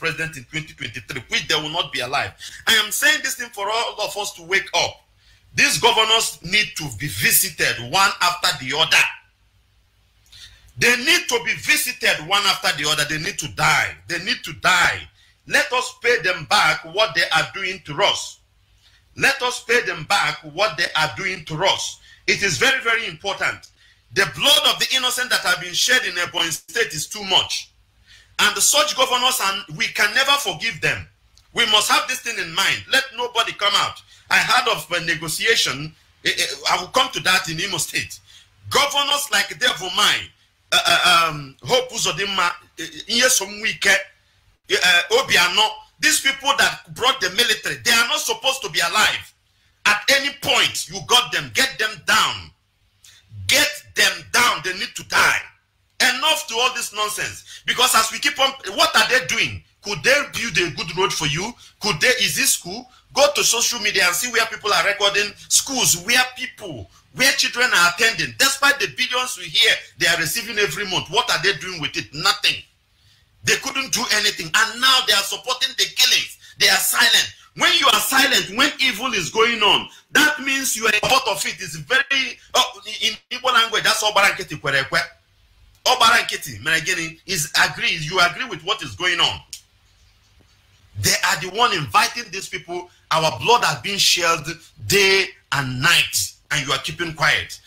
president in 2023, which they will not be alive. I am saying this thing for all of us to wake up. These governors need to be visited one after the other. They need to be visited one after the other. They need to die. They need to die. Let us pay them back what they are doing to us. Let us pay them back what they are doing to us. It is very, very important. The blood of the innocent that have been shed in Ebony State is too much and such governors, and we can never forgive them. We must have this thing in mind. Let nobody come out. I heard of a negotiation. Eh, eh, I will come to that in Imo State. Governors like Devomai, uh, eh, um, Hope Uzodima, Inyesomwike, Obiano, these people that brought the military, they are not supposed to be alive. At any point, you got them. Get them down. Get them down. They need to die. enough to all this nonsense because as we keep on what are they doing could they build a good road for you could they is this school go to social media and see where people are recording schools where people where children are attending despite the billions we hear they are receiving every month what are they doing with it nothing they couldn't do anything and now they are supporting the killings they are silent when you are silent when evil is going on that means you are part of it is very oh, in igbo language that's all and Kitty, my gịnị is agree you agree with what is going on they are the one inviting these people our blood has been shed day and night and you are keeping quiet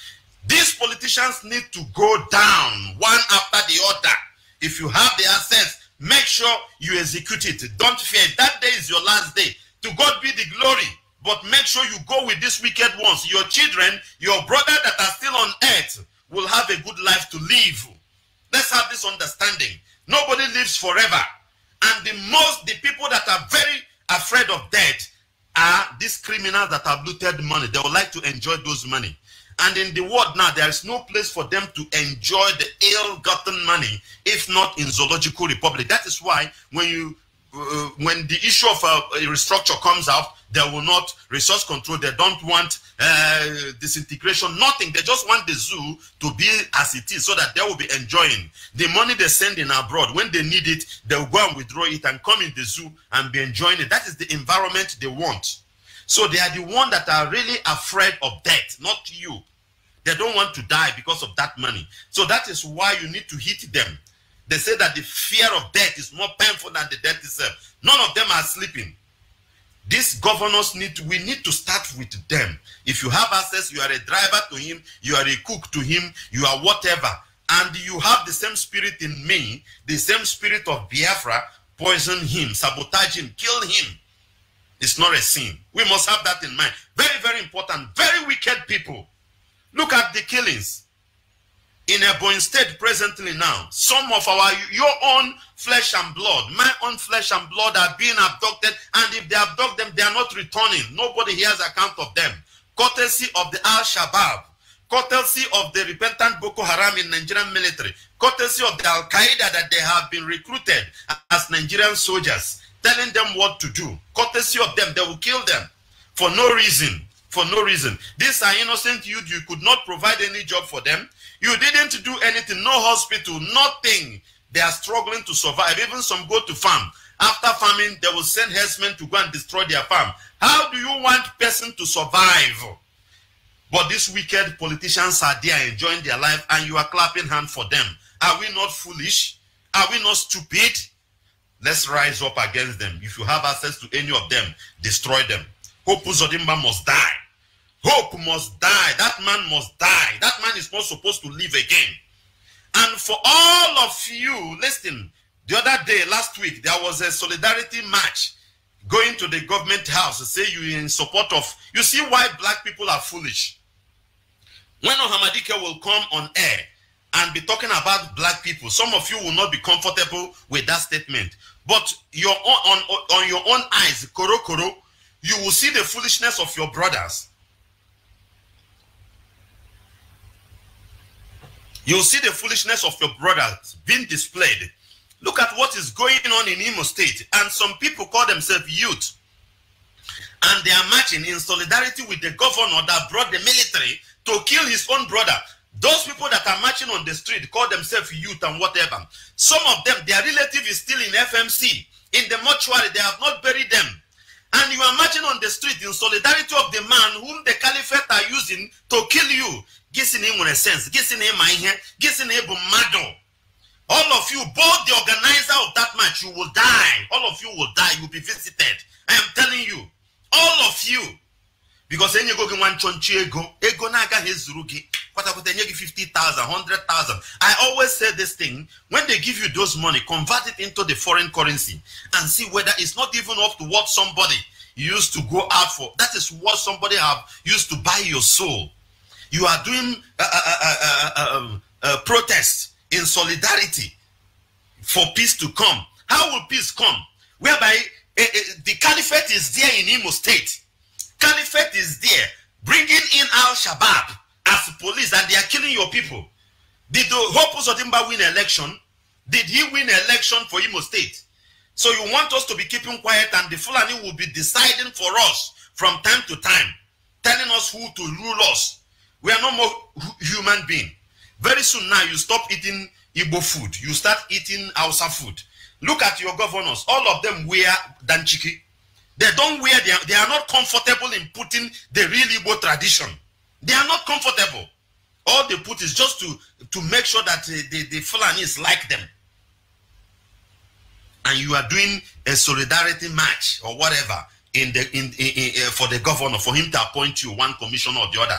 these politicians need to go down one after the other if you have the assets make sure you execute it don't fear that day is your last day to god be the glory but make sure you go with these wicked ones your children your brother that are still on earth will have a good life to live Let's have this understanding. Nobody lives forever. And the most, the people that are very afraid of death are these criminals that have looted money. They would like to enjoy those money. And in the world now, there is no place for them to enjoy the ill-gotten money, if not in zoological republic. That is why when you uh, when the issue of a, uh, a restructure comes out, they will not resource control. They don't want uh, disintegration, nothing. They just want the zoo to be as it is so that they will be enjoying. The money they send in abroad, when they need it, they will go and withdraw it and come in the zoo and be enjoying it. That is the environment they want. So they are the one that are really afraid of death, not you. They don't want to die because of that money. So that is why you need to hit them. They say that the fear of death is more painful than the death itself. None of them are sleeping. these governors need we need to start with them if you have access you are a driver to him you are a cook to him you are whatever and you have the same spirit in me the same spirit of biafra poison him sabotage him kill him it's not a sin we must have that in mind very very important very wicked people look at the killings in Ebony State presently now, some of our your own flesh and blood, my own flesh and blood are being abducted, and if they abduct them, they are not returning. Nobody hears account of them. Courtesy of the Al Shabaab, courtesy of the repentant Boko Haram in Nigerian military, courtesy of the Al Qaeda that they have been recruited as Nigerian soldiers, telling them what to do. Courtesy of them, they will kill them for no reason. For no reason. These are innocent youth. You could not provide any job for them. You didn't do anything, no hospital, nothing. They are struggling to survive. Even some go to farm. After farming, they will send herdsmen to go and destroy their farm. How do you want person to survive? But these wicked politicians are there enjoying their life and you are clapping hand for them. Are we not foolish? Are we not stupid? Let's rise up against them. If you have access to any of them, destroy them. Hope Uzodimba must die. Hope must die. That man must die. That man is not supposed to live again. And for all of you, listen, the other day, last week, there was a solidarity march going to the government house to say you in support of, you see why black people are foolish. When Ohamadike will come on air and be talking about black people, some of you will not be comfortable with that statement. But your own, on, on your own eyes, Koro Koro, you will see the foolishness of your brothers. You see the foolishness of your brothers being displayed. Look at what is going on in Imo State. And some people call themselves youth. And they are marching in solidarity with the governor that brought the military to kill his own brother. Those people that are marching on the street call themselves youth and whatever. Some of them, their relative is still in FMC. In the mortuary, they have not buried them. And you are marching on the street in solidarity of the man whom the caliphate are using to kill you gị him na a sense gị him na ịma ihe him si all of you both the organizer of that match you will die all of you will die you will be visited i am telling you all of you because enyego gị one nchọnchị ego ego na-agaghị ezuru gị kwatakwata enye gị 50,000 100,000 i always say this thing when they give you those money convert it into the foreign currency and see whether it's not even up to what somebody used to go out for that is what somebody have used to buy your soul you are doing uh, uh, uh, uh, protests in solidarity for peace to come. How will peace come? Whereby the caliphate is there in Imo State. Caliphate is there bringing in Al-Shabaab as police and they are killing your people. Did the Hope Sotimba win election? Did he win election for Imo State? So you want us to be keeping quiet and the Fulani will be deciding for us from time to time, telling us who to rule us. We are no more human being. Very soon now, you stop eating Igbo food. You start eating Hausa food. Look at your governors. All of them wear danchiki. They don't wear, they are, they are not comfortable in putting the real Igbo tradition. They are not comfortable. All they put is just to, to make sure that the, the, the Fulanis like them. And you are doing a solidarity match or whatever in the in, in, in, eh, for the governor for him to appoint you one commission or the other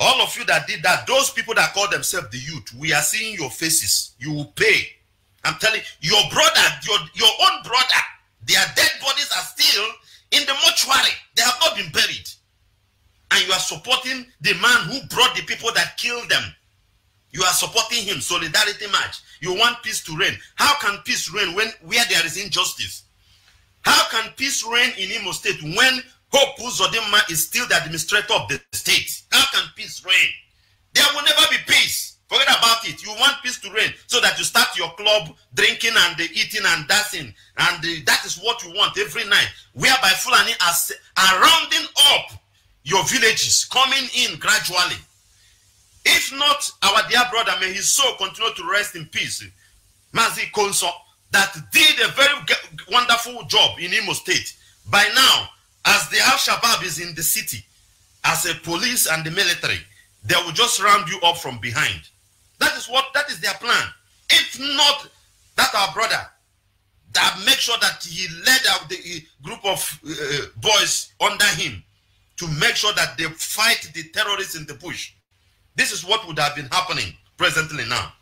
All of you that did that, those people that call themselves the youth, we are seeing your faces. You will pay. I'm telling you, your brother, your, your own brother, their dead bodies are still in the mortuary. They have not been buried. And you are supporting the man who brought the people that killed them. You are supporting him. Solidarity march. You want peace to reign. How can peace reign when where there is injustice? How can peace reign in Imo State when Hope Uzodinma is still the administrator of the state. How can peace reign? There will never be peace. Forget about it. You want peace to reign so that you start your club drinking and uh, eating and dancing. And uh, that is what you want every night. Whereby Fulani are, are rounding up your villages, coming in gradually. If not, our dear brother, may his soul continue to rest in peace. Mazi Konso, that did a very wonderful job in Imo State. By now, As the Al-Shabaab is in the city, as a police and the military, they will just round you up from behind. That is what, that is their plan. If not that our brother, that make sure that he led out the group of uh, boys under him to make sure that they fight the terrorists in the bush. This is what would have been happening presently now.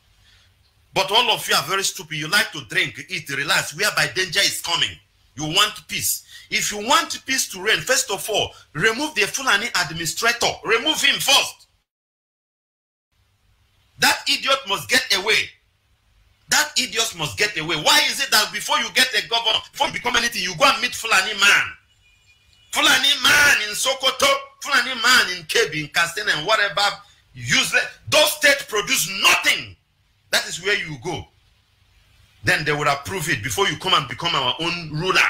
But all of you are very stupid. You like to drink, eat, relax, whereby danger is coming. You want peace. If you want peace to reign, first of all, remove the Fulani administrator. Remove him first. That idiot must get away. That idiot must get away. Why is it that before you get a governor, before you become anything, you go and meet Fulani man? Fulani man in Sokoto, Fulani man in Kebi, in Katsina, and whatever useless. Those states produce nothing. That is where you go. Then they will approve it before you come and become our own ruler.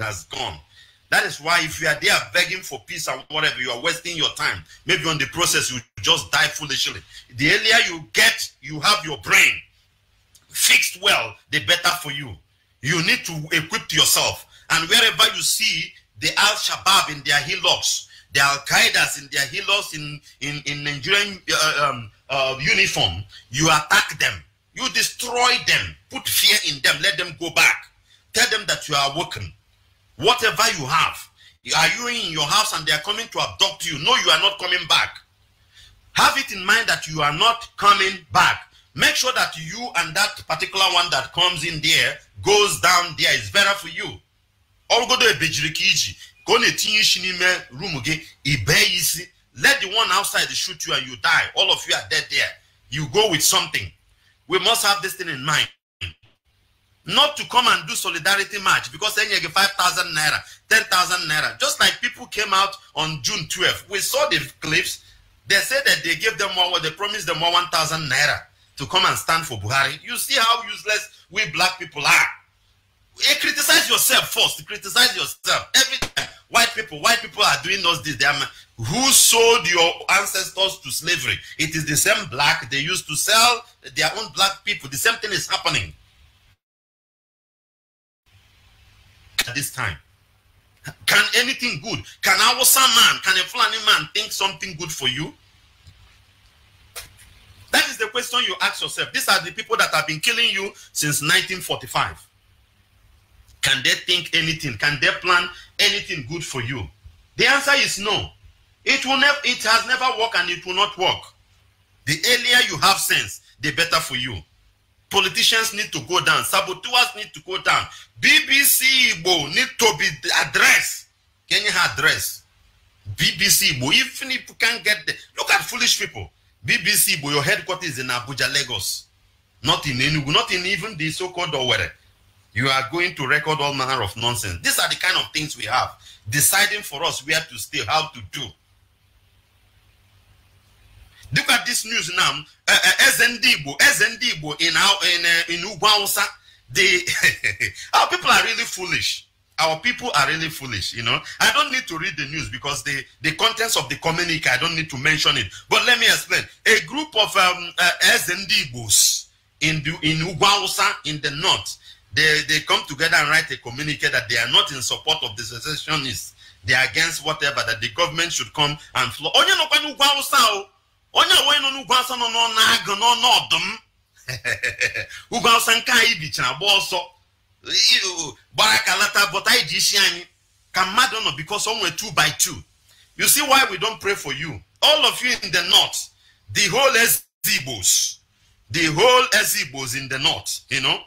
is why if you are there begging for peace and whatever, you are wasting your time. Maybe on the process, you just die foolishly. The earlier you get, you have your brain fixed well, the better for you. You need to equip yourself. And wherever you see the Al Shabaab in their hillocks, the Al Qaeda's in their hillocks in, in, in Nigerian uh, um, uh, uniform, you attack them. You destroy them. Put fear in them. Let them go back. Tell them that you are awoken whatever you have. Are you in your house and they are coming to abduct you? No, you are not coming back. Have it in mind that you are not coming back. Make sure that you and that particular one that comes in there goes down there. It's better for you. ọgụgodo ebejiri ka iji ka ọ na-etinye isi n'ime rum gị ibe ya isi let the one outside shoot you and you die all of you are dead there you go with something we must have this thing in mind not to come and do solidarity march because then you get 5,000 naira, 10,000 naira. Just like people came out on June 12th. We saw the clips. They said that they gave them one, they promised them 1,000 naira to come and stand for Buhari. You see how useless we black people are. You eh, criticize yourself first. Criticize yourself. Every time, white people, white people are doing us this. who sold your ancestors to slavery? It is the same black they used to sell their own black people. The same thing is happening. at this time? Can anything good, can our son man, can a Fulani man think something good for you? That is the question you ask yourself. These are the people that have been killing you since 1945. Can they think anything? Can they plan anything good for you? The answer is no. It will never it has never worked and it will not work. The earlier you have sense, the better for you. politicians need to go down saboteurs need to go down bbc igbo need to be addressed kenya address bbc igbo even if you can't get there look at foolish people bbc igbo your headquarters is in abuja lagos not in enugu not in even the so-called owerri you are going to record all manner of nonsense these are the kind of things we have deciding for us where to stay how to do Look at this news now. Uh, uh, Ezendibo, Ezendibo in our in uh, in Ugwansa, they our people are really foolish. Our people are really foolish, you know. I don't need to read the news because the the contents of the communique I don't need to mention it. But let me explain. A group of um, uh, in the in Ugwansa in the north, they they come together and write a communique that they are not in support of the secessionists. They are against whatever that the government should come and flow onye wee nọ n'ugwu asa nọ n'ọnụ agụ n'ọnụ ọdụm ugwu asa nke anyị bichara gba ọsọ gbara ka lata but anyị ji isi anyị ka mmadụ nọ because o nwere two by two you see why we don't pray for you all of you in the north the whole ezigbos the whole ezigbos in the north you know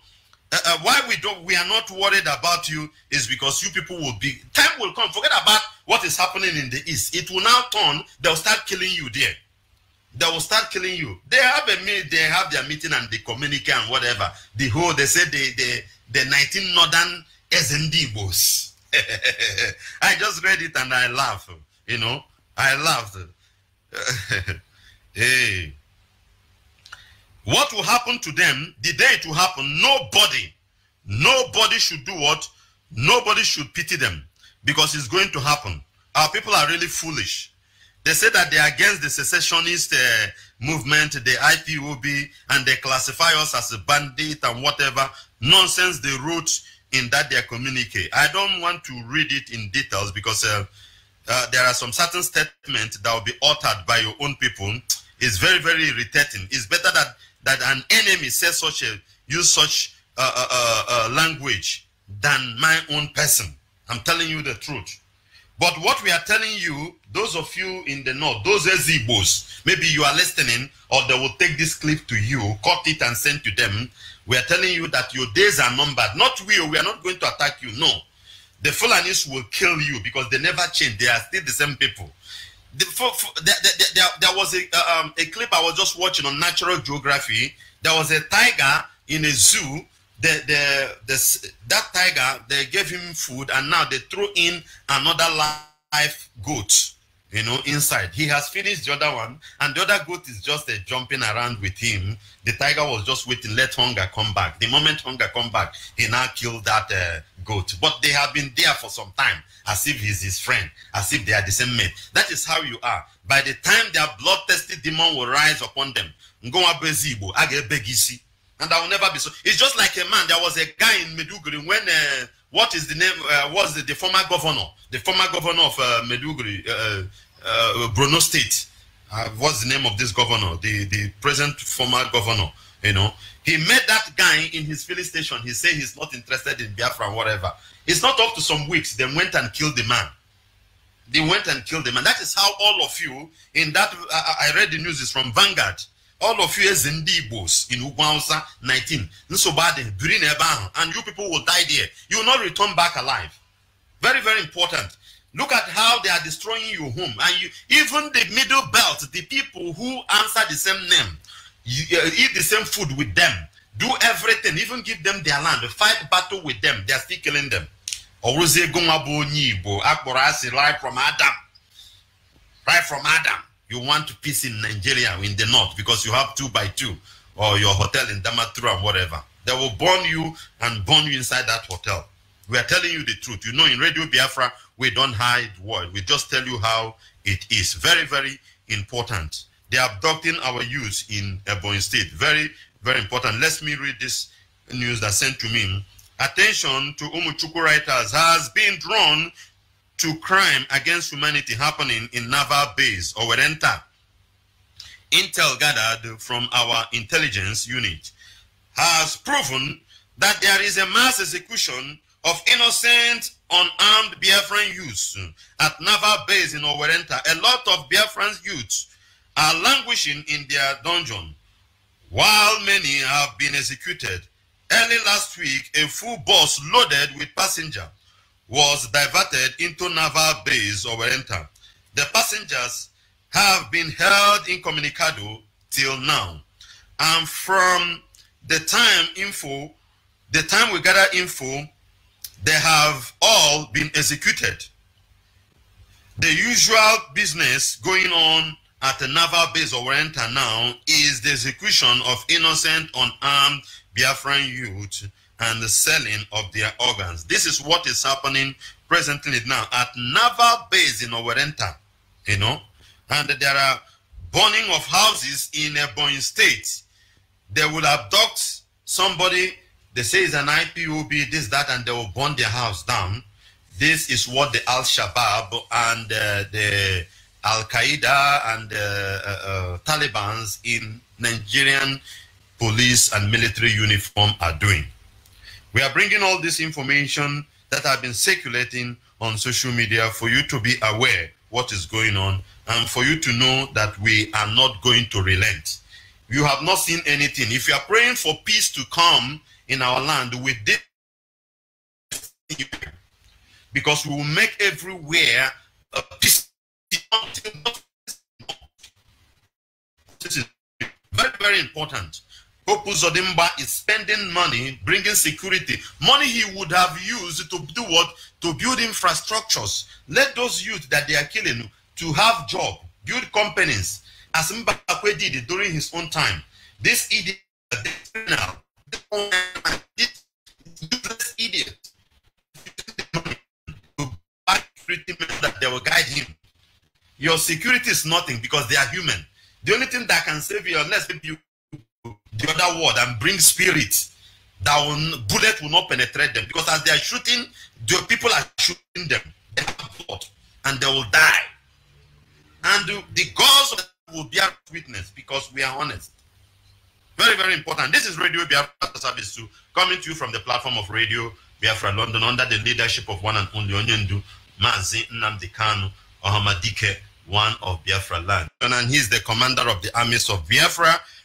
uh, uh, why we don't we are not worried about you is because you people will be time will come forget about what is happening in the east it will now turn they'll start killing you there they will start killing you. They have a meet, they have their meeting and they communicate and whatever. The whole they say the the the 19 northern SND boss. I just read it and I laugh. You know, I laughed. hey. What will happen to them the day it will happen? Nobody, nobody should do what? Nobody should pity them because it's going to happen. Our people are really foolish. They say that they are against the secessionist uh, movement, the IPOB, and they classify us as a bandit and whatever nonsense they wrote in that their communique. I don't want to read it in details because uh, uh, there are some certain statements that will be uttered by your own people. It's very, very irritating. It's better that, that an enemy says such a, use such uh, uh, uh, language than my own person. I'm telling you the truth. But what we are telling you, those of you in the north, those Ezibos, maybe you are listening, or they will take this clip to you, cut it and send to them. We are telling you that your days are numbered. Not we, oh, we are not going to attack you. No. The Fulanis will kill you because they never change. They are still the same people. The, for, for, the, the, there was a, uh, um, a clip I was just watching on Natural Geography. There was a tiger in a zoo the, the, the, that tiger, they gave him food and now they threw in another live goat, you know, inside. He has finished the other one and the other goat is just uh, jumping around with him. The tiger was just waiting, let hunger come back. The moment hunger come back, he now killed that uh, goat. But they have been there for some time as if he's his friend, as if they are the same mate. That is how you are. By the time their bloodthirsty demon will rise upon them, Bezibo, Begisi, and I will never be so. It's just like a man. There was a guy in Meduguri when uh, what is the name? Uh, was the, the, former governor, the former governor of uh, Meduguri, uh, uh, uh, Bruno State. what's the name of this governor? The the present former governor. You know, he met that guy in his filling station. He said he's not interested in Biafra, whatever. It's not up to some weeks. They went and killed the man. They went and killed the man. That is how all of you in that. I read the news is from Vanguard all of you as ndị igbos in ugwu hausa 19 nsogbu eh, adị biri n'ebe ahụ and you people will die there you will not return back alive very very important look at how they are destroying your home and you, even the middle belt the people who answer the same name you, uh, eat the same food with them do everything even give them their land fight battle with them they are still killing them ọwụrụzie ego nwa bụ onye igbo akpọrọ asị right from adam right from adam you want peace in Nigeria in the north because you have two by two or your hotel in Damaturu and whatever. They will burn you and burn you inside that hotel. We are telling you the truth. You know, in Radio Biafra, we don't hide what. We just tell you how it is. Very, very important. They are abducting our youth in Ebony State. Very, very important. Let me read this news that sent to me. Attention to Umuchuku writers has been drawn to crime against humanity happening in naval base or Werenta. Intel gathered from our intelligence unit has proven that there is a mass execution of innocent, unarmed Biafran youths at naval base in Owerenta. A lot of Biafran youths are languishing in their dungeon, while many have been executed. Early last week, a full bus loaded with passengers was diverted into Naval Base Oriental. The passengers have been held incommunicado till now. And from the time info, the time we gather info, they have all been executed. The usual business going on at the naval base of Orienta now is the execution of innocent, unarmed Biafran youth and the selling of their organs. This is what is happening presently now at Naval Base in Orienta, you know, and there are burning of houses in burning State. They will abduct somebody, they say it's an IPOB, this, that, and they will burn their house down. This is what the Al-Shabaab and uh, the Al-Qaeda and uh, uh, uh Taliban's in Nigerian police and military uniform are doing. We are bringing all this information that have been circulating on social media for you to be aware what is going on and for you to know that we are not going to relent. You have not seen anything. If you are praying for peace to come in our land, we did because we will make everywhere a peace. This is very, very important. Hope Uzodimba is spending money, bringing security, money he would have used to do what? To build infrastructures. Let those youth that they are killing to have job, build companies, as Mbakwe did during his own time. This idiot, this criminal, this useless idiot, to buy security that they will guide him. Your security is nothing because they are human. The only thing that can save you, unless you the other world and bring spirits that will, bullet will not penetrate them because as they are shooting, the people are shooting them. They blood and they will die. And the, gods will be our witness because we are honest. Very, very important. This is Radio Biafra Service 2 coming to you from the platform of Radio Biafra London under the leadership of one and only Onyendu Mazi Namdekanu, Ohamadike, one of Biafra land. And he's the commander of the armies of Biafra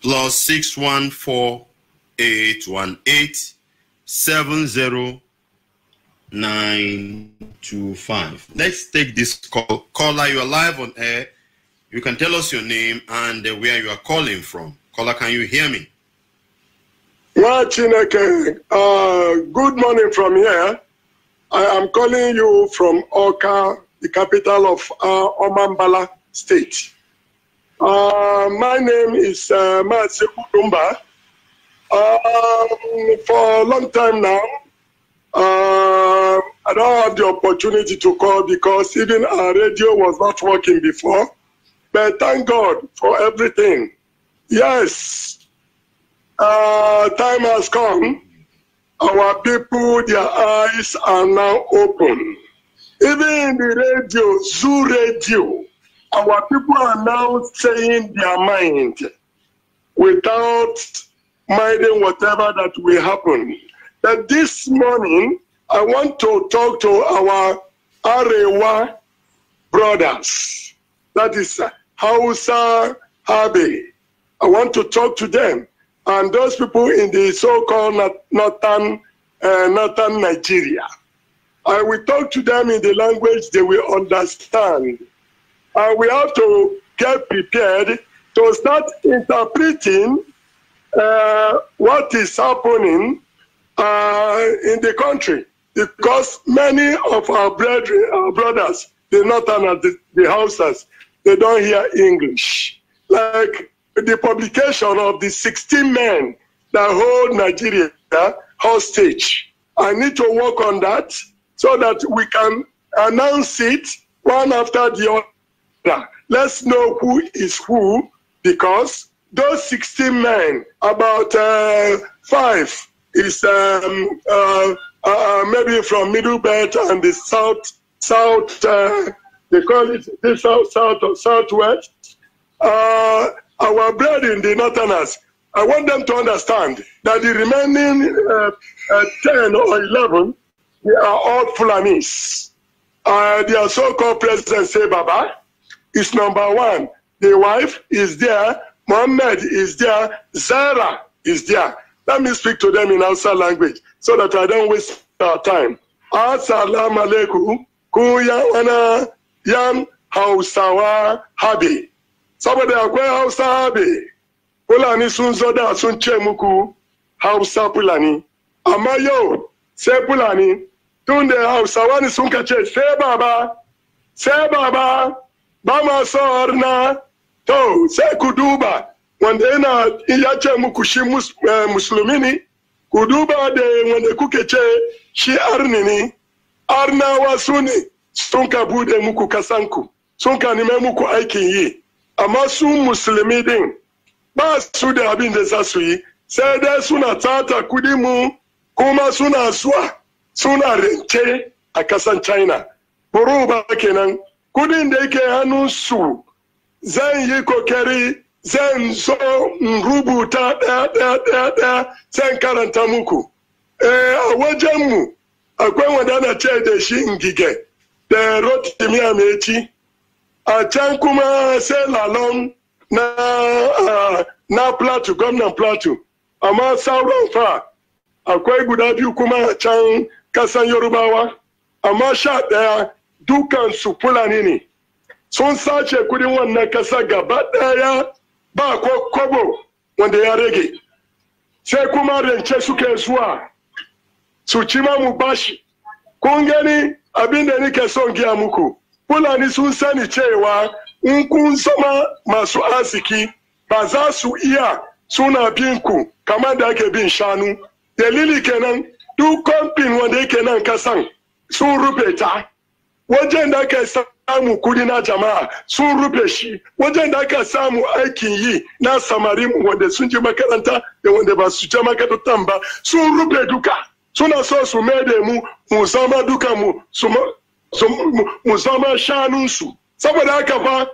plus let Let's take this call. Caller, you are live on air. You can tell us your name and uh, where you are calling from. Caller, can you hear me? Well, Chineke. Uh, good morning from here. I am calling you from Oka, the capital of uh, Omambala State. Uh, my name is uh, Maase Um, for a long time now, uh, I don't have the opportunity to call because even our radio was not working before. But thank God for everything. Yes, uh, time has come. Our people, their eyes are now open. Even the radio, Zoo Radio, our people are now saying their mind without minding whatever that will happen. That this morning, I want to talk to our Arewa brothers. That is Hausa Habe. I want to talk to them and those people in the so-called northern, uh, northern Nigeria. I will talk to them in the language they will understand and we have to get prepared to start interpreting uh, what is happening uh, in the country because many of our, brethren, our brothers, the Northerners, the, the Hausas, they don't hear English. Like the publication of the 16 men that hold Nigeria hostage. I need to work on that so that we can announce it one after the other now, let's know who is who because those 16 men, about uh, five is um, uh, uh, uh maybe from Middle Belt and the south, south uh, they call it the south, south, or southwest. Uh, our blood in the northerners, I want them to understand that the remaining 10 or 11, they are all Fulanis. they are so-called President Say Baba is number one. The wife is there. Mohammed is there. Zara is there. Let me speak to them in Hausa language so that I don't waste our time. Assalamu alaikum. Kuya wana yan Hausawa habi. Saboda akwai Hausa habi. Fulani sun zo da sun ce muku Hausa Fulani. Amma yau sai Fulani tun da Hausawa ne baba, sai baba, ba ma son arna to sai ku duba wanda yana ya ce muku shi eh, musulmi ne ku duba da wanda kuke ce shi arni ne arnawa su ne sun ka bude muku kasanku sun ka nime muku aikin yi amma su musulmi din ba su da abin da za su yi sai dai suna tata kudi mu kuma suna suwa suna rance a kasan china buru ba kenan kunindeke hannun su zan yi kokari zan zo in rubuta ɗaya ɗaya ɗaya ɗaya zan karanta muku e, a wajenmu akwai wanda ana ce da shi ngige da rotimi ameci a can kuma sai lalon na na plateau gwamnan plateau amma sauran fa akwai guda biyu kuma a can kasan yorubawa amma sha ɗaya dukansu fulani ne sun sace kudin wannan kasa gaba ɗaya ba ko kobo wanda ya rage sai kuma rance suke zuwa su ci mu bashi kun gani abin da nike son giya muku fulani sun sani cewa in kun zama masu asiki ba za su iya suna bin ku kamar da ake bin shanu dalili kenan duk kamfin wanda yake nan kasan sun rufe ta wajen da aka samu kudi na jama'a sun rufe shi wajen da aka samu aikin yi na samari wanda sun je makaranta da wanda ba su je makaranta ba sun rufe duka suna so su mede mu mu zama duka mu zama shanunsu saboda aka fa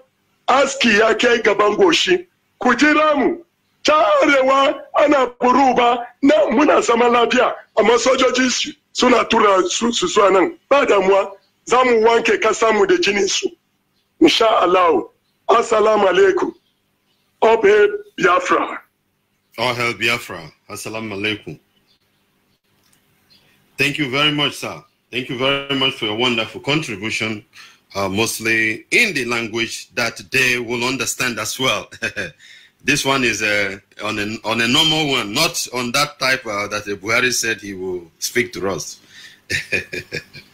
aski ya kai gaban goshi ku jira mu ta arewa ana buruba na muna zama lafiya amma sojoji suna tura su su nan ba damuwa za mu wanke kasanmu da jininsu insha Allah assalamu alaikum all hail biafra all hail biafra assalamu alaikum thank you very much sir thank you very much for your wonderful contribution uh, mostly in the language that they will understand as well this one is uh, on a on a normal one, not on that type uh, that Buhari said he will speak to us.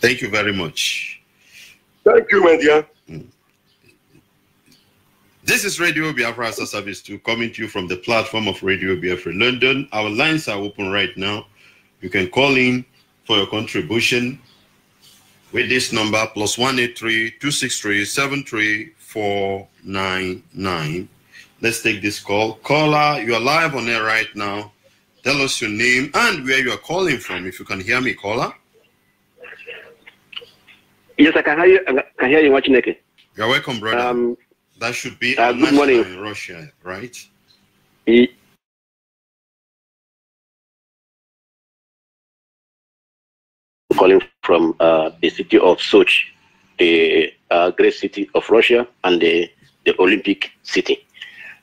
Thank you very much. Thank you, my dear. Mm. This is Radio Biafra Service 2 coming to you from the platform of Radio Biafra London. Our lines are open right now. You can call in for your contribution with this number plus 183 263 73499. Let's take this call. Caller, you are live on air right now. Tell us your name and where you are calling from. If you can hear me, caller. Yes, I can hear you. I can hear you watching You're welcome, brother. Um, that should be uh, good morning. in Russia, right? E calling from uh, the city of Sochi, the uh, great city of Russia, and the, the Olympic city.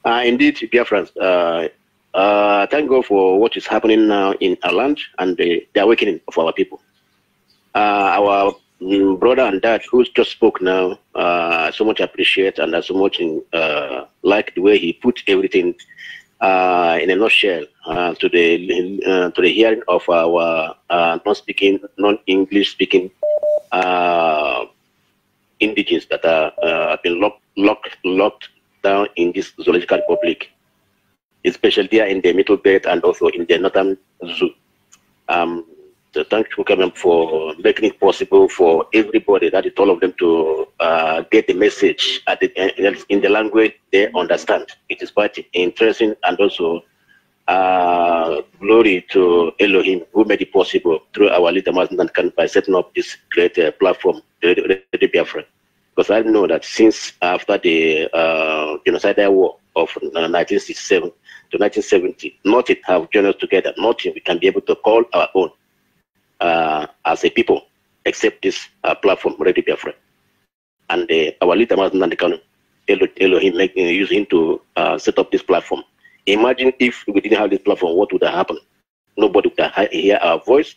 Uh, indeed, dear friends, uh, uh, thank God for what is happening now in our land and the, the awakening of our people. Uh, our Mm, brother and dad who just spoke now, uh, so much appreciate and so much in, uh, like the way he put everything uh, in a nutshell uh, to the uh, to the hearing of our uh, non-speaking, non-English speaking indigenous that are, have been locked, locked, locked down in this zoological public, especially there in the middle belt and also in the northern zoo. Um, thank you, Kamem, for making it possible for everybody, that is all of them, to uh, get the message the, in the language they understand. It is quite interesting and also uh, glory to Elohim who made it possible through our leader, Muslim Khan, by setting up this great uh, platform, the Biafra. Because I know that since after the uh, war of 1967 to 1970, nothing have joined us together, nothing we can be able to call our own uh, as a people accept this uh, platform, Ready Biafra. And uh, our leader, Mazen Nandekano, Elohim, make, uh, use him to uh, set up this platform. Imagine if we didn't have this platform, what would have happened? Nobody would hear our voice.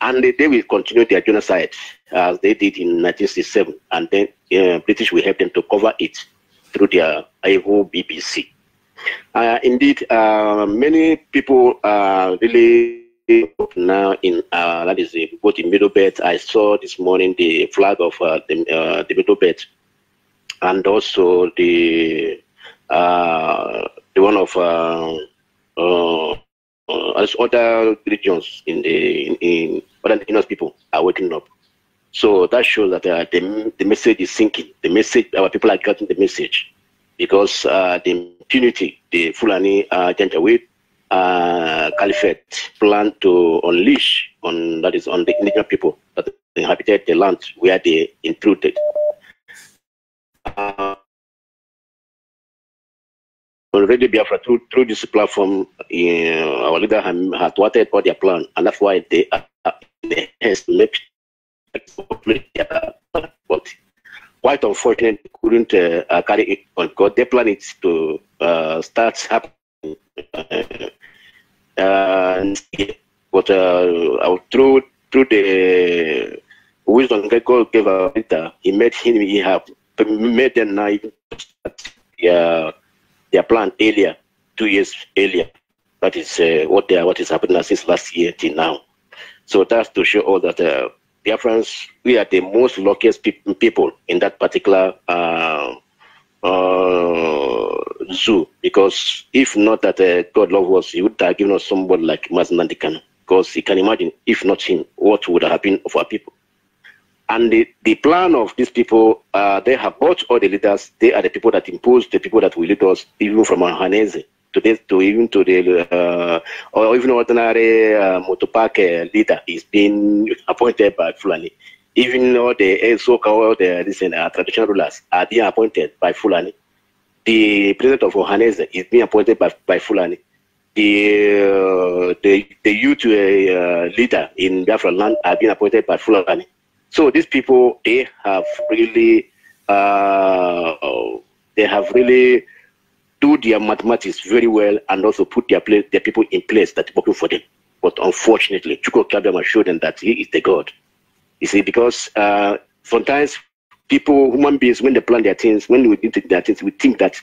And they will continue their genocide as they did in 1967. And then British will help them to cover it through their evil BBC. Uh, indeed, uh, many people uh, really now in uh, that is the, middle belt. I saw this morning the flag of uh, the, uh, the middle belt, and also the uh, the one of uh, uh, other regions in the in, in other indigenous people are waking up. So that shows that uh, the the message is sinking. The message our people are getting the message because the impunity the Fulani uh, went away uh, caliphate plan to unleash on that is on the indigenous people that inhabited the land where they intruded. Uh, on Biafra, through, through this platform, uh, our leader had thwarted all their plan, and that's why they are made left but quite unfortunately couldn't uh, carry it on because their plan is to uh, start happening and but uh, through through the wisdom that God gave Peter, He made him he have made them now their their plan earlier, two years earlier. That is uh, what they are, what is happening since last year till now. So that's to show all that uh, friends, we are the most luckiest pe people in that particular. Uh, uh, zoo because if not that uh, God loved us, He would have given us somebody like Mazinandi Kano. Because you can imagine, if not him, what would have happened of our people? And the, the plan of these people, uh, they have bought all the leaders. They are the people that impose the people that will lead us, even from Hanese to to even to the uh, or even ordinary uh, uh, leader is being appointed by Fulani. Even all the so-called uh, uh, traditional rulers are being appointed by Fulani the president of Ohanese is being appointed by, by Fulani. The, uh, the, the youth uh, uh, leader in Biafra land are being appointed by Fulani. So these people, they have really, uh, they have really do their mathematics very well and also put their, place, their people in place that working for them. But unfortunately, Chukwuka Kabiyama showed them that he is the God. You see, because uh, sometimes people, human beings, when they plan their things, when we think their things, we think that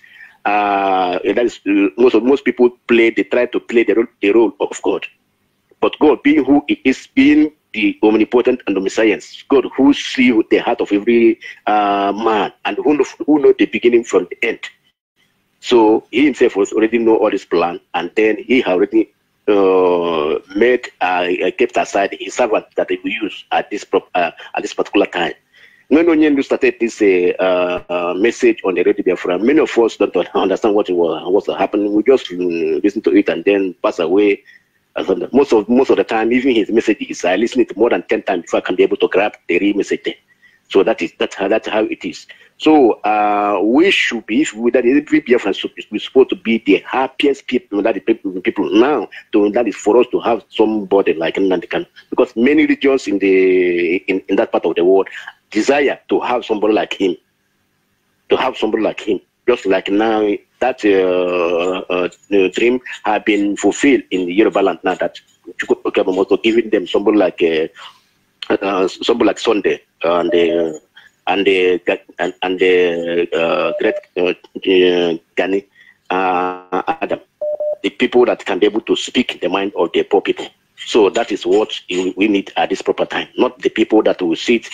uh, that is uh, most of most people play. They try to play the role, the role of God, but God, being who He is, being the omnipotent and omniscience, God who see the heart of every uh, man and who know, who know the beginning from the end. So He Himself was already know all this plan, and then He already uh, made uh, kept aside His servant that He will use at this prop, uh, at this particular time when Onyendu started this uh, uh, message on the Radio Biafra, many of us don't understand what was what's happening. We just mm, listen to it and then pass away. Most of most of the time, even his messages, I listen to more than ten times before I can be able to grab the real message. So that is that that's how it is. So uh, we should be if we, that every Biafran we supposed to be the happiest people that people, people now. So that is for us to have somebody like Nandikan because many regions in the in, in that part of the world desire to have somebody like him, to have somebody like him. Just like now, that uh, uh, uh dream have been fulfilled in the Yoruba land now that Chukwu giving them somebody like uh, uh somebody like Sunday and the uh, and the and, and the great Gani Adam, the people that can be able to speak the mind of the poor people. So that is what we need at this proper time, not the people that will sit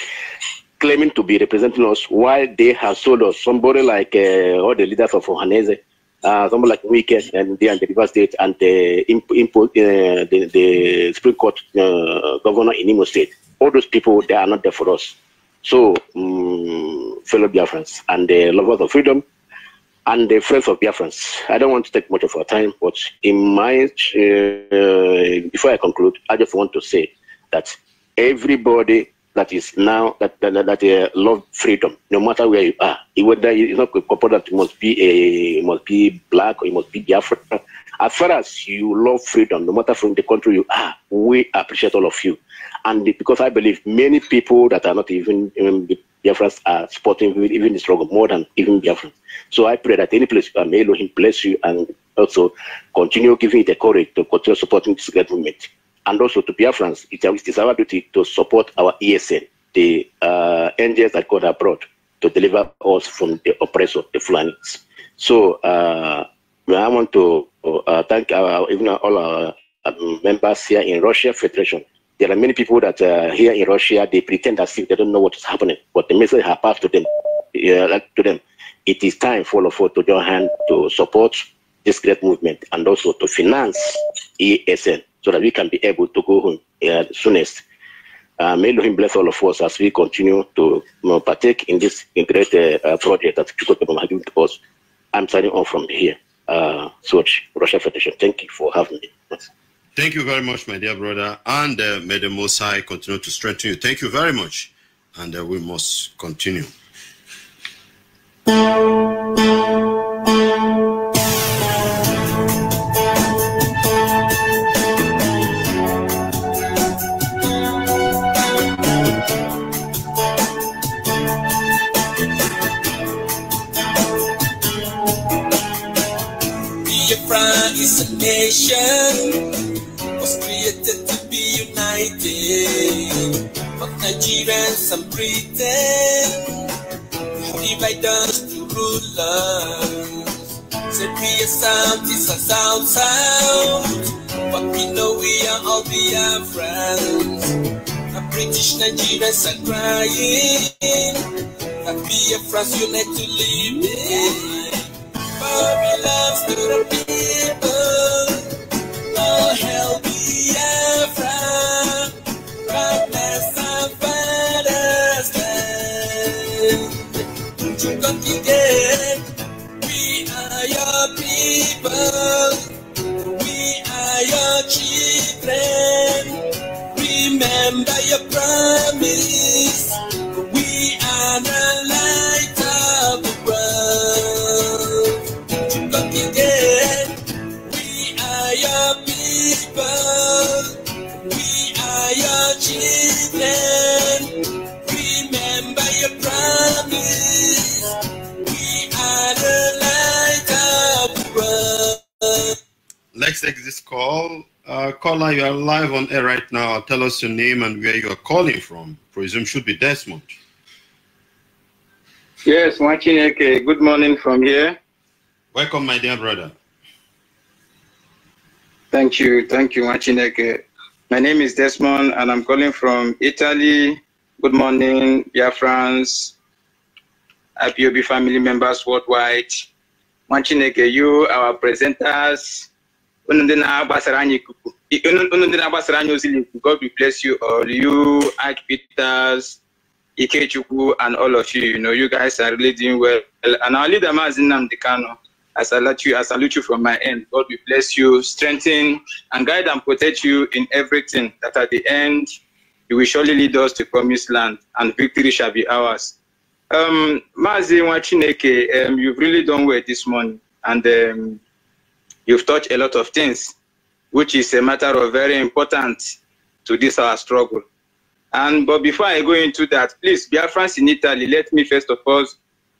claiming to be representing us while they have sold us somebody like uh, all the leaders of Ohanese, uh, somebody like Wike and the and the River State and the uh, the, the Supreme Court uh, governor in Imo State. All those people they are not there for us. So, um, fellow Biafrans and the lovers of freedom and the friends of Biafrans, I don't want to take much of our time, but in my uh, before I conclude, I just want to say that everybody that is now that that, that uh, love freedom, no matter where you are. Whether it's not couple that you must be a uh, must be black or you must be Biafra. As far as you love freedom, no matter from the country you are, we appreciate all of you. And because I believe many people that are not even, even Africans are supporting even the struggle more than even Africans. So I pray that any place you are, may Elohim bless you and also continue giving the courage to continue supporting this government and also to Biafrans, it is our duty to support our ESN, the uh, NGOs that go abroad to deliver us from the oppressor, the Fulanis. So uh, I want to uh, thank our, even all our um, members here in Russia Federation. There are many people that uh, here in Russia, they pretend as if they don't know what is happening, but the message has passed to them, to them, it is time for all of us to join hands to support this great movement and also to finance ESN so that we can be able to go home uh, soonest. Uh, may Lord bless all of us as we continue to uh, partake in this great uh, uh, project that Chukotobom has given to us. I'm signing off from here. Uh, Swatch, Russia Federation, thank you for having me. Thank you very much, my dear brother. And uh, may the Most High continue to strengthen you. Thank you very much. And uh, we must continue. nation was created to be united. But Nigerians and Britain divide us to rule us. Say be a sound, be a sound sound. But we know we are all friends. The British Nigerians are crying. That you need to leave. Babylon's to the above. call. Uh, caller, you are live on air right now. Tell us your name and where you are calling from. Presume should be Desmond. Yes, Wachineke. Good morning from here. Welcome, my dear brother. Thank you. Thank you, Wachineke. My name is Desmond, and I'm calling from Italy. Good morning, dear friends, IPOB family members worldwide. Wachineke, you, our presenters, unu ndị na-agbasara anyị ikuku unu ndị na-agbasara anyị ozi God bless you all you Arch Peters Ikechukwu and all of you you know you guys are really doing well and our leader Maazị Nnamdi Kanu I salute you I salute you from my end God will bless you strengthen and guide and protect you in everything that at the end you will surely lead us to promised land and victory shall be ours um Maazị Nwa Chineke um, you've really done well this morning and um, You've touched a lot of things, which is a matter of very important to this our struggle. And but before I go into that, please, Biafrans in Italy, let me first of all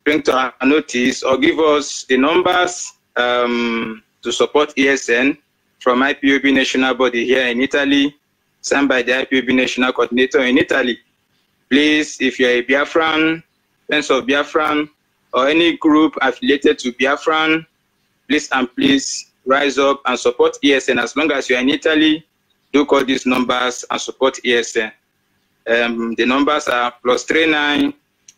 bring to our notice or give us the numbers um, to support ESN from IPOB national body here in Italy, sent by the IPOB national coordinator in Italy. Please, if you're a Biafran, friends of Biafran, or any group affiliated to Biafran, please and please rise up and support ESN. As long as you are in Italy, do call these numbers and support ESN. Um, the numbers are plus 39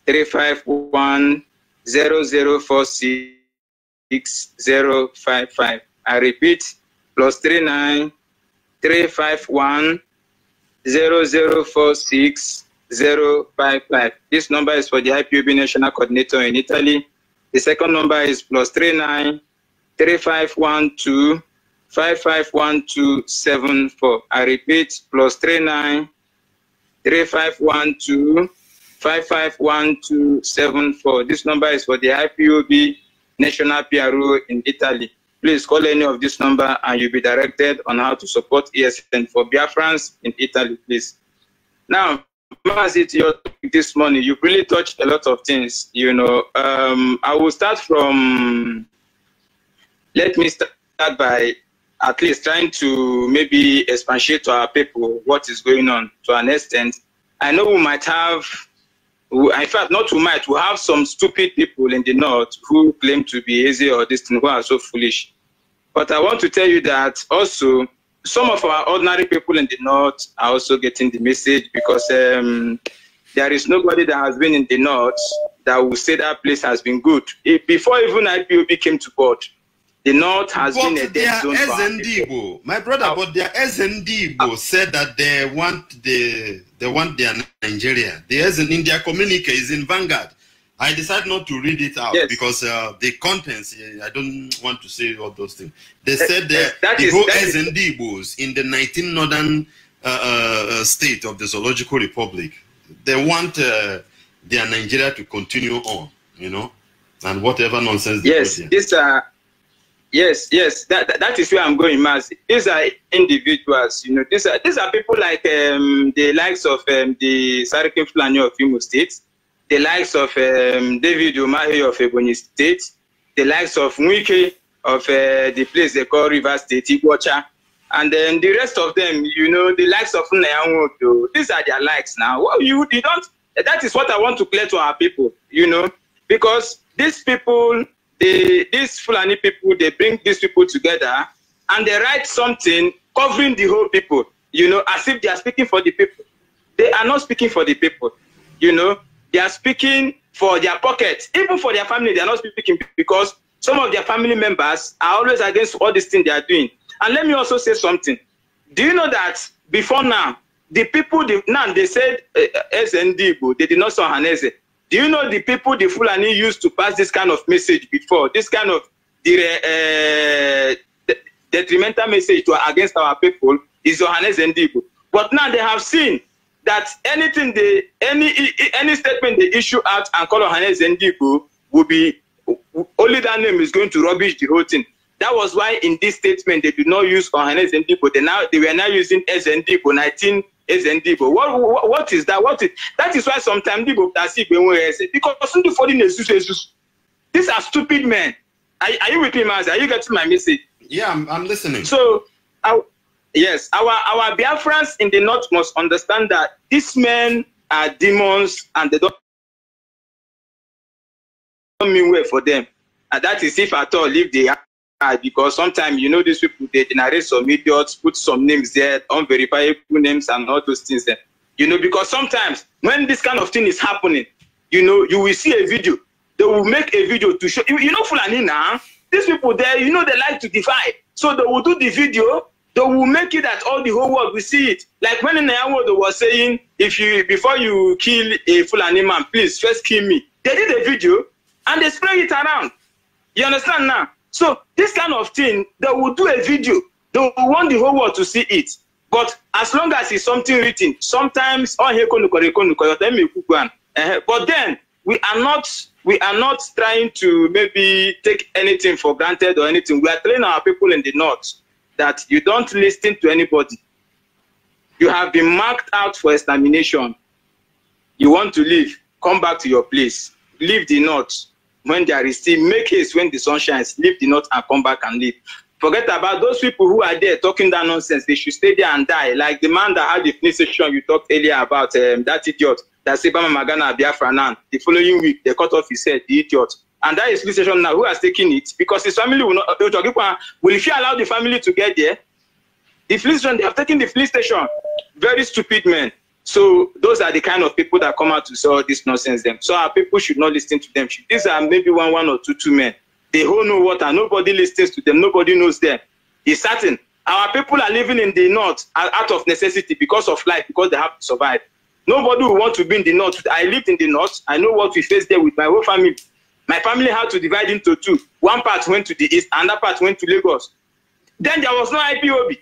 351 0046 I repeat, plus 39 351 0046 This number is for the IPUB National Coordinator in Italy. The second number is plus 39 3512 551274. I repeat, plus 39 3512 551274. This number is for the IPOB National PRO in Italy. Please call any of this number and you'll be directed on how to support ESN for Biafrans in Italy, please. Now, Mazi, to your this morning, you have really touched a lot of things. You know, um, I will start from let me start by at least trying to maybe expatiate to our people what is going on to an extent. I know we might have, in fact, not we might, we have some stupid people in the north who claim to be easy or distant, who are so foolish. But I want to tell you that also some of our ordinary people in the north are also getting the message because um, there is nobody that has been in the north that will say that place has been good. If, before even IPOB came to board, the North has but been a death zone SND, My brother, oh. but their SND oh. said that they want the they want their Nigeria. The SND in their communique is in Vanguard. I decided not to read it out yes. because uh, the contents, eh, I don't want to say all those things. They that, eh, said that, eh, that the is, whole SNDBOs in the 19 northern uh, uh, uh, state of the Zoological Republic, they want uh, their Nigeria to continue on, you know, and whatever nonsense. Yes, this. are Yes, yes, that, that, that is where I'm going, Mas. These are individuals, you know. These are these are people like um, the likes of um, the Sarikin Fulani of Imo State, the likes of um, David Umahi of Ebonyi State, the likes of Nwike of uh, the place they call River State, Igbocha, and then the rest of them, you know, the likes of Nyanwodo. These are their likes now. Well, you, you don't. That is what I want to clear to our people, you know, because these people they, these Fulani people, they bring these people together and they write something covering the whole people, you know, as if they are speaking for the people. They are not speaking for the people, you know. They are speaking for their pockets, even for their family, they are not speaking because some of their family members are always against all these things they are doing. And let me also say something. Do you know that before now, the people, the, now they said uh, eh, eh, SND, they did not say Hanese. Do you know the people the Fulani used to pass this kind of message before? This kind of the, uh, detrimental message to against our people is Johannes Ndigo. But now they have seen that anything they any any statement they issue out and call Johannes Ndigo will be only that name is going to rubbish the whole thing. That was why in this statement they did not use Johannes Ndigo. They now they were now using SND 19 ẹsẹ̀ ń dìbò what what is that what is that is why sometimes dìbò ta sí ìpè wọn ẹsẹ̀ because ndú fọdí na esusu esusu these are stupid men are, are you with me maazị are you getting my message. yeah i'm, I'm listening. so our, yes our our Biafrans in the north must understand that these men are demons and they don't mean well for them and that is if at all if they are. Ah, because sometimes you know these people they generate some idiots, put some names there, unverifiable names and all those things there. You know, because sometimes when this kind of thing is happening, you know, you will see a video. They will make a video to show you know Fulani now. These people there, you know, they like to divide. So they will do the video, they will make it that all the whole world will see it. Like when Nyawodo was saying, if you before you kill a Fulani man, please first kill me. They did a video and they spread it around. You understand now? So this kind of thing, they will do a video. They will want the whole world to see it. But as long as it's something written, sometimes but then we are not we are not trying to maybe take anything for granted or anything. We are telling our people in the north that you don't listen to anybody. You have been marked out for extermination. You want to leave, come back to your place. Leave the north when there is still make haste when the sun shines leave the north and come back and leave. forget about those people who are there talking that nonsense they should stay there and die like the man that had the finition you talked earlier about um, that idiot that say bama magana biafra now the following week they cut off his head the idiot and that is police station now who has taken it because his family will not ojogipa will if you allow the family to get there the police station they have taken the police station very stupid men So those are the kind of people that come out to say all this nonsense. Them. So our people should not listen to them. These are maybe one, one or two, two men. They hold no water. Nobody listens to them. Nobody knows them. It's certain. Our people are living in the north out of necessity because of life, because they have to survive. Nobody will want to be in the north. I lived in the north. I know what we faced there with my whole family. My family had to divide into two. One part went to the east, another part went to Lagos. Then there was no IPOB.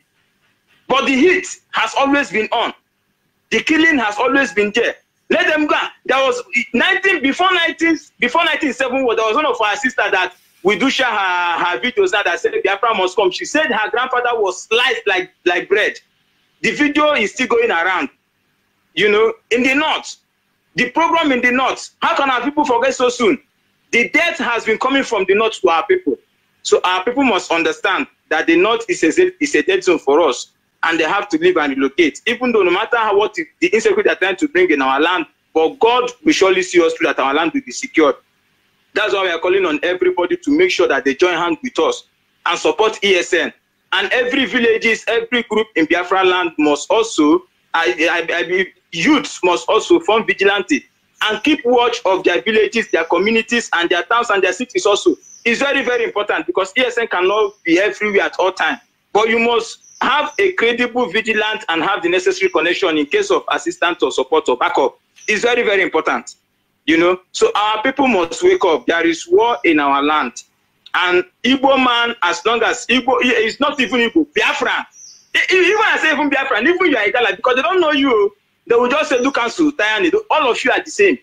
But the heat has always been on. The killing has always been there. Let them go. There was 19 before 19 before 1970. There was one of our sister that we do share her, her videos now that said Biafra must come. She said her grandfather was sliced like like bread. The video is still going around. You know, in the north, the program in the north. How can our people forget so soon? The death has been coming from the north to our people. So our people must understand that the north is a, is a dead zone for us and they have to leave and relocate, even though no matter how, what the insecurity are trying to bring in our land, but God will surely see us through that our land will be secured. That's why we are calling on everybody to make sure that they join hand with us and support ESN. And every villages, every group in Biafra land must also, I, I, I, youths must also form vigilante and keep watch of their villages, their communities, and their towns and their cities also. is very, very important because ESN cannot be everywhere at all time. But you must have a credible vigilant, and have the necessary connection in case of assistance or support or backup is very very important you know so our people must wake up there is war in our land and igbo man as long as igbo is not even igbo biafra even i say even biafra even you are igala because they don't know you they will just say look do council tayani all of you are the same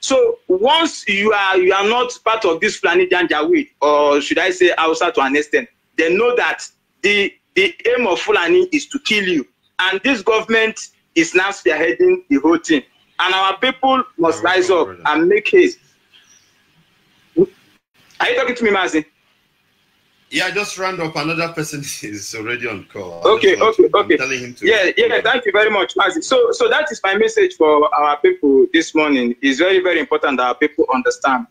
so once you are you are not part of this planning janjaweed or should i say hausa to an extent they know that the The aim of Fulani is to kill you. And this government is now spearheading the whole thing. And our people must rise up and make haste. Are you talking to me, Mazi? Yeah, I just round up. Another person is already on call. I okay, okay, to, okay. I'm telling him to. Yeah, yeah. Thank you very much, Mazi. So, so that is my message for our people this morning. It's very, very important that our people understand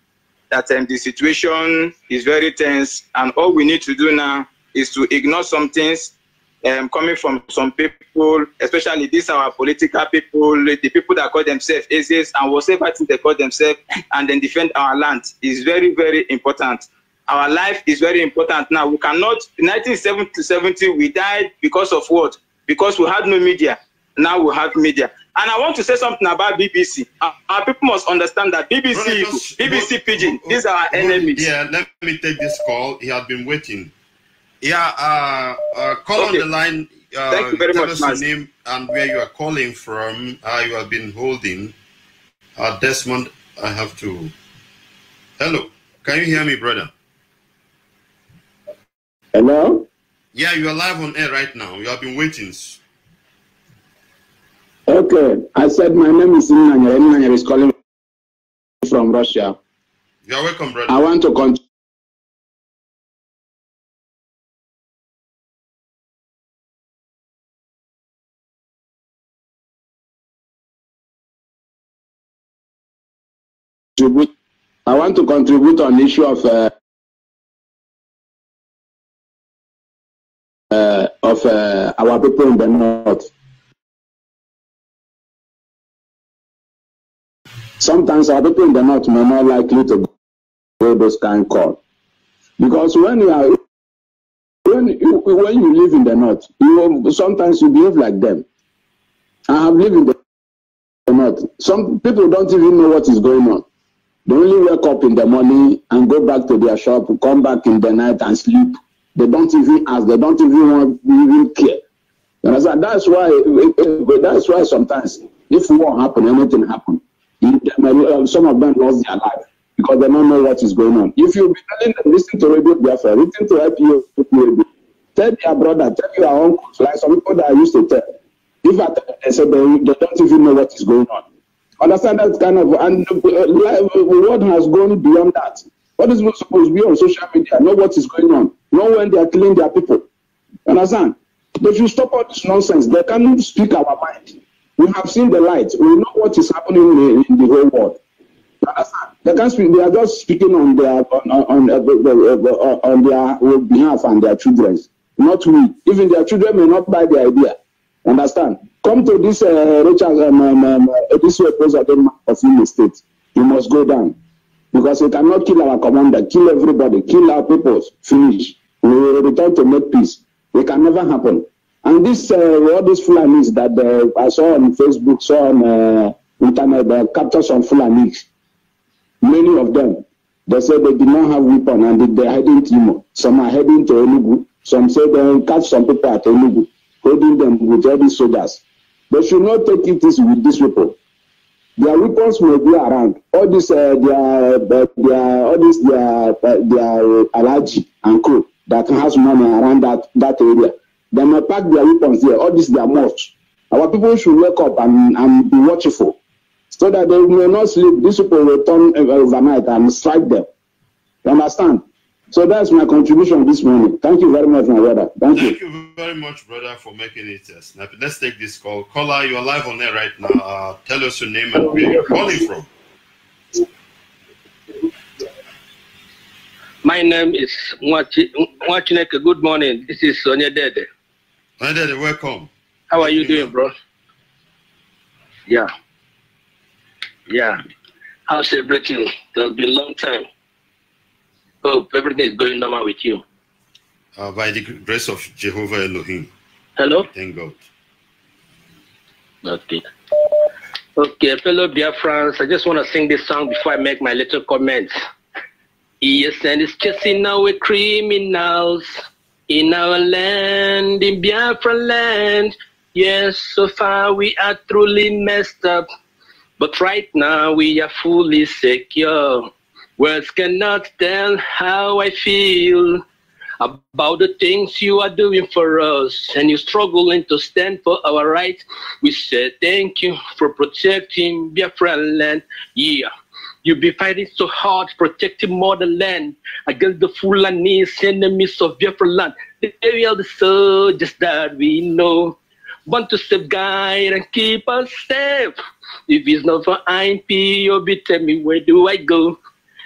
that um, the situation is very tense, and all we need to do now is to ignore some things um, coming from some people, especially these our political people, the people that call themselves atheists and whatever thing they call themselves, and then defend our land is very, very important. Our life is very important now. We cannot, 1970 to 70, we died because of what? Because we had no media. Now we have media. And I want to say something about BBC. Our, our people must understand that BBC, Brother, BBC Pidgin, these are our enemies. Yeah, let me take this call. He has been waiting. Yeah, uh, uh, call okay. on the line. Uh, Thank you very tell much, us your name and where you are calling from. Uh, you have been holding. Uh, Desmond, I have to. Hello, can you hear me, brother? Hello? Yeah, you are live on air right now. You have been waiting. Okay, I said my name is Nanya. Nanya is calling from Russia. You are welcome, brother. I want to continue. contribute. I want to contribute on the issue of uh, uh, of uh, our people in the north. Sometimes our people in the north are not likely to go those kind call because when you are when you, when you live in the north, you sometimes you behave like them. I have lived in the north. Some people don't even know what is going on. They only wake up in the morning and go back to their shop, come back in the night and sleep. They don't even ask. They don't even want, even care. You understand? That's why. That's why sometimes if war happen, anything happen. Uh, some of them lost their life because they don't know what is going on. If you be telling them listen to Radio Biafra, listen to IPO, tell your brother, tell your uncle, like some people that I used to tell. If I tell them, they say they don't even know what is going on. understand that kind of and the world has gone beyond that. What is supposed to be on social media, Know what is going on, Know when they are killing their people. Understand? if you stop all this nonsense. They cannot speak our mind. We have seen the light. We know what is happening in the, whole world. Understand? They can speak. They are just speaking on their on on, uh, uh, on their behalf and their children's. Not we. Even their children may not buy the idea. Understand? Come to this uh, Richard um, um, um uh, this of Denmark of Imo State. You must go down because you cannot kill our commander, kill everybody, kill our peoples. Finish. We will return to make peace. It can never happen. And this uh, all these Fulanis that uh, I saw on Facebook, saw on uh, internet, they captured some Fulanis. Many of them, they say they did not have weapon and they, are heading to Imo. Some are heading to Enugu. Some say they catch some people at Enugu, holding them with all these soldiers. They should not take it easy with these people. Their weapons may be around. All this, uh, their, uh, their, all this, their, uh, their allergy and co that has money around that, that area. They may pack their weapons there. All this, their much. Our people should wake up and, and be watchful so that they may not sleep. These people will turn overnight and strike them. You understand? So that's my contribution this morning. Thank you very much, my brother. Thank, Thank you. you. very much, brother, for making it a uh, snap. Let's take this call. Caller, you're live on there right now. Uh, tell us your name and where you're calling from. My name is Mwachineke. Good morning. This is Sonia Dede. Sonia Dede, welcome. How are you, you doing, bro? Yeah. Yeah. How's everything? It's been a long time hope everything is going normal with you. Uh, by the grace of Jehovah Elohim. Hello? Thank God. good. Okay, fellow dear friends, I just want to sing this song before I make my little comments. Yes, and it's chasing away criminals in our land, in Biafra land. Yes, so far we are truly messed up, but right now we are fully secure. Words cannot tell how I feel about the things you are doing for us and you struggling to stand for our rights. We say thank you for protecting Biafran land. Yeah. You be fighting so hard, protecting motherland against the Fulanese enemies of Biafra land. They are the soldiers that we know. Want to safeguard and keep us safe. If it's not for IMP, you'll be tell me where do I go?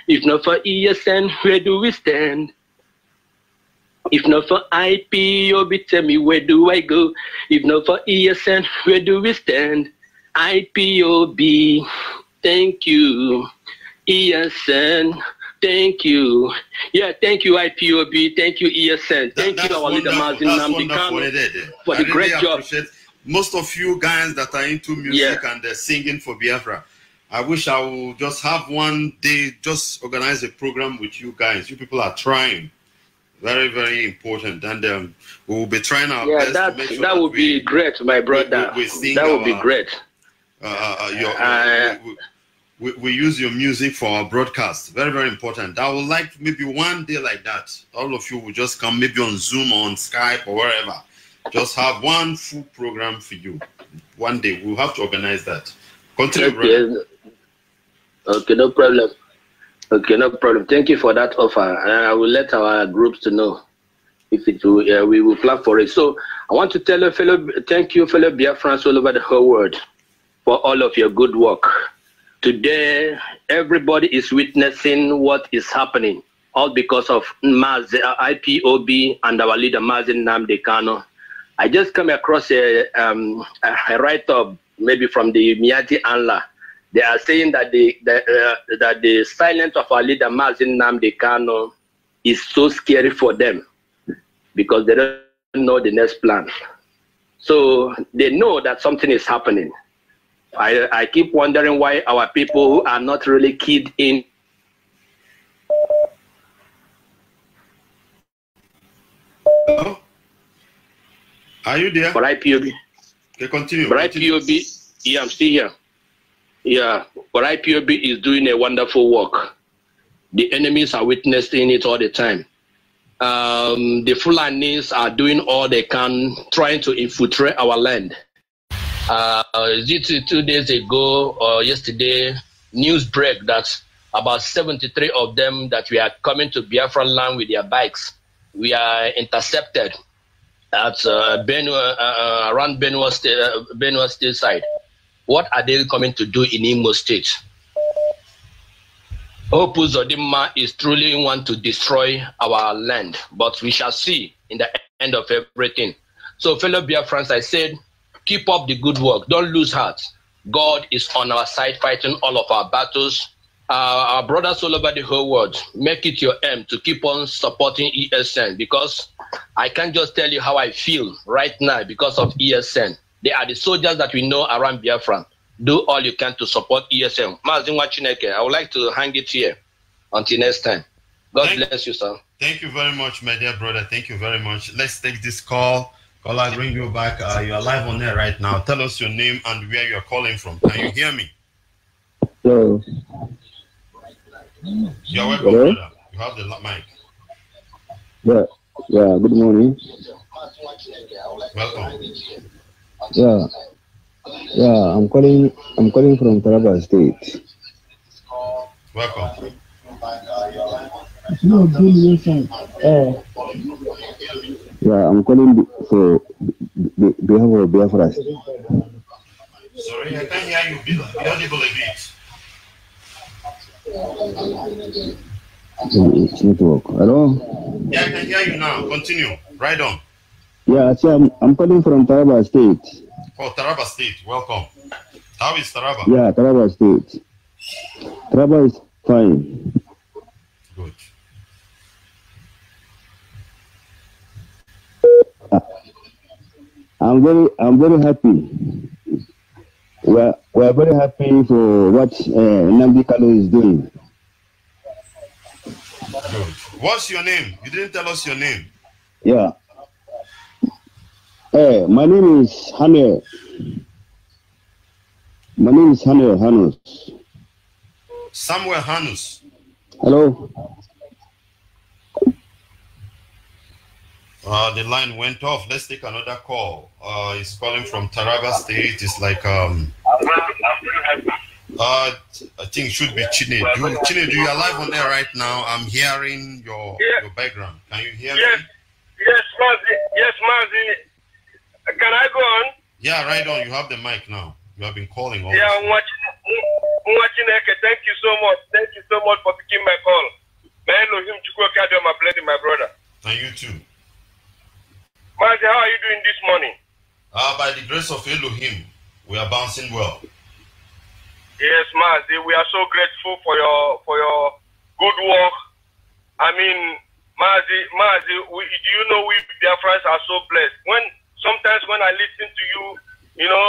If not for ESN, where do we stand? If not for IPOB, tell me where do I go? If not for ESN, where do we stand? IPOB, thank you. ESN, thank you. Yeah, thank you, IPOB. Thank you, ESN. Thank that, you, our leader, Mazin Namdi for the great job. Most of you guys that are into music yeah. and uh, singing for Biafra, I wish I will just have one day, just organize a program with you guys. You people are trying. Very, very important. And um, we will be trying our yeah, best. That, sure that would we, be great, my brother. We, we, that would our, be great. Uh, uh, uh your, uh, we, we use your music for our broadcast. Very, very important. I would like maybe one day like that. All of you will just come maybe on Zoom or on Skype or wherever. Just have one full program for you. One day. We'll have to organize that. Continue, brother. Okay, no problem. Okay, no problem. Thank you for that offer. And I will let our groups to know if it will, uh, we will plan for it. So I want to tell a fellow, thank you, fellow Biafrans all over the whole world for all of your good work. Today, everybody is witnessing what is happening, all because of Maz, uh, IPOB and our leader, Mazin Namdekano. I just came across a, um, a write-up, maybe from the Miati Anla, they are saying that the, the uh, that the silence of our leader Mazin Namdi Kano is so scary for them because they don't know the next plan. So they know that something is happening. I, I keep wondering why our people who are not really keyed in Hello? Are you there? Bright POB. Okay, continue. Bright POB. Yeah, I'm still here. Yeah, but IPOB is doing a wonderful work. The enemies are witnessing it all the time. Um, the Fulanis are doing all they can, trying to infiltrate our land. Uh, two days ago or yesterday, news break that about 73 of them that we are coming to Biafra land with their bikes. We are intercepted at uh, Benua, uh, uh, around Benua State, uh, Benua State side what are they coming to do in Imo State? Opu Zodima is truly one to destroy our land, but we shall see in the end of everything. So, fellow Biafrans, I said, keep up the good work. Don't lose heart. God is on our side, fighting all of our battles. Uh, our brothers all over the whole world, make it your aim to keep on supporting ESN because I can't just tell you how I feel right now because of ESN. They are the soldiers that we know around Biafra. Do all you can to support ESM. Mazin Wachineke, I would like to hang it here until next time. God thank, bless you, sir. Thank you very much, my dear brother. Thank you very much. Let's take this call. I'll bring you back. Uh, you are live on air right now. Tell us your name and where you are calling from. Can you hear me? Hello. You're welcome, Hello? brother. You have the mic. Yeah. Yeah. Good morning. Welcome. Yeah. Yeah, I'm calling I'm calling from Taraba State. Welcome. No, uh, yeah, I'm calling for behalf of Biafra. Sorry, I can't hear you. Be audible a bit. It's network. Hello? Yeah, I can hear you now. Continue. Right on. Yeah, so I'm, I'm calling from Taraba State. Oh, Taraba State, welcome. How is Taraba? Yeah, Taraba State. Taraba is fine. Good. I'm very, I'm very happy. We're, we're very happy for what uh, Nambi Kalu is doing. Good. What's your name? You didn't tell us your name. Yeah. Hey, eh, my name is Hane. My name is Hane Hanus. Samuel Hanus. Hello. Uh, the line went off. Let's take another call. Uh, he's calling from Taraba State. It's like um. Uh, I think it should be Chine. Do, you, Chine, do you alive live on there right now? I'm hearing your your background. Can you hear yes. me? Yes, Mazi. Yes, Mazi. Can I go on? Yeah, right on. You have the mic now. You have been calling. All yeah, I'm watching. I'm watching Thank you so much. Thank you so much for picking my call. May Elohim my blessing my brother. And you too. Mazi, how are you doing this morning? Uh, by the grace of Elohim, we are bouncing well. Yes, Mazi, we are so grateful for your for your good work. I mean, Mazi, Mazi, do you know we friends are so blessed? When sometimes when I listen to you, you know,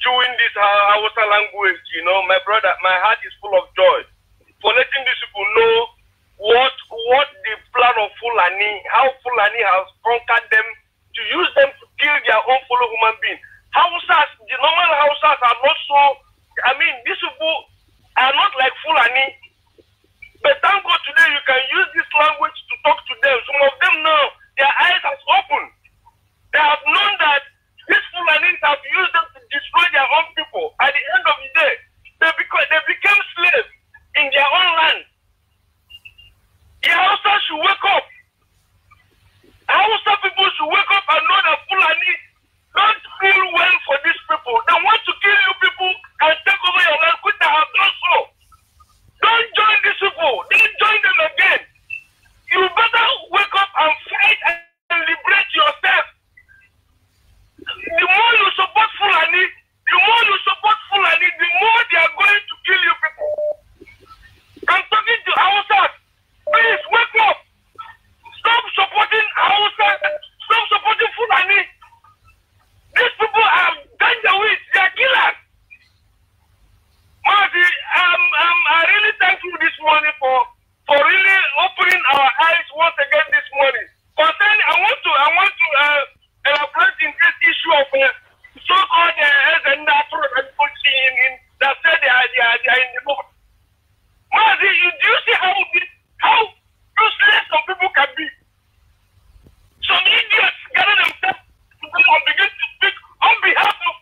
doing this Hausa language, you know, my brother, my heart is full of joy for letting these people know what what the plan of Fulani, how Fulani has conquered them to use them to kill their own fellow human being. Hausas, the normal Hausas are not so. I mean, these people are not like Fulani. But thank God today you can use this language to talk to them. Some of them now, their eyes are opened. They have known that these Fulani have used them to destroy their own people. At the end of the day, they, beca- they became slaves in their own land. The Hausa should wake up. Hausa people should wake up and know that Fulani don't feel well for these people. They want to kill you people and take over your land, which they have done so. Don't join these people. Don't join them again. You better wake up and fight and liberate yourself the more you support Fulani, the more you support Fulani, the more they are going to kill you people. I'm talking to Hausa. Please wake up. Stop supporting Hausa. Stop supporting Fulani. These people are dangerous. They are killers. Mazi, I'm I'm I really thank you this morning for, for really opening our eyes once again this morning. But then I want to, I want to, uh, elaborating this issue of uh, so-called uh, and natural people in, in that said they are, they are, they are in the movement. Mazi, do you see how how useless some people can be? Some idiots gather themselves and begin to speak on behalf of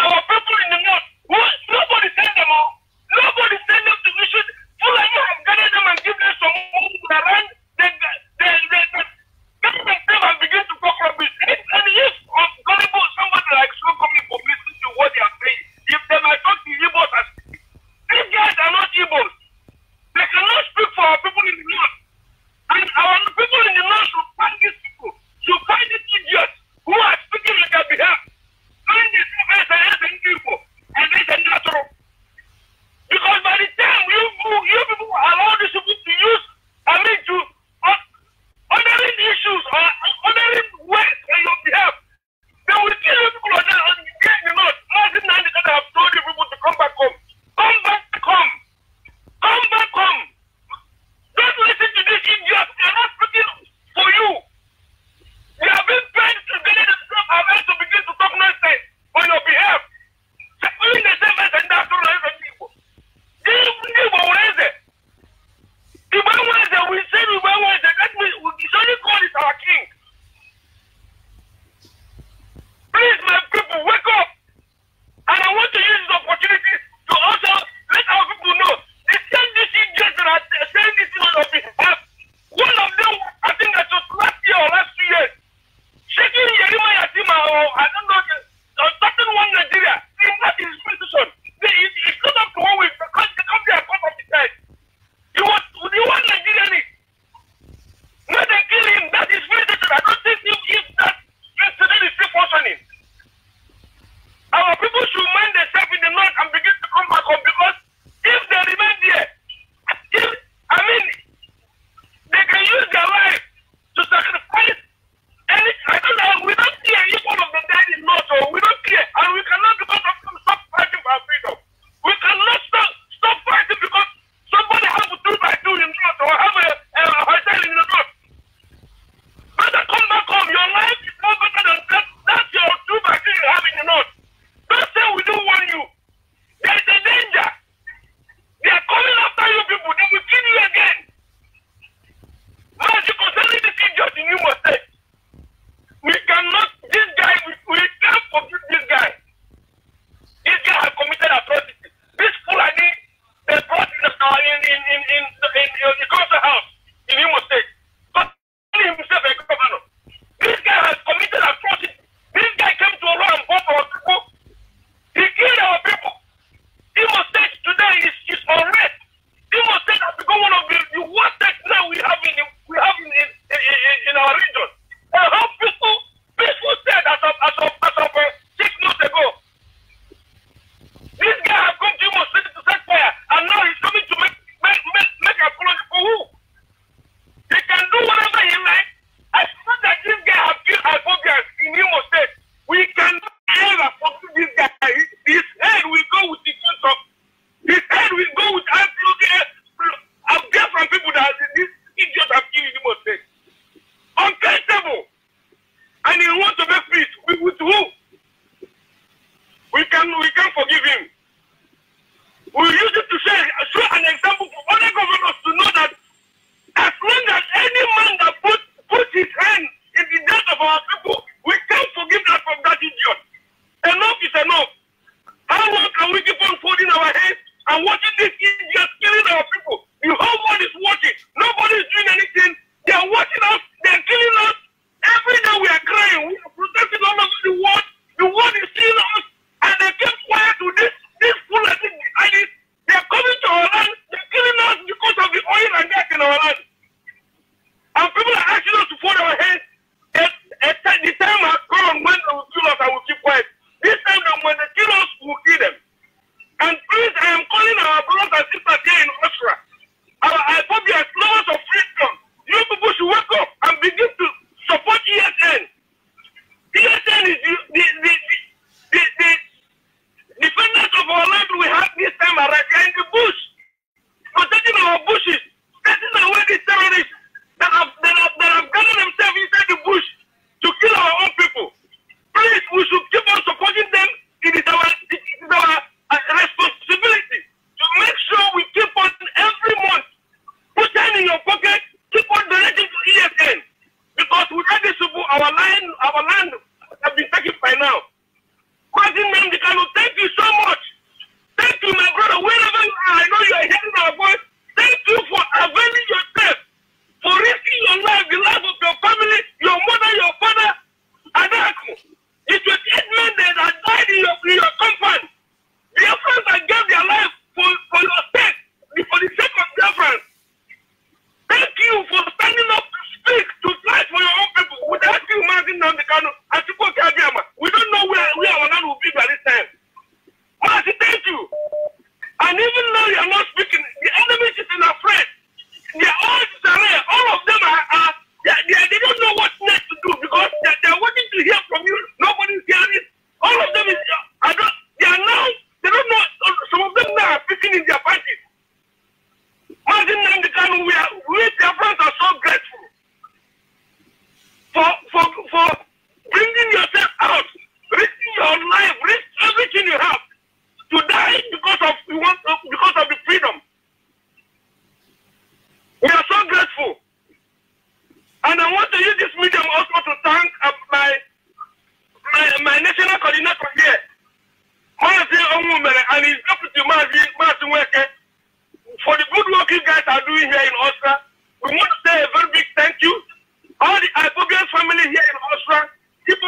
our people in the north. Who, nobody sent them out. Nobody sent them to issue. we should Fulani have gathered them and given them some money to run. They, they, they, they, they, they themselves and begin to talk rubbish. listen to what they are saying. If they might talk to Igbos as these guys are not Igbos. They cannot speak for our people in the north. And our people in the north should find these people. Should find these idiots who are speaking on their behalf. Find these people as an Igbo and they are natural. Because by the time you, you people allow these people to use, I mean to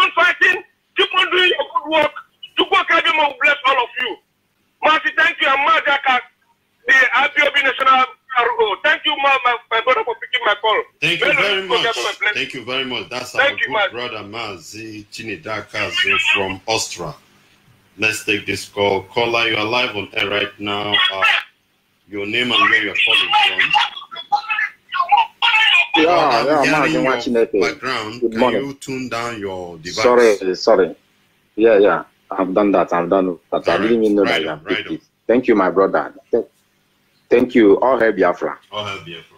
on fighting, keep on doing your good work. Chukwuka will bless all of you. Mercy, thank you. I'm mad the IPOB National RO. Thank you, ma, my, my brother, for picking my call. Thank you very much. Thank you very much. That's thank our you, good man. brother, Mazi Chinidakazi from Austria. Let's take this call. Caller, you are live on air right now. Uh, your name and where you're calling from yeah, yeah, I'm your Chineke. background. Good Can morning. you tune down your device? Sorry, sorry. Yeah, yeah. I've done that. I've done that. All I right, didn't even know right that. On, right on. Thank you, my brother. Thank you. All hail Biafra. All hail Biafra.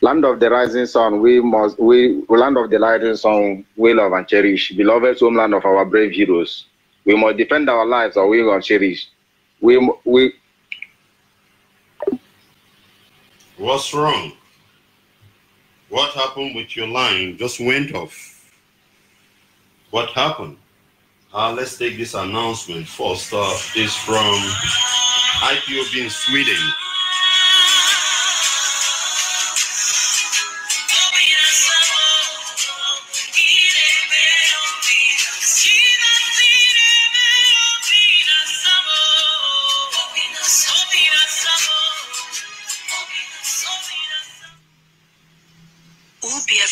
Land of the rising sun, we must, we, land of the rising sun, we love and cherish. Beloved homeland of our brave heroes. We must defend our lives or we will cherish. We, we. What's wrong? What happened with your line? Just went off. What happened? Uh, let's take this announcement first. Uh, it's from IPOB in Sweden.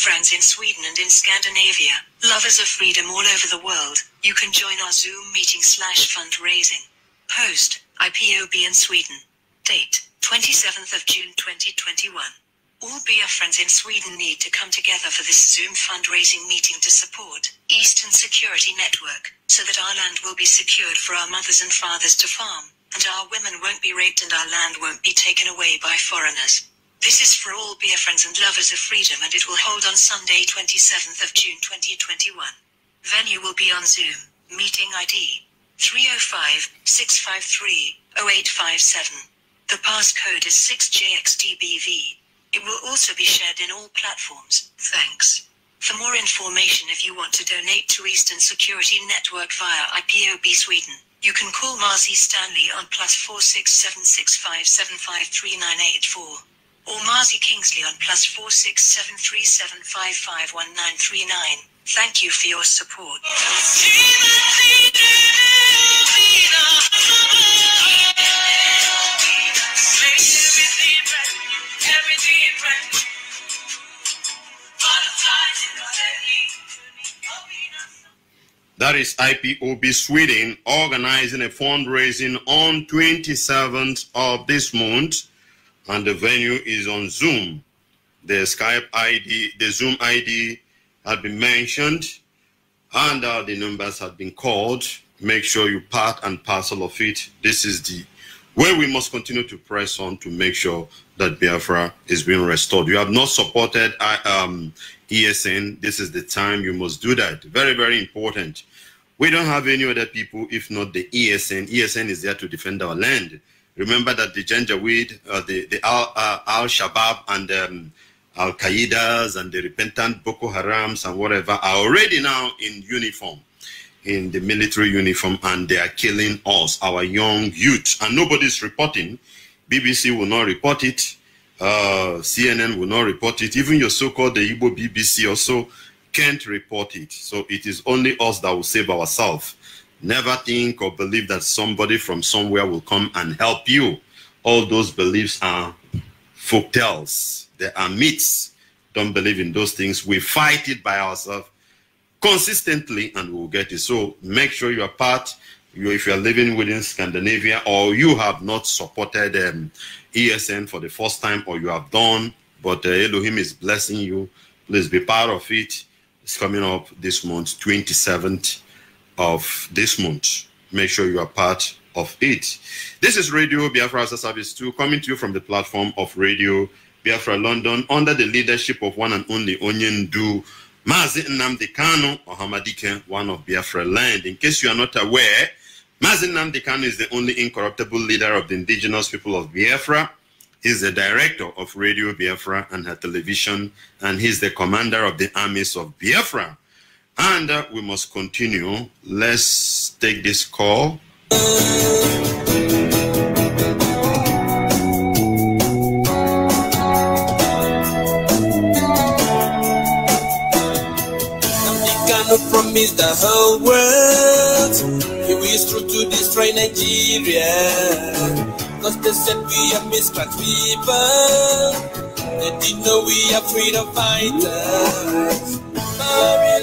friends in Sweden and in Scandinavia, lovers of freedom all over the world, you can join our Zoom meeting slash fundraising. Host, IPOB in Sweden. Date, 27th of June 2021. All beer friends in Sweden need to come together for this Zoom fundraising meeting to support Eastern Security Network, so that our land will be secured for our mothers and fathers to farm, and our women won't be raped and our land won't be taken away by foreigners. This is for all beer friends and lovers of freedom and it will hold on Sunday 27th of June 2021. Venue will be on Zoom, meeting ID 305-653-0857. The passcode is 6JXTBV. It will also be shared in all platforms. Thanks. For more information if you want to donate to Eastern Security Network via IPOB Sweden, you can call Marcy Stanley on plus 467657539884 or Marzi Kingsley on plus plus four six seven three seven five five one nine three nine. Thank you for your support. That is IPOB Sweden organizing a fundraising on 27th of this month and the venue is on Zoom. The Skype ID, the Zoom ID had been mentioned, and uh, the numbers Have been called. Make sure you part and parcel of it. This is the way we must continue to press on to make sure that Biafra is being restored. You have not supported um, ESN. This is the time you must do that. Very, very important. We don't have any other people if not the ESN. ESN is there to defend our land. Remember that the Janjaweed, uh, the, the Al, uh, Shabaab and um, Al Qaeda's and the repentant Boko Harams and whatever are already now in uniform, in the military uniform, and they are killing us, our young youth. And nobody's reporting. BBC will not report it. Uh, CNN will not report it. Even your so-called the Igbo BBC also can't report it. So it is only us that will save ourselves. Never think or believe that somebody from somewhere will come and help you. All those beliefs are folk tales. They are myths. Don't believe in those things. We fight it by ourselves consistently and we'll get it. So make sure you are part. You, if you are living within Scandinavia or you have not supported um, ESN for the first time or you have done, but uh, Elohim is blessing you, please be part of it. It's coming up this month, 27th of this month. Make sure you are part of it. This is Radio Biafra a Service 2 coming to you from the platform of Radio Biafra London under the leadership of one and only Onion Du Mazi Nnamdi or Hamadike, one of Biafra land. In case you are not aware, Mazi Nnamdi is the only incorruptible leader of the indigenous people of Biafra. He's the director of Radio Biafra and her television, and he's the commander of the armies of Biafra. And uh, we must continue. Let's take this call. promise the whole world. He is true to destroy Nigeria. Cause they said we are people. They didn't know we are freedom fighters. All right,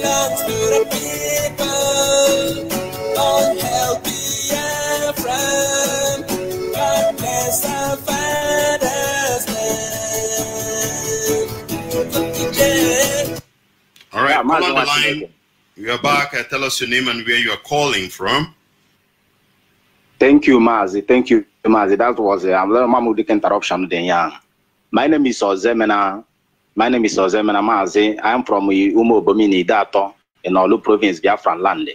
yeah, You are back. Uh, tell us your name and where you are calling from. Thank you, Mazi. Thank you, Mazi. That was uh, a little interruption. Then, My name is Ozemena My name is Ozemena Mazi. I'm from Umo Bomini Dato in Olu province, Biafra land.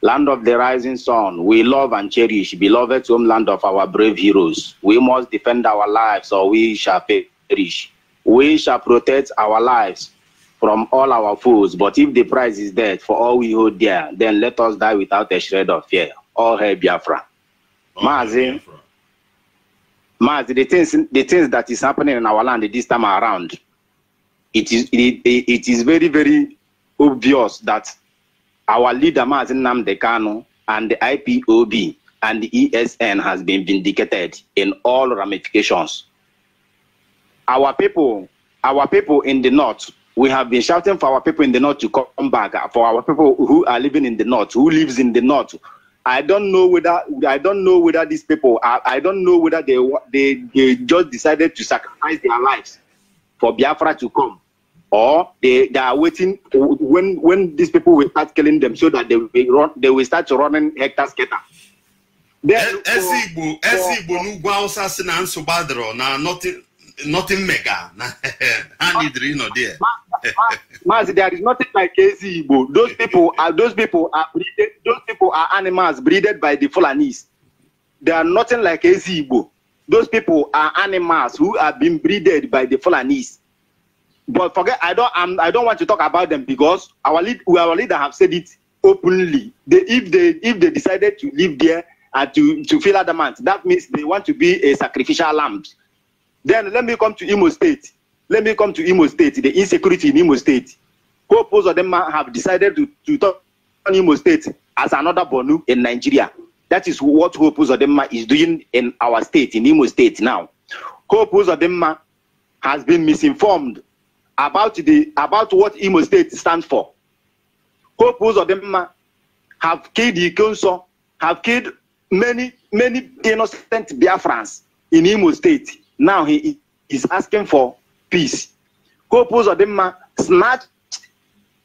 Land of the rising sun, we love and cherish, beloved homeland of our brave heroes. We must defend our lives or we shall perish. We shall protect our lives from all our foes, but if the price is death for all we hold dear, then let us die without a shred of fear. All hail Biafra. Mazi, Mazi, the things, the things that is happening in our land this time around, it is it, it is very very obvious that our leader Mazin Namdekano and the IPOB and the ESN has been vindicated in all ramifications. Our people, our people in the north, we have been shouting for our people in the north to come back, for our people who are living in the north, who lives in the north. I don't know whether I don't know whether these people I, I don't know whether they, they they just decided to sacrifice their lives for Biafra to come or they, they are waiting when when these people will start killing them so that they will run they will start running hectares scatter. ese igbo ese igbo n'ugwu hausa si na nsogbu adịrọ nothing mega there is nothing like Ezibu. those people are those people are breeded those people are animals breeded by the Fulanis they are nothing like Ezibu. those people are animals who have been breeded by the Fulanis. But forget, I don't. I'm, I don't want to talk about them because our lead, our leader have said it openly. They, if they if they decided to live there and to to fill out the month, that means they want to be a sacrificial lamb. Then let me come to Imo State. Let me come to Imo State. The insecurity in Imo State. Hope of them have decided to to talk on Imo State as another Bonu in Nigeria. That is what Hope Uzodema is doing in our state, in Imo State now. Hope Uzodema has been misinformed about the about what Imo State stands for. Hope them have killed the council, have killed many, many innocent Biafrans in Imo State. Now he is asking for peace. Hope them snatched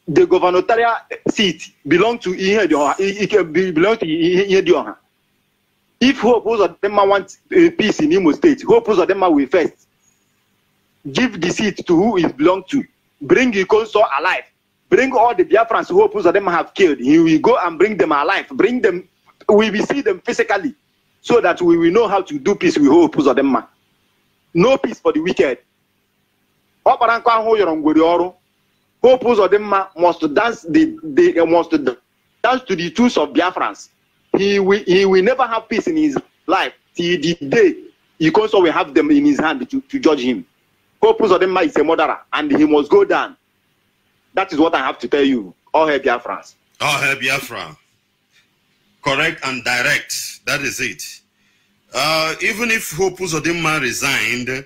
the gubernatorial seat belong to Ihedioha, belong to Ihedioha. If Hope them want uh, peace in Imo State, Hope them will first give the seat to who it belongs to. Bring Ikonso alive. Bring all the Biafrans who most of them have killed. He will go and bring them alive. Bring them, we will see them physically so that we will know how to do peace with whole of them. No peace for the wicked. Ọkparankwa ahụ yọrọ ngwere ọrụ. Hope ụzọ dị mma must dance the, the eh, must dance to the tunes of Biafrans. He will, he will never have peace in his life till the day Ikonso will have them in his hand to, to judge him. Opus Odema is a murderer and he must go down. That is what I have to tell you. All hail Biafra. All hail Biafra. Correct and direct. That is it. Uh, even if Opus Odema resigned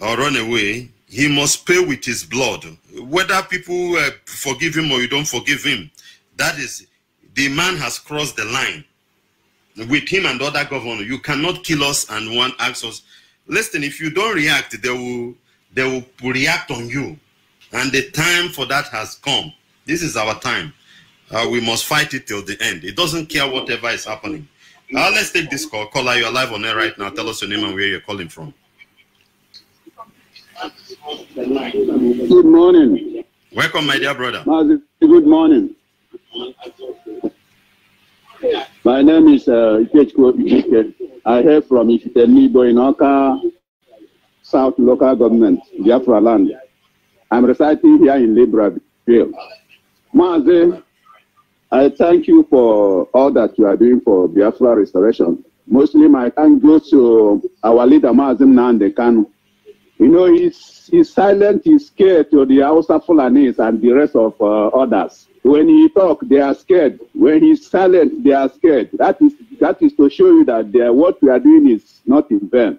or run away, he must pay with his blood. Whether people uh, forgive him or you don't forgive him, that is, the man has crossed the line. With him and other governor, you cannot kill us and one ask us. Listen, if you don't react, they will they will react on you. And the time for that has come. This is our time. Uh, we must fight it till the end. It doesn't care whatever is happening. Uh, let's take this call. Caller, you're live on air right now. Tell us your name and where you're calling from. Good morning. Welcome, my dear brother. Good morning. My name is uh, I hail from Ifitenibo in Oka, South local government, Biafra land. I'm reciting here in Libreville. Maze, I thank you for all that you are doing for Biafra restoration. Mostly my thanks goes to our leader, Mazim Nande Kanu. You know, he's, he's silent, he's scared to the of Fulanis and the rest of uh, others. When he talk, they are scared. When he's silent, they are scared. That is, that is to show you that what we are doing is not in vain.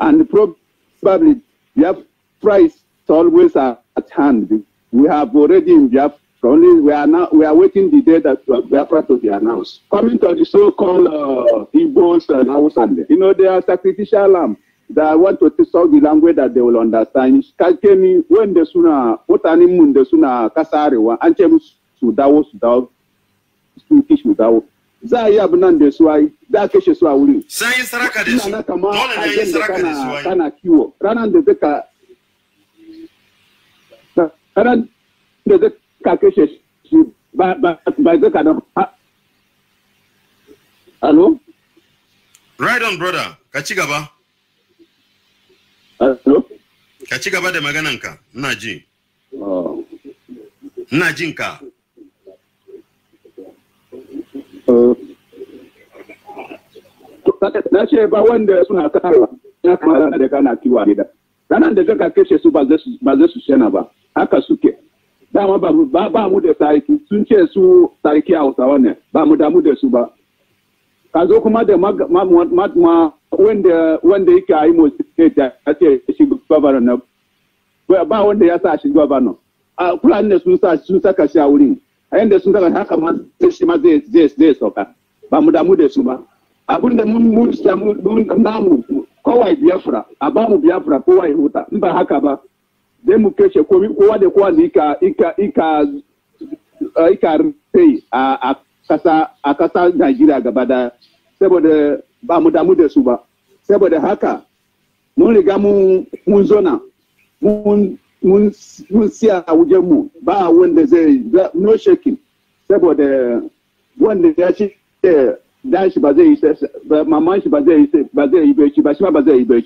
And the problem probably Biafra is always at, at hand. We have already in Biafra, only we are now we are waiting the day that Biafra to be announced. Coming to the so-called uh, Igbos and Hausa, you know, they are sacrificial lamb that want to talk the language that they will understand. Kakemi, when the sooner, uh, what animal the sooner, uh, Kasari, and Chem Sudawo Sudawo, Sukish Sudawo. za a yi abu nan da su ayi za a kashe su a wurin sai saraka da su kama a yin da kana kana kiwo ranar da zaka ranar da zaka kashe shi ba ba ba zaka da Hello? Right on, brother. Ka ci gaba. Hello? Ka ci gaba da maganan ka, Ina ji. Oh. Ina jin ka. na ce ba wanda suna sarwa ya kama ranar da kana kiwa gida ranar da kaka kashe su ba zai su shena ba haka suke dama ba ba mu da sarki sun ce su sarki hausawa ne ba mu damu da su ba ka zo kuma da wanda wanda yake a yi motsi da ya ce shi gwabana na ba wanda ya sa shi gwabana a fulani ne sun sa sun saka shi a wurin a yanda sun saka haka ma shi ma zai sauka ba mu damu da su ba abin da mun samu namu kowa biyafra a ba mu biyafra kowa ya huta in ba haka ba zai mu kashe kowa da kowa da ika ika ika uh, ika rai a kasa a kasa Najeriya gaba da saboda ba mu damu da su ba saboda haka mun riga mun zona mun mun siya a wajen mu ba wanda zai no shaking saboda wanda ya ci eh, dan si baze yi sɛ sɛ mama si baze yi baze yi bɛ ekyi baze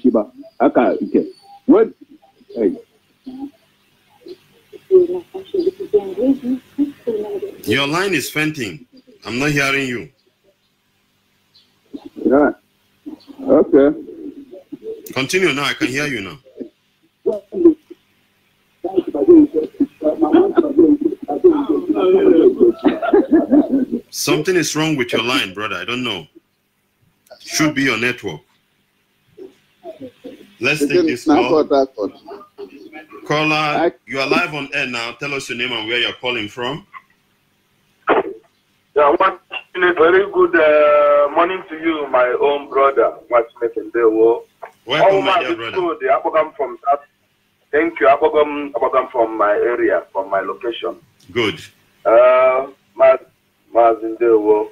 yi bɛ aka nkɛ wɛ ɛyi. Your line is fainting. I'm not hearing you. Yeah. Okay. Continue now. I can hear you now. Something is wrong with your line, brother. I don't know. Should be your network. Let's take this call. Caller, you are live on air now. Tell us your name and where you're calling from. Yeah, what a very good uh, morning to you, my own brother, Watchmaking Dewo. Welcome, my dear brother. Abogam from that. Thank you, I'm from my area, from my location. Good. Uh, my I also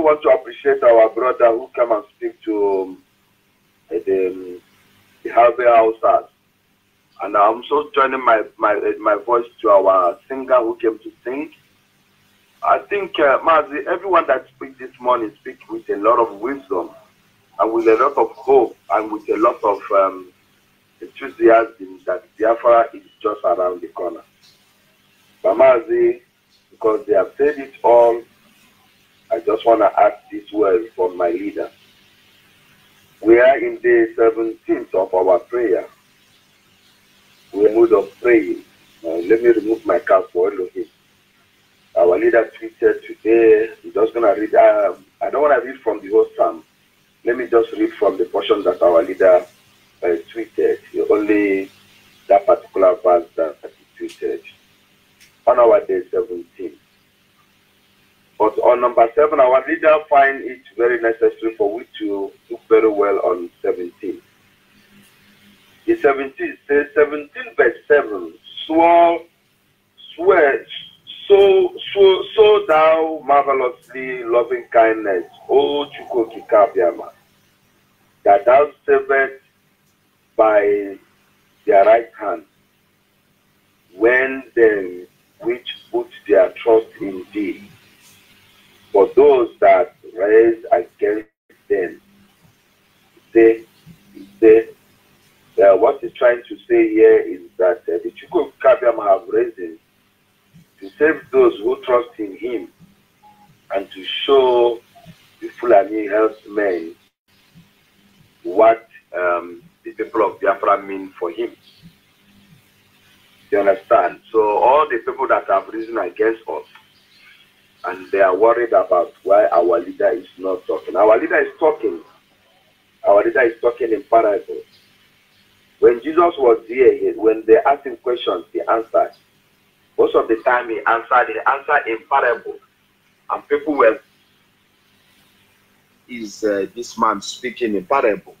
want to appreciate our brother who came and speak to um, the, um, the Harvey And I'm also joining my, my, my voice to our singer who came to sing. I think, uh, Mazi, everyone that speaks this morning speak with a lot of wisdom and with a lot of hope and with a lot of um, enthusiasm that Biafra is just around the corner. Mamazi, because they have said it all, I just want to add this word from my leader. We are in day 17th of our prayer. We mood of praying. Now, let me remove my cap for Elohim. Our leader tweeted today, I'm just going to read, um, I don't want to read from the whole psalm. Let me just read from the portion that our leader uh, tweeted, only that particular verse that he tweeted. on our day 17. But on number seven, our leader find it very necessary for we to do very well on 17. The 17 says, 17 verse 7, swore, swear, so, so, so thou marvelously loving kindness, O Chukoki Kabyama, that thou servest by their right hand, when the which put their trust in thee. For those that rise against them, they, they, uh, what he's trying to say here is that uh, the Chukwu Kabiam have risen to save those who trust in him and to show the Fulani helpsmen what um, the people of Biafra mean for him. You understand? So all the people that have risen against us, and they are worried about why our leader is not talking. Our leader is talking. Our leader is talking in parables. When Jesus was here, when they asked him questions, he answered. Most of the time he answered, he answered in parables. And people were, is uh, this man speaking in parable?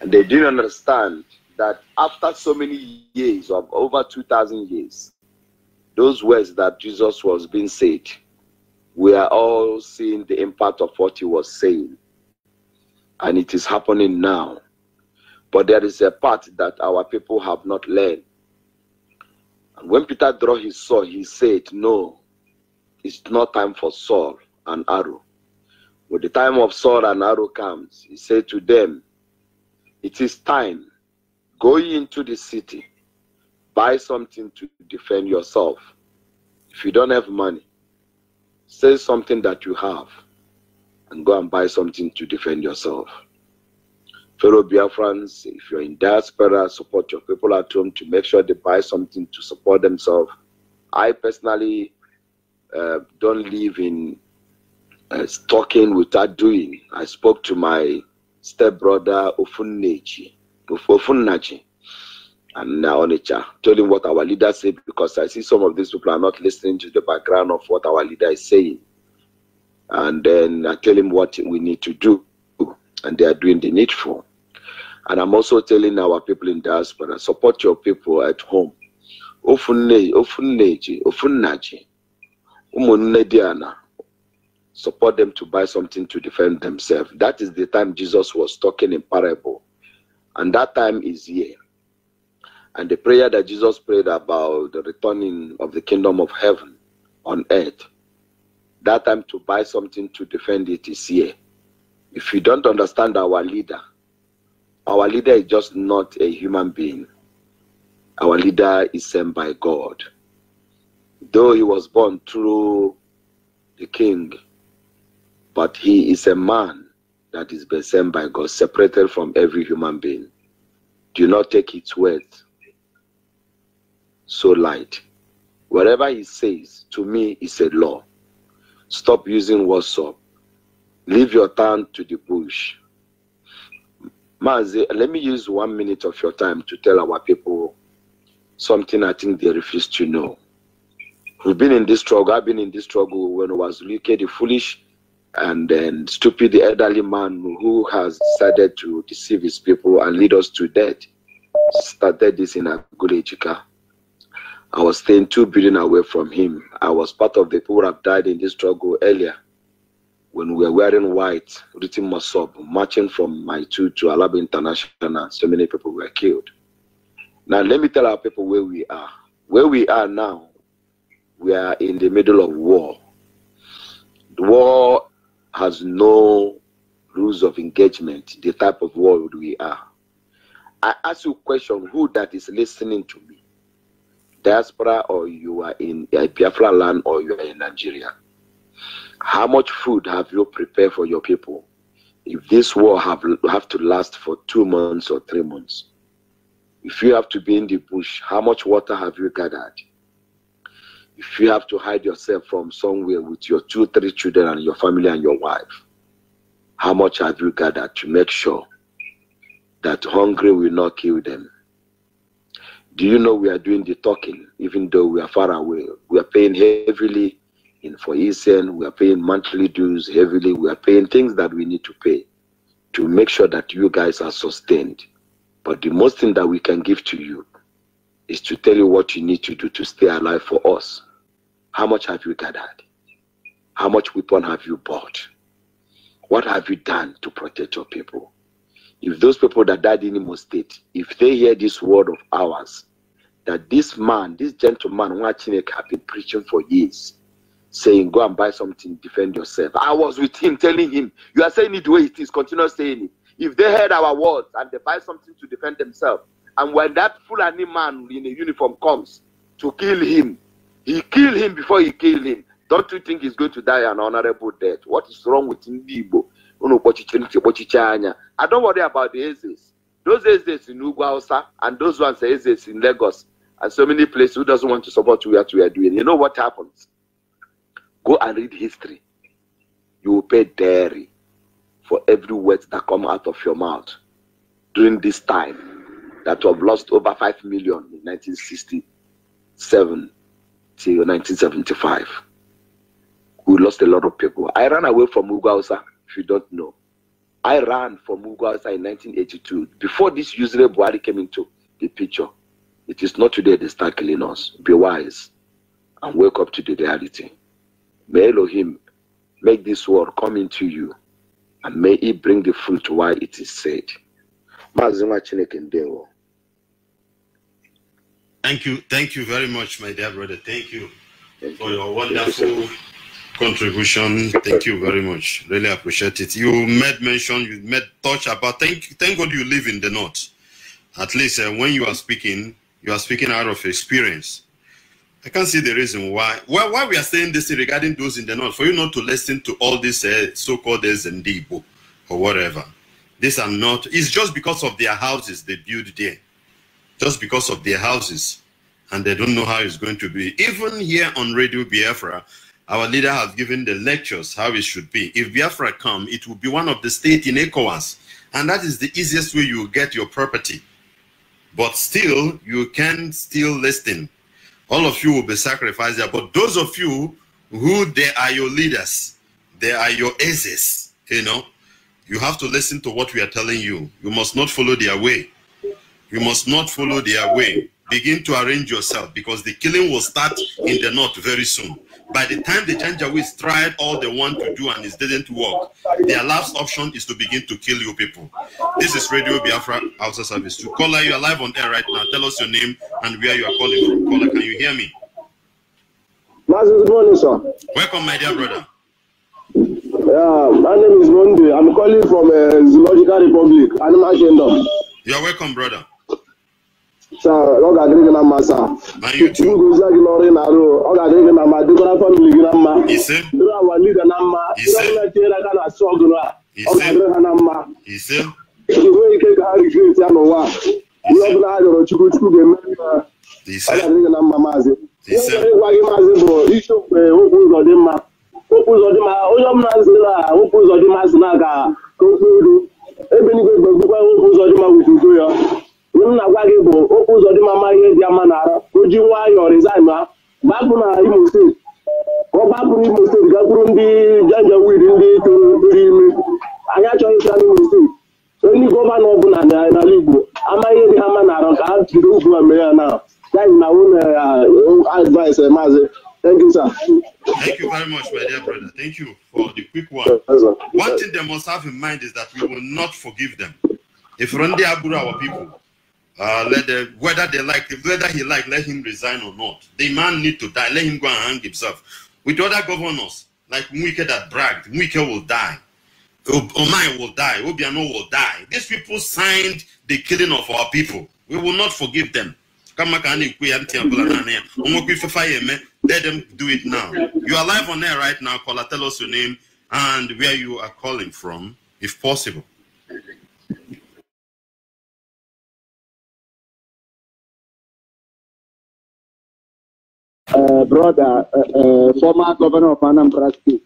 And they didn't understand that after so many years, of over 2,000 years, those words that Jesus was being said, we are all seeing the impact of what he was saying. And it is happening now. But there is a part that our people have not learned. And when Peter drew his sword, he said, No, it's not time for sword and arrow. When the time of sword and arrow comes, he said to them, It is time Go into the city, buy something to defend yourself. If you don't have money, say something that you have and go and buy something to defend yourself. Fellow Biafrans, if you're in diaspora, support your people at home to make sure they buy something to support themselves. I personally uh, don't live in uh, talking without doing. I spoke to my stepbrother Ofunnechi for Funachi and uh, Onicha. Told him what our leader said because I see some of these people are not listening to the background of what our leader is saying. And then I tell him what we need to do, and they are doing the needful. And I'm also telling our people in diaspora, support your people at home. Support them to buy something to defend themselves. That is the time Jesus was talking in parable and that time is here. And the prayer that Jesus prayed about the returning of the kingdom of heaven on earth, that time to buy something to defend it is here. If you don't understand our leader, our leader is just not a human being. Our leader is sent by God. Though he was born through the king, but he is a man that is been sent by God, separated from every human being. Do not take its word so light. Whatever he says to me is a law. Stop using WhatsApp. Leave your time to the bush. Mazi, let me use one minute of your time to tell our people something I think they refuse to know. We've been in this struggle. I've been in this struggle when I was UK, the foolish and then stupid the elderly man who has decided to deceive his people and lead us to death. Started this in Agulejika. I was staying two billion away from him. I was part of the people who have died in this struggle earlier when we were wearing white, written masob, marching from my two to Alaba International. So many people were killed. Now, let me tell our people where we are. Where we are now, we are in the middle of war. The war has no rules of engagement, the type of world we are. I ask you a question, who that is listening to me? Diaspora or you are in uh, Biafra land or you are in Nigeria. How much food have you prepared for your people? If this war have, have to last for two months or three months, if you have to be in the bush, how much water have you gathered? if you have to hide yourself from somewhere with your two, three children and your family and your wife, how much have you gathered to make sure that hungry will not kill them? Do you know we are doing the talking, even though we are far away? We are paying heavily in for ESN, we are paying monthly dues heavily, we are paying things that we need to pay to make sure that you guys are sustained. But the most thing that we can give to you is to tell you what you need to do to stay alive for us. How much have you gathered? How much weapon have you bought? What have you done to protect your people? If those people that died in Imo State, if they hear this word of ours, that this man, this gentleman, Wachinek, have been preaching for years, saying, Go and buy something, defend yourself. I was with him telling him, You are saying it the way it is, continue saying it. If they heard our words and they buy something to defend themselves, and when that Fulani man in a uniform comes to kill him, he killed him before he killed him. Don't you think he's going to die an honorable death? What is wrong with Ndibo? I don't worry about the Aziz. Those Aziz in Ugwausa and those ones are Ezes in Lagos and so many places who doesn't want to support what we are doing. You know what happens? Go and read history. You will pay dairy for every word that come out of your mouth during this time that we have lost over 5 million in 1967 till 1975. We lost a lot of people. I ran away from Ugausa, if you don't know. I ran from Ugausa in 1982, before this usually Buhari came into the picture. It is not today they start killing us. Be wise and wake up to the reality. May Elohim make this word come into you and may it bring the fruit why it is said. Mazuma Chineke ndewo Thank you. Thank you very much, my dear brother. Thank you for your wonderful contribution. Thank you very much. Really appreciate it. You made mention, you made touch about, thank, thank God you live in the North. At least uh, when you are speaking, you are speaking out of experience. I can not see the reason why. Why, why we are saying this regarding those in the North, for you not to listen to all these uh, so-called Zendibo or whatever. These are not, it's just because of their houses they build there just because of their houses and they don't know how it's going to be. Even here on Radio Biafra, our leader has given the lectures how it should be. If Biafra come, it will be one of the state in ECOWAS. And that is the easiest way you get your property. But still, you can still listen. All of you will be sacrificed there. But those of you who they are your leaders, they are your aces, you know, you have to listen to what we are telling you. You must not follow their way. You must not follow their way. Begin to arrange yourself because the killing will start in the north very soon. By the time the Janjaweeds tried all they want to do and it didn't work, their last option is to begin to kill you people. This is Radio Biafra Outer Service. To caller, you are live on air right now. Tell us your name and where you are calling from. Caller, can you hear me? Good morning, sir. Welcome, my dear brother. Yeah, my name is Monday. I'm calling from uh, Zoological Republic, Animal Kingdom. You're welcome, brother. ọ ga-adịrị gị na mma saa gị n'ọrụ ị na-arụ ọ ga-adịrị gị na mma dịkwara famili gị na mma dịrị awa na mma aka na-asụ ọgụ a ọ ga-adịrị ha na mma enweghị ike ka ha rigreti ya n'ụwa ihe ọ ha rịọrọ chukwu chukwu ga-eme ọ ga-adịrị gị na mma maazị ihe gị maazị bụ isi okwu ụzọ dị mma okwu ụzọ dị mma onye na ka ebe ya m na-agwa gị bụ okwu ụzọ dị mma ihe dị ama na-ara o ji nwayọọ resign ha gbapụ na Imo steeti ọ na Imo steeti gakwuru ndị janjawid ndị tụrụ ime anyị achọghị ịsa n'Imo steeti onye gọvanọ ọbụla n'ala Igbo amaghị dị ha ma na-arọ ka ha jiri ugwu ma mee ya na that na my own advice eh, Thank you, sir. Thank you very much, my dear brother. Thank you for the quick Uh, let the, whether they like whether he like, let him resign or not. The man need to die. Let him go and hang himself. With other governors, like Mwike that bragged, Mwike will die. Omai will die. Obiano will die. These people signed the killing of our people. We will not forgive them. Let them do it now. You are live on air right now, caller. Tell us your name and where you are calling from, if possible. Uh, brother, uh, uh, former governor of Anambra State,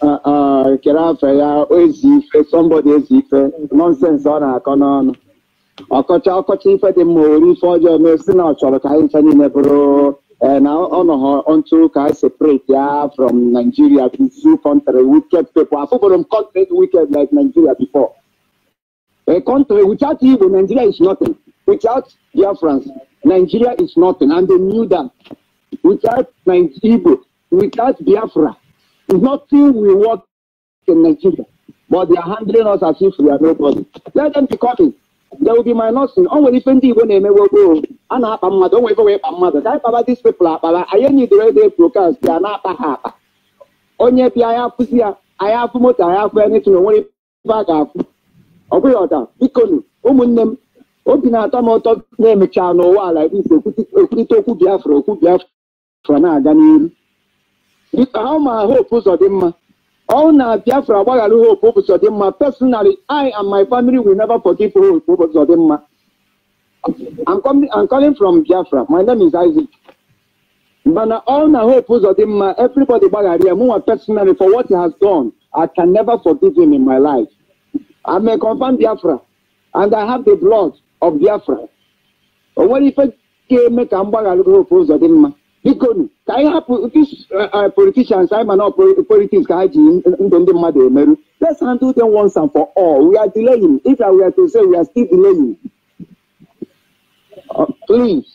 uh, Kerafe ya ezi ife, somebody ezi ife, nonsense ọ na-akọ n'ọnụ. Ọkọchị ọkọchị ife dị mma ori ife ọjọọ mee si na ọ chọrọ ka anyị ncha niile bụrụ e, na ọ nọghọ ntụ ka separate ya from Nigeria to two country wicked people. Afụbụrụ m country wicked like Nigeria before. A country without Igbo, Nigeria is nothing. Without Biafrans, Nigeria is nothing, and they knew that without Nigeria, without Biafra, nothing will work in Nigeria. But they are handling us as if we are nobody. Let them be caught. there will be my nursing ọ nwere ife ndị igbo na-emewe gboo a na-akpa mmadụ o nwere ife wee kpa mmadụ ka ịkpaba dis pepl akpara anyị enyi dere ede prokast bịa na-akpa Only akpa onye bịa anyị afụzi ya anyị afụ moto anyị afụ ya n'etu na onwere ife a ga-afụ ọ bụghị ọda bikonu ụmụnne obi na-atọ m ụtọ na-emechaa n'ụwa ala igbo ekwurịta okwu biafra okwu biafra na-aga n'iru dịka ha ma hope ụzọ dị mma ọ na biafra agbaghara hope ụzọ dị mma personally i and my family will never forgive hope ụzọ dị mma I'm, com- I'm calling from biafra my name is isaac mana ọ na hope ụzọ dị mma everybody gbaghara ya mụnwa personally for what he has done i can never forgive him in my life I may confirmed biafra and i have the blood of biafra o nwere ife ga-eme ka mgbagharịgo ofe ụzọ dị mma bikonu ka anyị hapụ politicians anyị mana politics ka ha ji ndụ ndị mmadụ emerụ let's handle them once and for all we are delaying if i were to say we are still delaying uh, please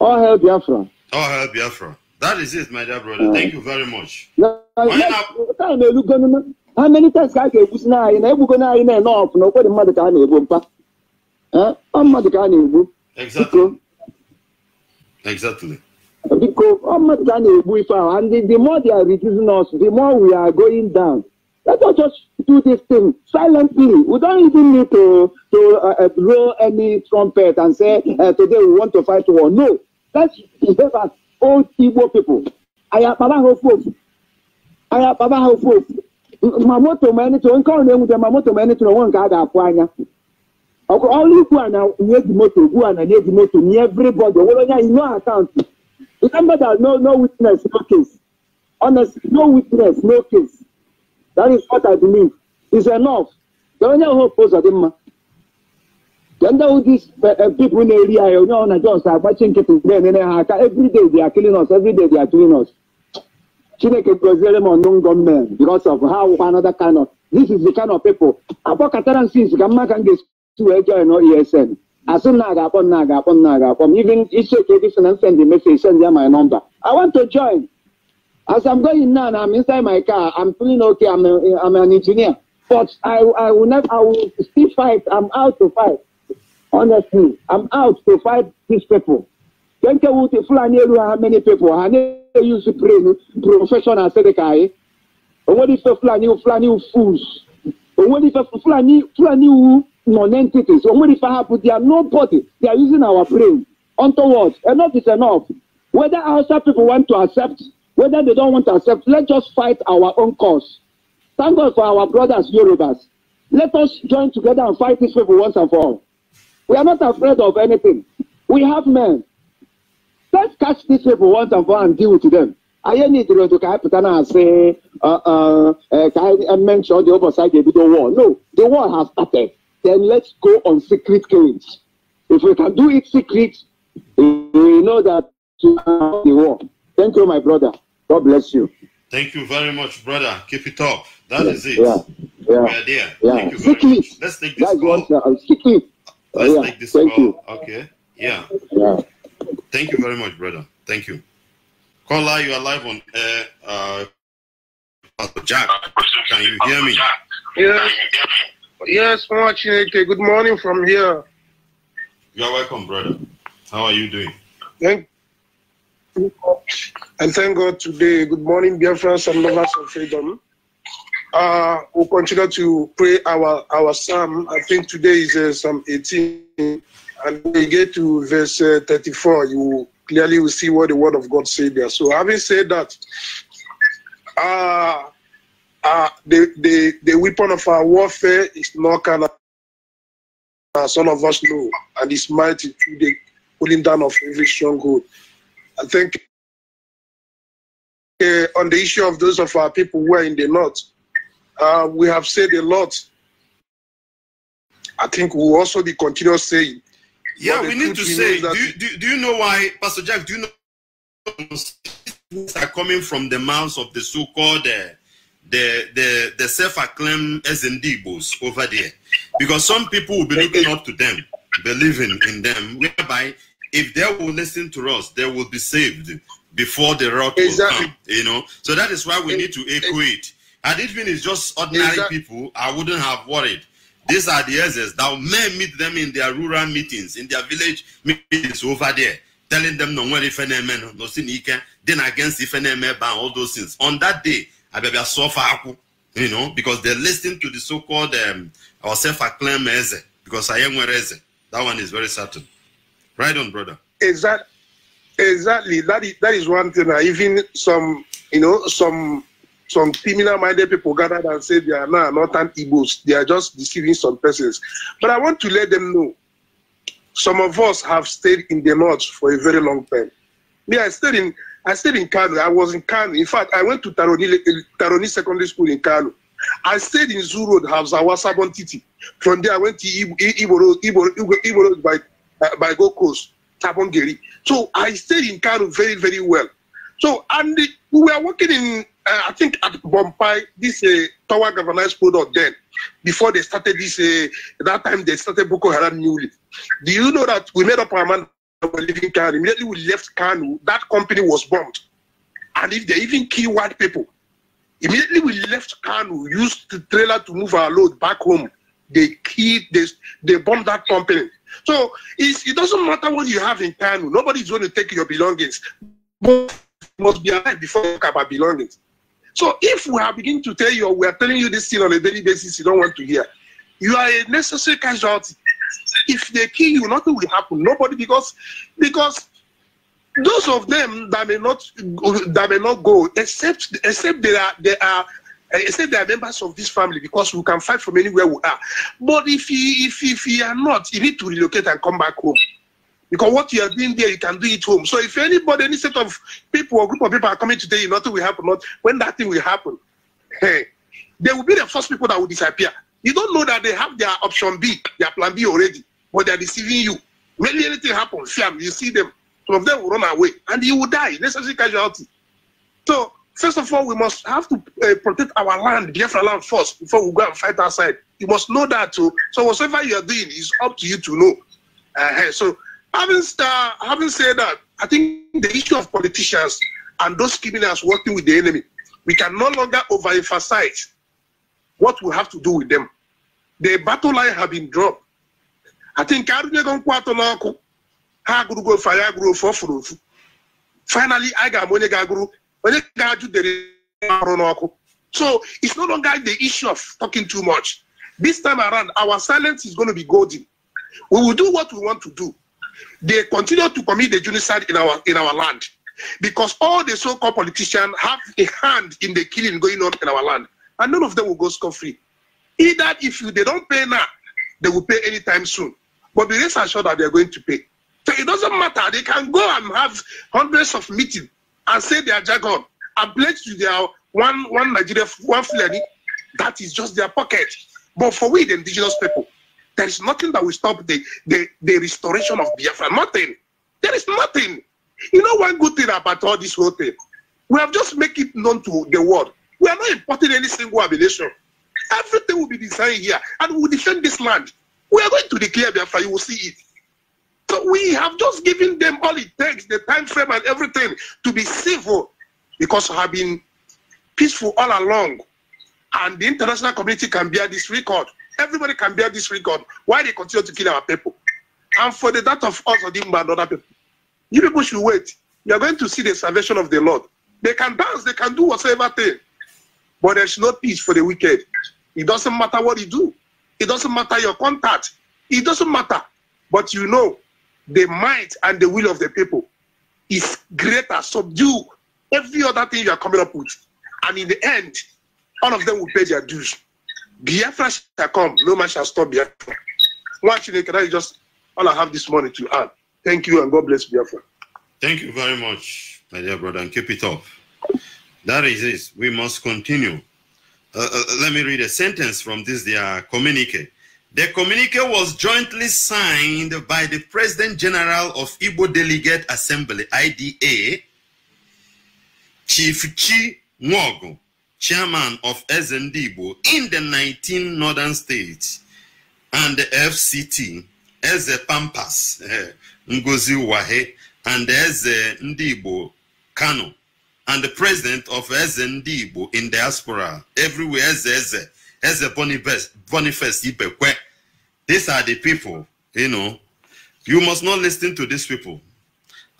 all hail biafra all hail biafra that is it my dear brother thank you very much how many times ka a ga-egbusi na anyị na egbugona anyị na-ene ọfụ na ụkwụ dị mmadụ ka a na-egbu mpa ọ mmadụ ka a na-egbu biko ọ mmadụ ka a na-egbu ife ahụ and the more they are reducing us the more we are going down let us just do this thing silently. We don't even need to to uh, blow uh, any trumpet and say uh, today we want to fight war. No, let's behave as old Igbo people. Ayapaba hofu, ayapaba hofu. Mamoto ma ẹni tó nǹkan ọ̀nà ewu jẹ mamoto ma ẹni tó wọn nǹkan á dà fún anya. ọkụ ọrụ ugbu a na na moto ugbu a na na moto nye everybody nwere onye anyị no akaụntụ remember no no witness no case honestly no witness no case that is what i believe is enough onye ahụ ofe dị mma ka ndị ahụ dis eh, eh, people na-eri ahịa onye ọhụrụ na jons agbachi nkịtị na-enene ha aka everyday they are killing us everyday they chineke goziere m ọnụ ngọ mmere of ha wụkwa is the kind of ka mma two join no ESN. As soon as I come, I come, I Even it's okay. This and send the message. Send them my number. I want to join. As I'm going now, I'm inside my car. I'm feeling okay. I'm a, I'm an engineer, but I I will never. I will still fight. I'm out to fight. Honestly, I'm out to fight these people. Don't care what Fulani how many people. I use professional say the guy. What if Fulani Fulani fools? What if Fulani Fulani who? non-entities. They are nobody. They are using our brain. Unto what? Enough is enough. Whether outside people want to accept, whether they don't want to accept, let's just fight our own cause. Thank God for our brothers, Yorubas. Let us join together and fight these people once and for all. We are not afraid of anything. We have men. Let's catch these people once and for all and deal with them. anyị nidere otu ka anyị pụta na asị uh, uh, eh, ka anyị menshọ the oversight ebido war no the war has started then let's go on secret killings. If we can do it secret, we know that the war. Thank you, my brother. God bless you. Thank you very much, brother. Keep it up. That is it. Yeah, yeah, we are there. Yeah. Thank you very secret. much. Let's take this call. One, Let's yeah, take this thank call. You. Okay. Yeah. yeah. Thank you very much, brother. Thank you. Caller, you are live on air. Uh, Jack, can you hear me? Yes. Yes, eh, Good morning from here. You are welcome, brother. How are you doing? Thank And thank God today. Good morning, dear friends and lovers of freedom. Uh, we'll continue to pray our, our psalm. I think today is uh, Psalm 18. And we get to verse uh, 34. You clearly will see what the Word of God said there. So, having said that, uh, uh, the, the, the weapon of our warfare is not carnal, as all of us know, and it's mighty through the pulling down of every stronghold. I think uh, on the issue of those of our people who are in the north, uh, we have said a lot. I think we'll also be continuous saying. Yeah, we need to say. Do you, do, do you know why, Pastor Jack? Do you know? are coming from the mouths of the so-called uh, the the the self-acclaimed SND boss over there, because some people will be looking up to them, believing in them, whereby if they will listen to us, they will be saved before the rock exactly. will come. You know, so that is why we need to equate. it. it. Had it been just ordinary exactly. people, I wouldn't have worried. These are the elders that may meet them in their rural meetings, in their village meetings over there, telling them no one if then against if all those things. On that day, abẹ́bí asọ́fà akú you know because they listening to the so-called um, our self-acclaimed eze because ayé nwere eze that one is very certain right on brother. exactly exactly that is that is one thing na even some you know some some criminal minded people gathered and say they are now northern Igbos. They are just deceiving some persons. But I want to let them know, some of us have stayed in the north for a very long time. Me, I stayed in I stayed in Kano. I was in Kano. In fact, I went to Taroni, Taroni Secondary School in Kano. I stayed in Zoo Road, Habzawa, Sabon Titi. From there, I went to Ibo Road, Ibo, Ibo, Ibo Road by, uh, by Gold Coast, Tabongeri. So I stayed in Kano very, very well. So, and we were working in, uh, I think, at Bompai, this uh, Tower Governance product then, before they started this, uh, that time they started Boko Haram newly. Do you know that we made up our mind were leaving Kano, immediately we left Kanu, that company was bombed. And if they even kill white people, immediately we left Kanu. used the trailer to move our load back home. They killed this, they bombed that company. So it doesn't matter what you have in Kano, nobody's going to take your belongings. must be alive before you talk about belongings. So if we are beginning to tell you, we are telling you this thing on a daily basis, you don't want to hear, you are a necessary casualty. If they kill you, nothing will happen. Nobody, because because those of them that may not that may not go, except except they are they are except they are members of this family because we can fight from anywhere we are. But if you if if you are not, you need to relocate and come back home. Because what you are doing there, you can do it home. So if anybody, any set of people or group of people are coming today, nothing will happen. Not when that thing will happen, hey, they will be the first people that will disappear. You don't know that they have their option B, their plan B already, but they're deceiving you. Really, anything happens, fiam, you see them. Some of them will run away, and you will die. Necessary casualty. So, first of all, we must have to uh, protect our land, Biafra land first, before we go and fight outside. You must know that too. So, whatever you are doing is up to you to know. Uh, so, having, uh, having said that, I think the issue of politicians and those criminals working with the enemy, we can no longer overemphasize what we have to do with them. The battle line has been dropped. I think Karunye Gonkwato Loko, Hagurugo Fire Guru Finally, I got money Gaguru, onye ga-ajụ so it's no longer the issue of talking too much this time around our silence is going to be golden we will do what we want to do they continue to commit the genocide in our in our land because all the so-called politicians have a hand in the killing going on in our land and none of them will go scot-free. Either if you, they don't pay now, they will pay anytime soon. But the rest are sure that they are going to pay. So it doesn't matter. They can go and have hundreds of meetings and say they are jargon and pledge to their one one Nigeria one Fulani. That is just their pocket. But for we, the indigenous people, there is nothing that will stop the, the, the restoration of Biafra. Nothing. There is nothing. You know one good thing about all this whole thing? We have just made it known to the world we are not importing any single abomination. Everything will be designed here, and we will defend this land. We are going to declare Biafra, you will see it. So we have just given them all it takes, the time frame and everything, to be civil, because we have been peaceful all along. And the international community can bear this record. Everybody can bear this record. Why they continue to kill our people? And for the death of us or the and other people, you people should wait. You are going to see the salvation of the Lord. They can dance, they can do whatever thing. But there's no peace for the wicked. It doesn't matter what you do. It doesn't matter your contact. It doesn't matter. But you know, the might and the will of the people is greater. Subdue every other thing you are coming up with. And in the end, all of them will pay their dues. Biafra shall come. No man shall stop Biafra. One thing that is just all I have this morning to add. Thank you and God bless Biafra. Thank you very much, my dear brother, and keep it up. That is this. We must continue. Uh, uh, let me read a sentence from this their communique. The communique was jointly signed by the President General of Igbo Delegate Assembly, IDA, Chief Chi Nwogu, Chairman of SNDIBO in the 19 northern states, and the FCT, Eze Pampas, eh, Ngozi Wahe, and Eze Ndibo Kano and the president of SND in diaspora, everywhere Eze Eze, Eze Boniface, Boniface These are the people, you know. You must not listen to these people.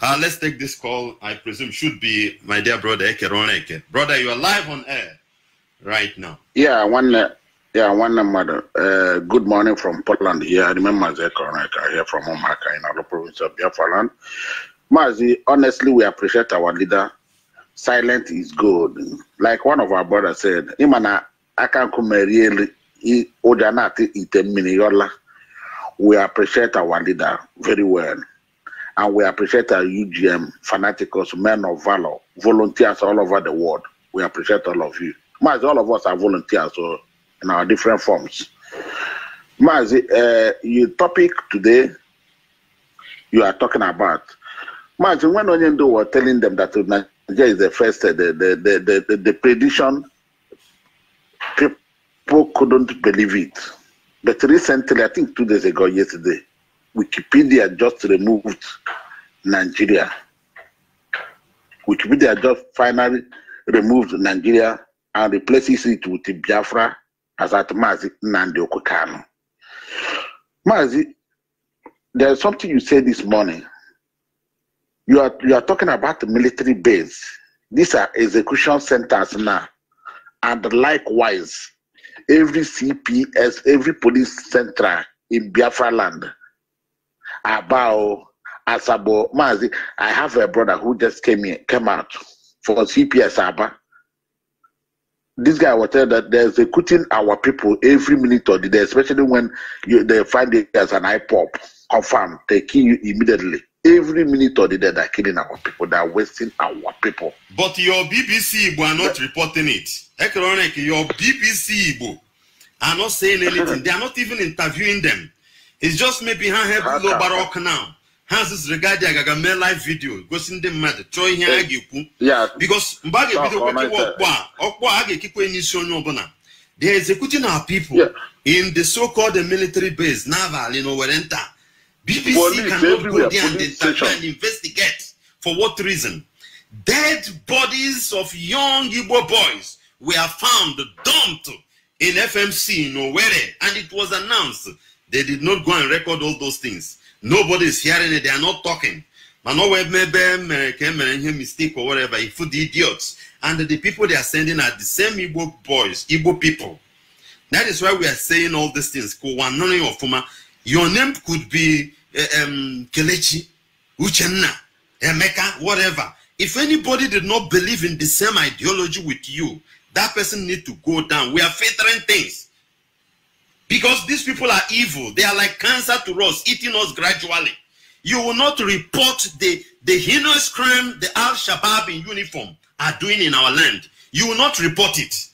Uh, let's take this call, I presume, should be my dear brother Eke Roneke. Brother, you are live on air right now. Yeah, one uh, yeah, one uh, mother. Uh, good morning from Portland here. I remember Zeke Roneke here from Omaha in our province of Biafra land. Mazi, honestly, we appreciate our leader silent is gold. Like one of our brothers said, Imana Akankumerieli Ojanati Iteminiyola. We appreciate our leader very well. And we appreciate our UGM fanatics, men of valor, volunteers all over the world. We appreciate all of you. Mazi, all of us are volunteers so in our different forms. Mazi, uh, your topic today you are talking about. Mazi, when Onyendo were telling them that Here is the first, uh, the, the, the, the, the prediction. People couldn't believe it. But recently, I think two days ago, yesterday, Wikipedia just removed Nigeria. Wikipedia just finally removed Nigeria and replaces it with Biafra as at Mazi Nandi Okukano. Mazi, there's something you said this morning you are, you are talking about the military base. These are execution centers now. And likewise, every CPS, every police center in Biafra land, Abao, Asabo, Mazi, I have a brother who just came in, came out for CPS Aba. This guy was tell that they're executing our people every minute or the day, especially when you, they find it as an IPOP. Confirm, they kill you immediately. every minute of the day they're killing our people, they're wasting our people. But your BBC Igbo are not yeah. reporting it. Economic, your BBC Igbo are not saying anything. they are not even interviewing them. It's just maybe how help low baroque now. Has this regard the Agagame live video? Goes in the matter. Choi here eh, agikwu. Yeah. Because mbage bido kweki okwa. Okwa age kipo inisho nyobona. They are executing our people yeah. in the so-called military base, Naval, you know, Werenta. BBC police cannot go there and, and investigate. For what reason? Dead bodies of young Igbo boys were found dumped in FMC in Owerri, and it was announced. They did not go and record all those things. Nobody is hearing it. They are not talking. mana ọ wee mebe mere ka emere mistake or whatever ifu the idiots and the people they are sending are the same igbo boys igbo people that is why we are saying all these things Your name could be uh, um, Kelechi, Uchenna, Emeka, whatever. If anybody did not believe in the same ideology with you, that person need to go down. We are filtering things. Because these people are evil. They are like cancer to us, eating us gradually. You will not report the, the heinous crime the Al Shabaab in uniform are doing in our land. You will not report it.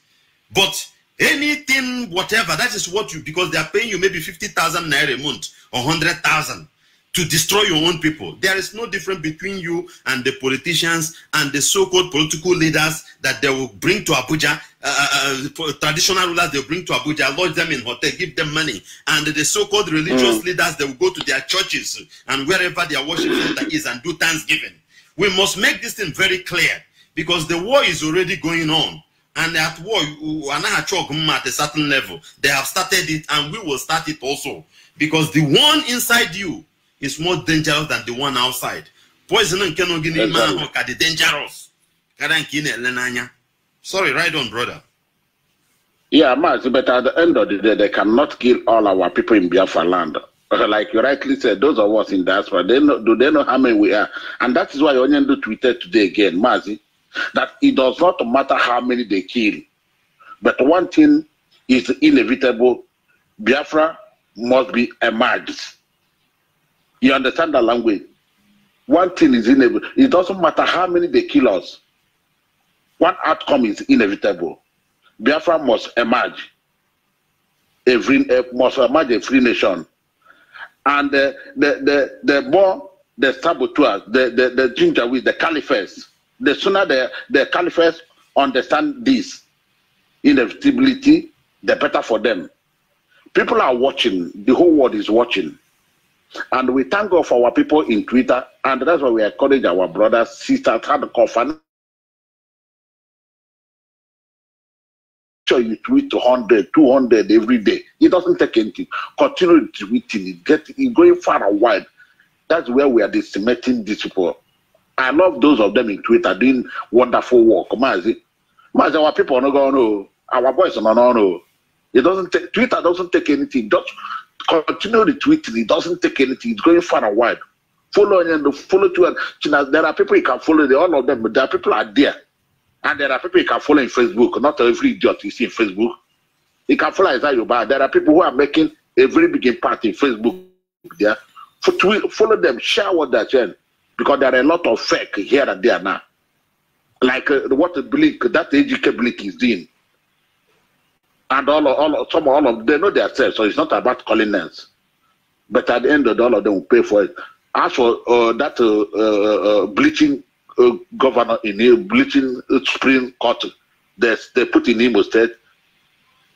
But Anything, whatever, that is what you, because they are paying you maybe 50,000 naira a month or 100,000 to destroy your own people. There is no difference between you and the politicians and the so-called political leaders that they will bring to Abuja. Uh, uh, uh traditional rulers they will bring to Abuja, lodge them in hotel, give them money, and the so-called religious mm. leaders they will go to their churches and wherever their worship center is and do thanksgiving. We must make this thing very clear because the war is already going on. and at war you anahachok mma at a certain level they have started it and we will start it also because the one inside you is more dangerous than the one outside poison nke nọ gị n'ime ahụ ka dị dangerous karịa nke ị na-ele n'anya sorry right on brother Yeah, Maz, but at the end of the day, they cannot kill all our people in Biafra land. Uh, like you rightly said, those of us in diaspora, they know, do they know how many we are? And that is why Onyendu tweeted today again, Mazi, that it does not matter how many they kill, but one thing is inevitable Biafra must be emerged. You understand the language? One thing is inevitable. It doesn't matter how many they kill us. One outcome is inevitable. Biafra must emerge. A free, a, must emerge a free nation. And the the the the more the saboteurs, the the the ginger with the caliphates, the sooner the, the caliphs understand this inevitability, the better for them. People are watching, the whole world is watching. And we thank God for our people in Twitter, and that's why we encourage our brothers, sisters, hardcore fans. Sure, you tweet 100, 200 every day. It doesn't take anything. Continue tweeting, it get it going far and wide. That's where we are decimating this people. I love those of them in Twitter doing wonderful work. Mazi, Mazi, our people are not going to, oh, our boys are not going to. Oh. It doesn't take, Twitter doesn't take anything. Just continue the tweeting. It doesn't take anything. It's going far and wide. Follow and follow to and there are people you can follow. They, all of them, but there are people are there, and there are people you can follow in Facebook. Not every idiot you see in Facebook. You can follow Isaiah Yoba. There are people who are making a very big impact in Facebook. There, yeah? follow them, share what they're saying because there are a lot of fake here and there now. Like uh, what Blink, that AGK Blink is doing. And all of, all of, some all of they know themselves, so it's not about calling names. But at the end of the, all of them will pay for it. As for uh, that uh, uh, uh bleaching uh, governor in a bleaching uh, Supreme Court, they, they put in Imo State,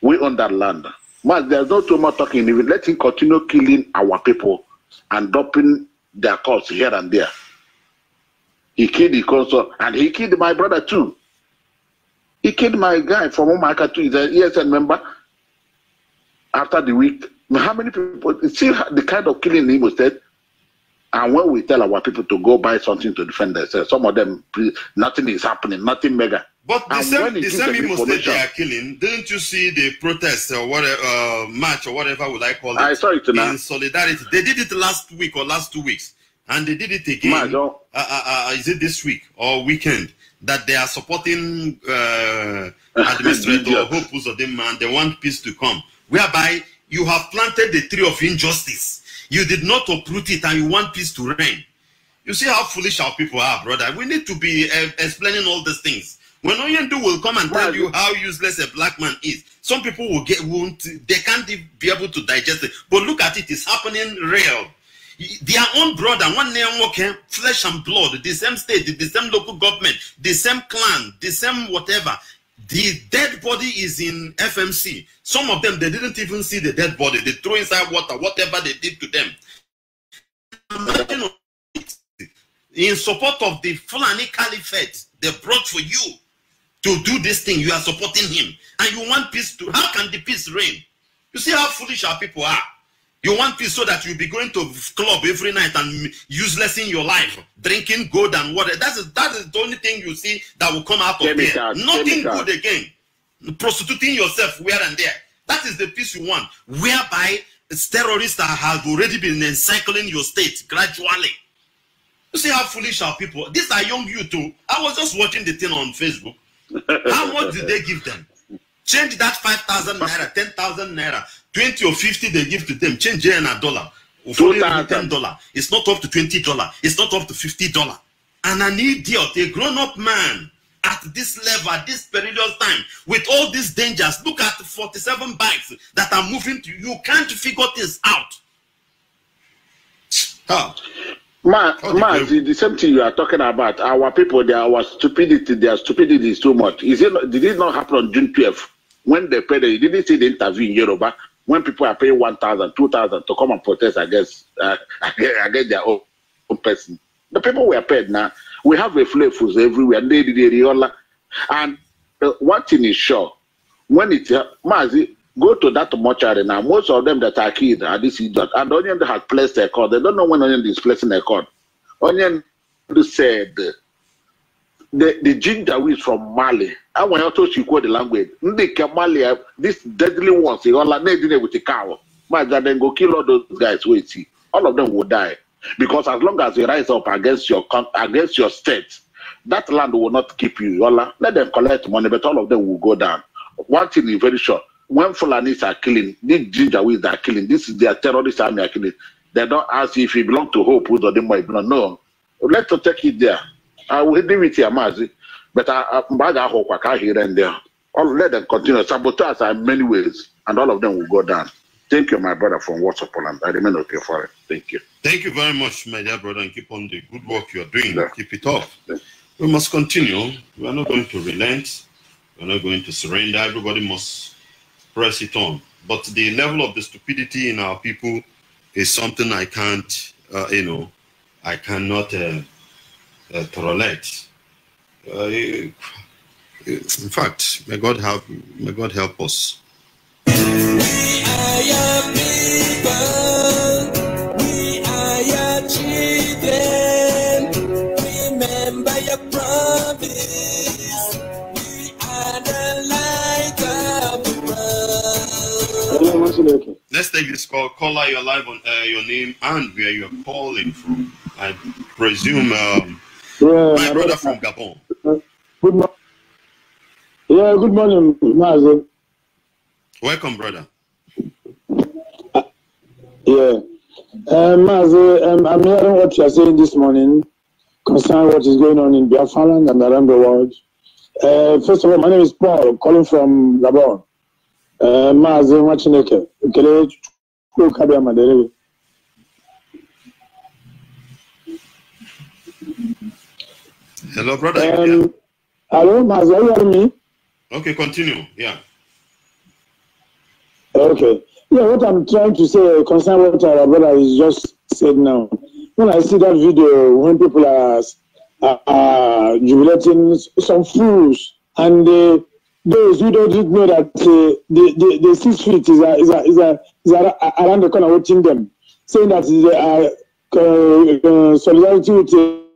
we own that land. Man, there's no too much talking. Even let him continue killing our people and dropping their costs here and there. He killed his and he killed my brother too. He killed my guy from Omaka too. He's an ESN member. After the week, how many people see the kind of killing he was said? And when we tell our people to go buy something to defend themselves, some of them nothing is happening, nothing mega. But the and same, the same people that they are killing, didn't you see the protest or whatever uh, match or whatever would I call it? I saw it tonight. in solidarity. They did it last week or last two weeks and they did it again. Uh, uh, uh, is it this week or weekend that they are supporting uh, administrator of them, and they want peace to come, whereby you have planted the tree of injustice. You did not uproot it, and you want peace to reign. You see how foolish our people are, brother. We need to be uh, explaining all these things. When Oyendu will come and tell you how useless a black man is, some people will get won't they can't be able to digest it. But look at it, it's happening real their own brother, one name working, flesh and blood, the same state, the same local government, the same clan, the same whatever. The dead body is in FMC. Some of them, they didn't even see the dead body. They threw inside water, whatever they did to them. In support of the Fulani Caliphate, they brought for you to do this thing. You are supporting him. And you want peace to. How can the peace reign? You see how foolish our people are. You want peace so that you'll be going to club every night and useless in your life, drinking gold and water. That is that is the only thing you see that will come out of there. Nothing good again. Prostituting yourself where and there. That is the peace you want, whereby terrorists have already been encircling your state gradually. You see how foolish are people. These are young you too. I was just watching the thing on Facebook. How much did they give them? Change that 5,000 naira, 10,000 naira 20 or 50 they give to them, change here in a dollar. $10. It's not up to $20. It's not up to $50. And an idiot, a grown up man at this level, at this perilous time, with all these dangers, look at 47 bikes that are moving to you. Can't figure this out. How? Ma, ma the, the, same thing you are talking about, our people, their our stupidity, their stupidity is too much. Is it, did it not happen on June 12th when they paid? You didn't see the interview in Yoruba when people are paying 1,000, 2,000 to come and protest against, uh, against their own, own person. The people were paid now. We have a flavors everywhere. They did it And uh, one thing is sure, when it, uh, Mazi, go to that mortuary now. Most of them that are killed are this idiot. And Onion has placed a card. They don't know when Onion is placing a card. Onion said, the, the ginger is from Mali àwọn èèyàn tó sì kú the language ndị kemalia this deadly ones ịghọla na-edina ewute cow maja dengo kill all those guys wey see all of them will die because as long as you rise up against your against your state that land will not keep you yola let them collect money but all of them will go down one thing is very sure when fulanis are killing these gingerweeds are killing this is their terrorist army are killing they don't ask if you belong to hope or they might not know let's take it there i will deal with your mazi But i a ga-ahụkwa ka ahụ ire ndị all let them continue. Sabotage are in many ways, and all of them will go down. Thank you, my brother, from WhatsApp Poland. I remain okay for it. Thank you. Thank you very much, my dear brother, and keep on the good work you're doing. Yeah. Keep it up. Yeah. We must continue. We are not going to relent. We're not going to surrender. Everybody must press it on. But the level of the stupidity in our people is something I can't, uh, you know, I cannot uh, uh, tolerate. Uh, in fact, may God help, may God help us. We are your people. We are your children. Remember your promise. We are the light of the world. Let's take this call. Caller, you're live on uh, your name and where you're calling from. I presume um, yeah, my brother from Gabon. Good morning. Yeah, good morning, Mazo. Welcome, brother. Uh, yeah. Um, um, I'm hearing what you're saying this morning concerning what is going on in Biafra and around the world. Uh, first of all, my name is Paul, calling from Gabon. Uh, Mazo Machineke, Ukele Chukabia Hello, brother. Um, yeah. Hello, Maz, you me? Okay, continue. Yeah. Okay. Yeah, what I'm trying to say uh, concerning what our brother is just said now. When I see that video, when people are, uh jubilating some fools, and uh, those who don't know that uh, the, the, the six feet is, is, is, is around the corner watching them, saying that they are uh, uh solidarity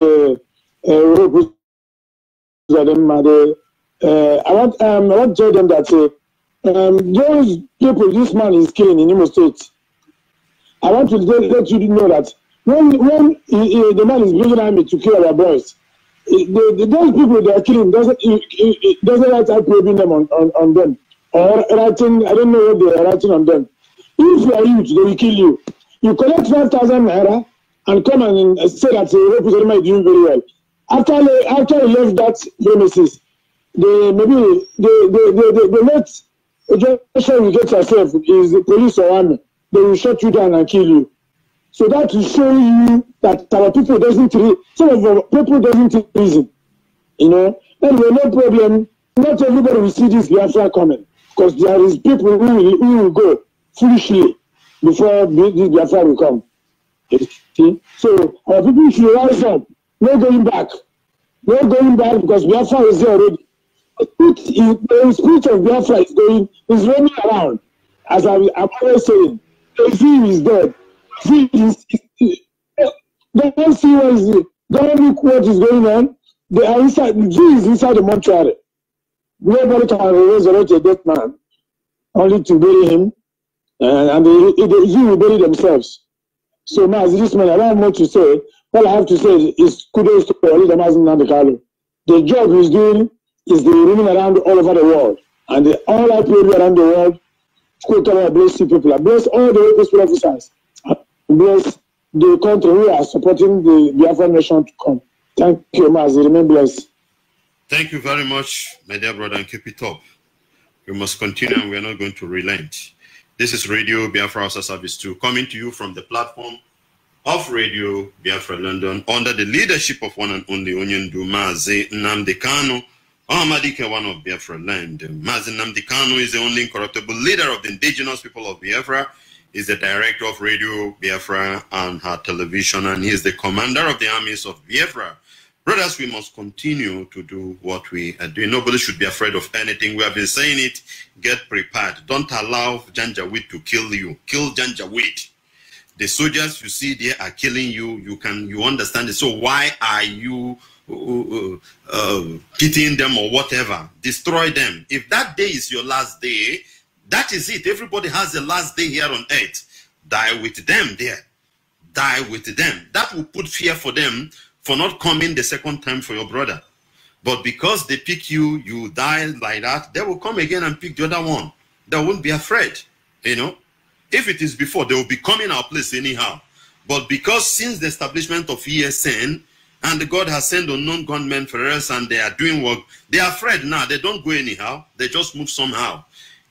with uh, uh that them are the, uh, eh, I want um, I want to tell them that uh, um, those people this man is killing in Imo State. I want to let, let you know that when when he, he, the man is bringing army to kill our boys, eh, the, the, those people they are killing doesn't it, it doesn't write out probing them on, on, on them or writing I don't know what they are writing on them. If you are youth, they will kill you. You collect five thousand naira and come and say that uh, Representative is doing very well after they after he left that premises the maybe the the the the, the late ejection you get yourself is the police or army they will shut you down and kill you so that will show you that our people doesn't re some of our people doesn't reason you know anyway no problem not everybody will see this biafra coming because there is people who will who will go foolishly before this biafra will come you see so our people should rise up No going back. No going back because Biafra is there already. The speech the spirit of Biafra is going, is running around. As I, I'm always saying, the zeal is dead. Zeal is, is, eh, don't see what is, don't look what is going on. They are inside, the is inside the mortuary. Nobody can resurrect a dead man, only to bury him, eh, and, and they, they, bury themselves. So now, this man, I don't want to say, all I have to say is kudos to Olida Mazin The job he's doing is the roaming around all over the world. And the, all people around the world, Kotara bless the people. bless all the gospel officers. bless the country who are supporting the Biafra nation to come. Thank you, Maz. Remain blessed. Thank you very much, my dear brother, and keep it up. We must continue and we are not going to relent. This is Radio Biafra Service 2 coming to you from the platform of Radio Biafra London under the leadership of one and only Onyendu Mazi Namdekano, Ahmadike one of Biafra land. Mazi Namdekano is the only incorruptible leader of the indigenous people of Biafra, is the director of Radio Biafra and her television, and he is the commander of the armies of Biafra. Brothers, we must continue to do what we are doing. Nobody should be afraid of anything. We have been saying it. Get prepared. Don't allow Janjaweed to kill you. Kill Janjaweed the soldiers you see there are killing you you can you understand it so why are you uh uh, uh, uh, pitying them or whatever destroy them if that day is your last day that is it everybody has a last day here on earth die with them there die with them that will put fear for them for not coming the second time for your brother but because they pick you you die like that they will come again and pick the other one they won't be afraid you know if it is before, they will be coming our place anyhow. But because since the establishment of ESN, and God has sent unknown gunmen for us, and they are doing work, they are afraid now. They don't go anyhow. They just move somehow.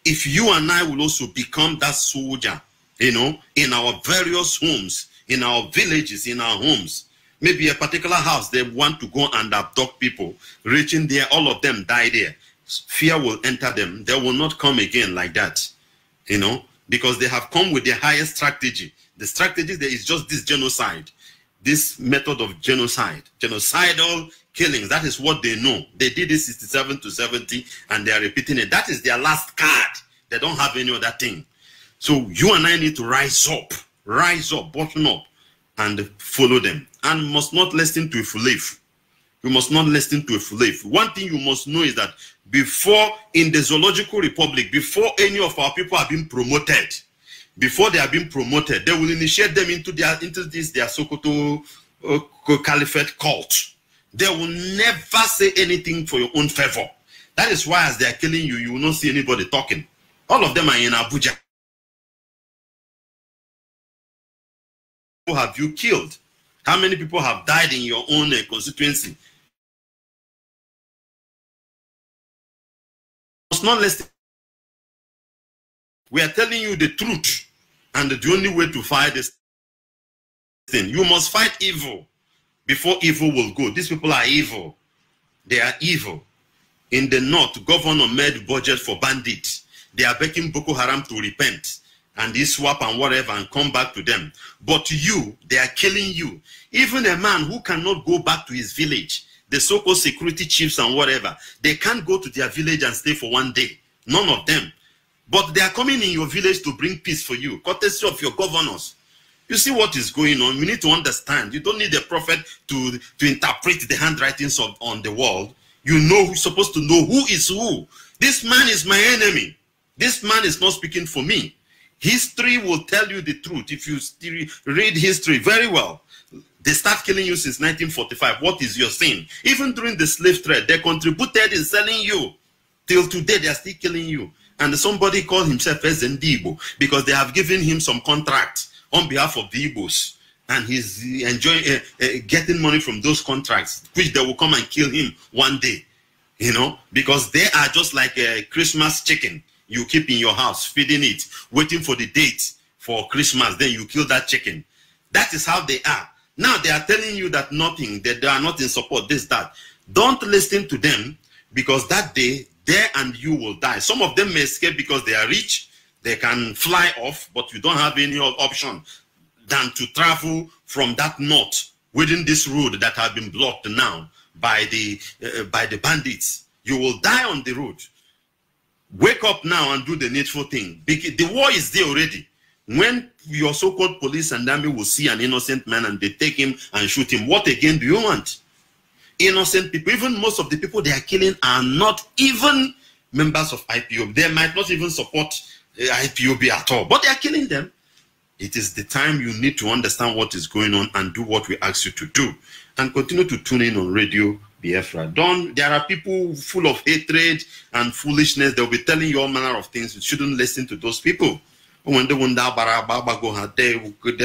If you and I will also become that soldier, you know, in our various homes, in our villages, in our homes, maybe a particular house, they want to go and abduct people. Reaching there, all of them die there. Fear will enter them. They will not come again like that. You know, because they have come with the highest strategy. The strategy there is just this genocide, this method of genocide, genocidal killings. That is what they know. They did this 67 to 70 and they are repeating it. That is their last card. They don't have any other thing. So you and I need to rise up, rise up, button up, and follow them, and must not listen to if live. You must not listen to a slave. One thing you must know is that before in the zoological republic, before any of our people have been promoted, before they have been promoted, they will initiate them into their into this their Sokoto uh, Caliphate cult. They will never say anything for your own favor. That is why, as they are killing you, you will not see anybody talking. All of them are in Abuja. Who have you killed? How many people have died in your own uh, constituency? must not listen. We are telling you the truth, and the only way to fight this thing. You must fight evil before evil will go. These people are evil. They are evil. In the north, governor made budget for bandits. They are begging Boko Haram to repent and this swap and whatever and come back to them. But you, they are killing you. Even a man who cannot go back to his village, the so-called security chiefs and whatever, they can't go to their village and stay for one day. None of them. But they are coming in your village to bring peace for you, courtesy of your governors. You see what is going on. You need to understand. You don't need a prophet to, to interpret the handwritings of, on the wall. You know who's supposed to know who is who. This man is my enemy. This man is not speaking for me. History will tell you the truth if you read history very well. They start killing you since 1945. What is your sin? Even during the slave trade, they contributed in selling you. Till today, they are still killing you. And somebody called himself as Ndibo because they have given him some contract on behalf of the Igbos. And he's enjoying uh, uh, getting money from those contracts, which they will come and kill him one day. You know, because they are just like a Christmas chicken you keep in your house, feeding it, waiting for the date for Christmas. Then you kill that chicken. That is how they are. Now they are telling you that nothing, that they are not in support, this, that. Don't listen to them because that day, they and you will die. Some of them may escape because they are rich, they can fly off, but you don't have any option than to travel from that north within this road that have been blocked now by the uh, by the bandits. You will die on the road. Wake up now and do the needful thing. The war is there already. When your so-called police and army will see an innocent man and they take him and shoot him, what again do you want? Innocent people, even most of the people they are killing are not even members of IPOB. They might not even support eh, IPOB at all, but they are killing them. It is the time you need to understand what is going on and do what we ask you to do. And continue to tune in on Radio Biafra. Don, there are people full of hatred and foolishness. They'll be telling you all manner of things. You shouldn't listen to those people. When they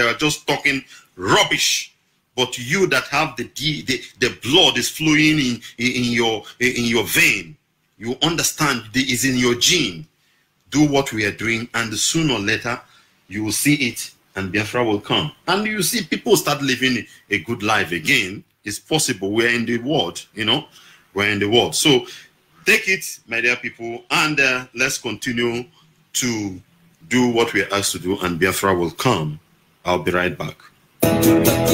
are just talking rubbish but you that have the the, the blood is flowing in, in your in your vein you understand it is in your gene do what we are doing and sooner or later you will see it and Biafra will come. And you see people start living a good life again. It's possible. We're in the world, you know, we're in the world. So take it, my dear people, and uh, let's continue to do what we are asked to do, and Biafra will come. I'll be right back. Yeah,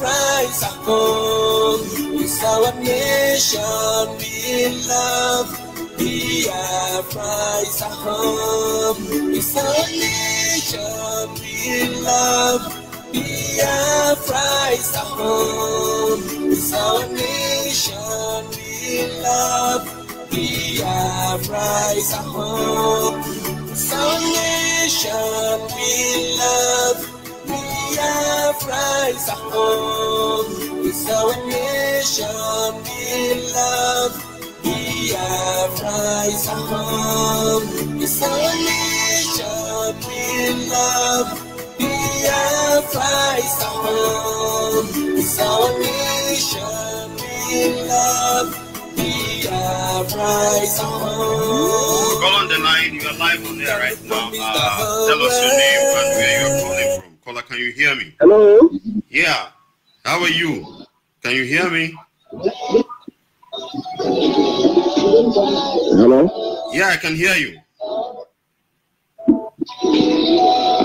rise up home. With our nation we love. We are rise up It's our nation we love. We are rise up It's our nation we love. We are rise It's our nation we love. We are have rise upon It's our nation we love. We are have rise upon It's our nation we love. We are have rise upon It's our nation we love. Call on the line, you are live on there right now. Uh, tell us your name and where you're calling from. Caller, can you hear me? Hello? Yeah. How are you? Can you hear me? Hello? Yeah, I can hear you.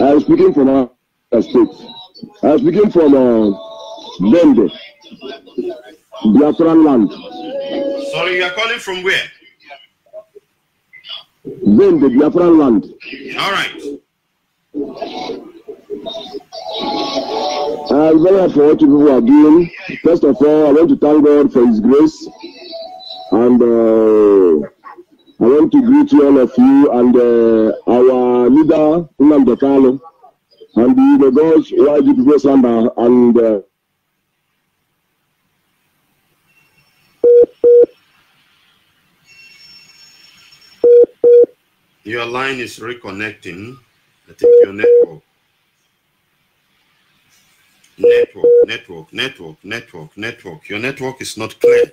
I'm speaking from our state. I'm speaking from uh, Bende, Biafran land. Sorry, you are calling from where? Bende, Biafran land. All right. I'm very happy to be to again. First of all, I want to thank God for His grace, and uh, I want to greet all of you and uh, our leader Nnamdi Kano and the Lagos YG People Samba and. Uh, Your line is reconnecting. I think your network. network, network, network, network, network. Your network is not clear.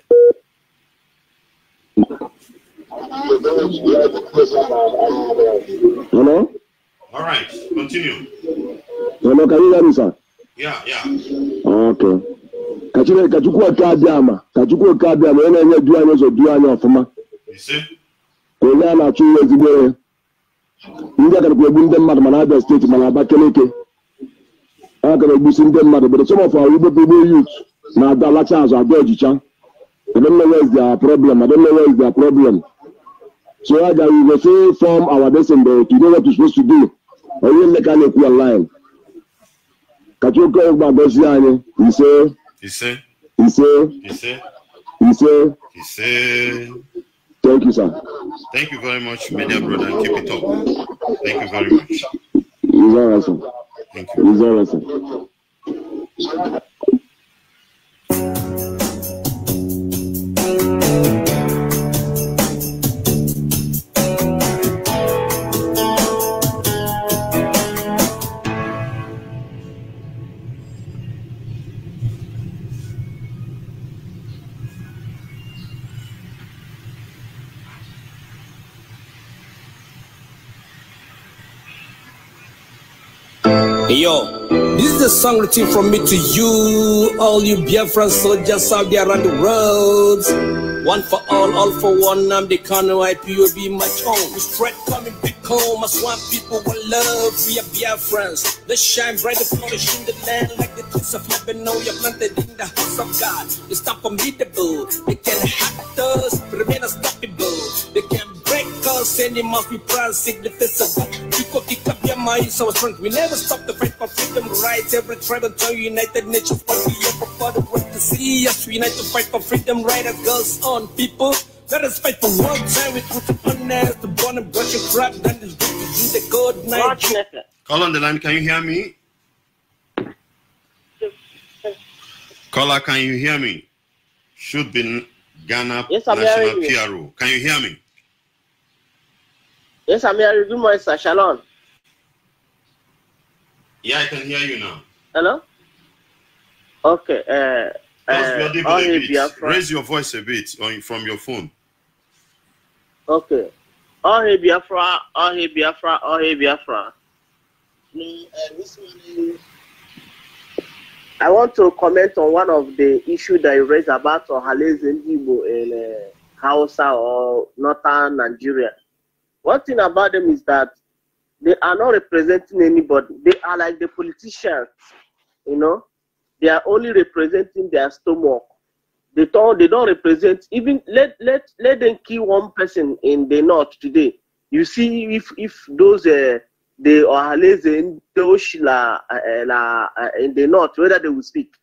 Hello? All right, continue. Hello, can you hear me, sir? Yeah, yeah. Okay. kachire kachukua kadi ama kachukua kadi ama onye na-enye du anya ụzọ du afuma. ọfụma Kwa onye a na-achụ ihe ezigbo ihe ndị aka nakwa egbu ndị mmadụ mana abịa steeti a gara egbusi ndị mmadụ but some of our Igbo people youth na-ada lacha azụ ada ọjịcha I don't know where their problem I don't know where their problem so a gara igwe say form our destiny but you know what you supposed to do onye nleka na-ekwu online kacha oke ọgba gozie anyị ise ise ise ise ise ise Thank you, sir. Thank you very much, media brother. Keep it up. Thank you very much. You're welcome. Thank you. Hey yo, this is the song written from me to you, all you Biafran soldiers out there on the roads. One for all, all for one, I'm the kind of be my tone. We spread coming big home, as one people will love. We are Biafrans, let's shine bright and flourish in the land like the trees of heaven. Oh, You're planted in the house of God, it's not formidable. They can't hurt us, remain unstoppable. They can't Palestinian must be proud, significant. Because pick up your mind, so strength. We never stop the fight for freedom, rights. Every tribe until united nations. But we are for the right to see us. We unite to fight for freedom, right? As girls on people. Let us fight for one time. We put the unass, the born and brushing crap. Then this good is do the good night. Call on the line. Can you hear me? Caller, can you hear me? Should be Ghana yes, National PRO. Can you hear me? Yes, I'm here. hearing my Moisa. Shalom. Yeah, I can hear you now. Hello? Okay. Uh, uh, you Raise your voice a bit on, from your phone. Okay. Oh, Ọhịa Biafra, ọhịa Biafra, ọhịa Biafra. Uh, I want to comment on one of the issues that you raised about Ohaleze Igbo in uh, Hausa or Northern Nigeria. One thing about them is that they are not representing anybody. They are like the politicians, you know. They are only representing their stomach. They don't, they don't represent even let let let them kill one person in the north today. You see if if those uh, the Ohales in uh, uh, la uh, in the north whether they will speak.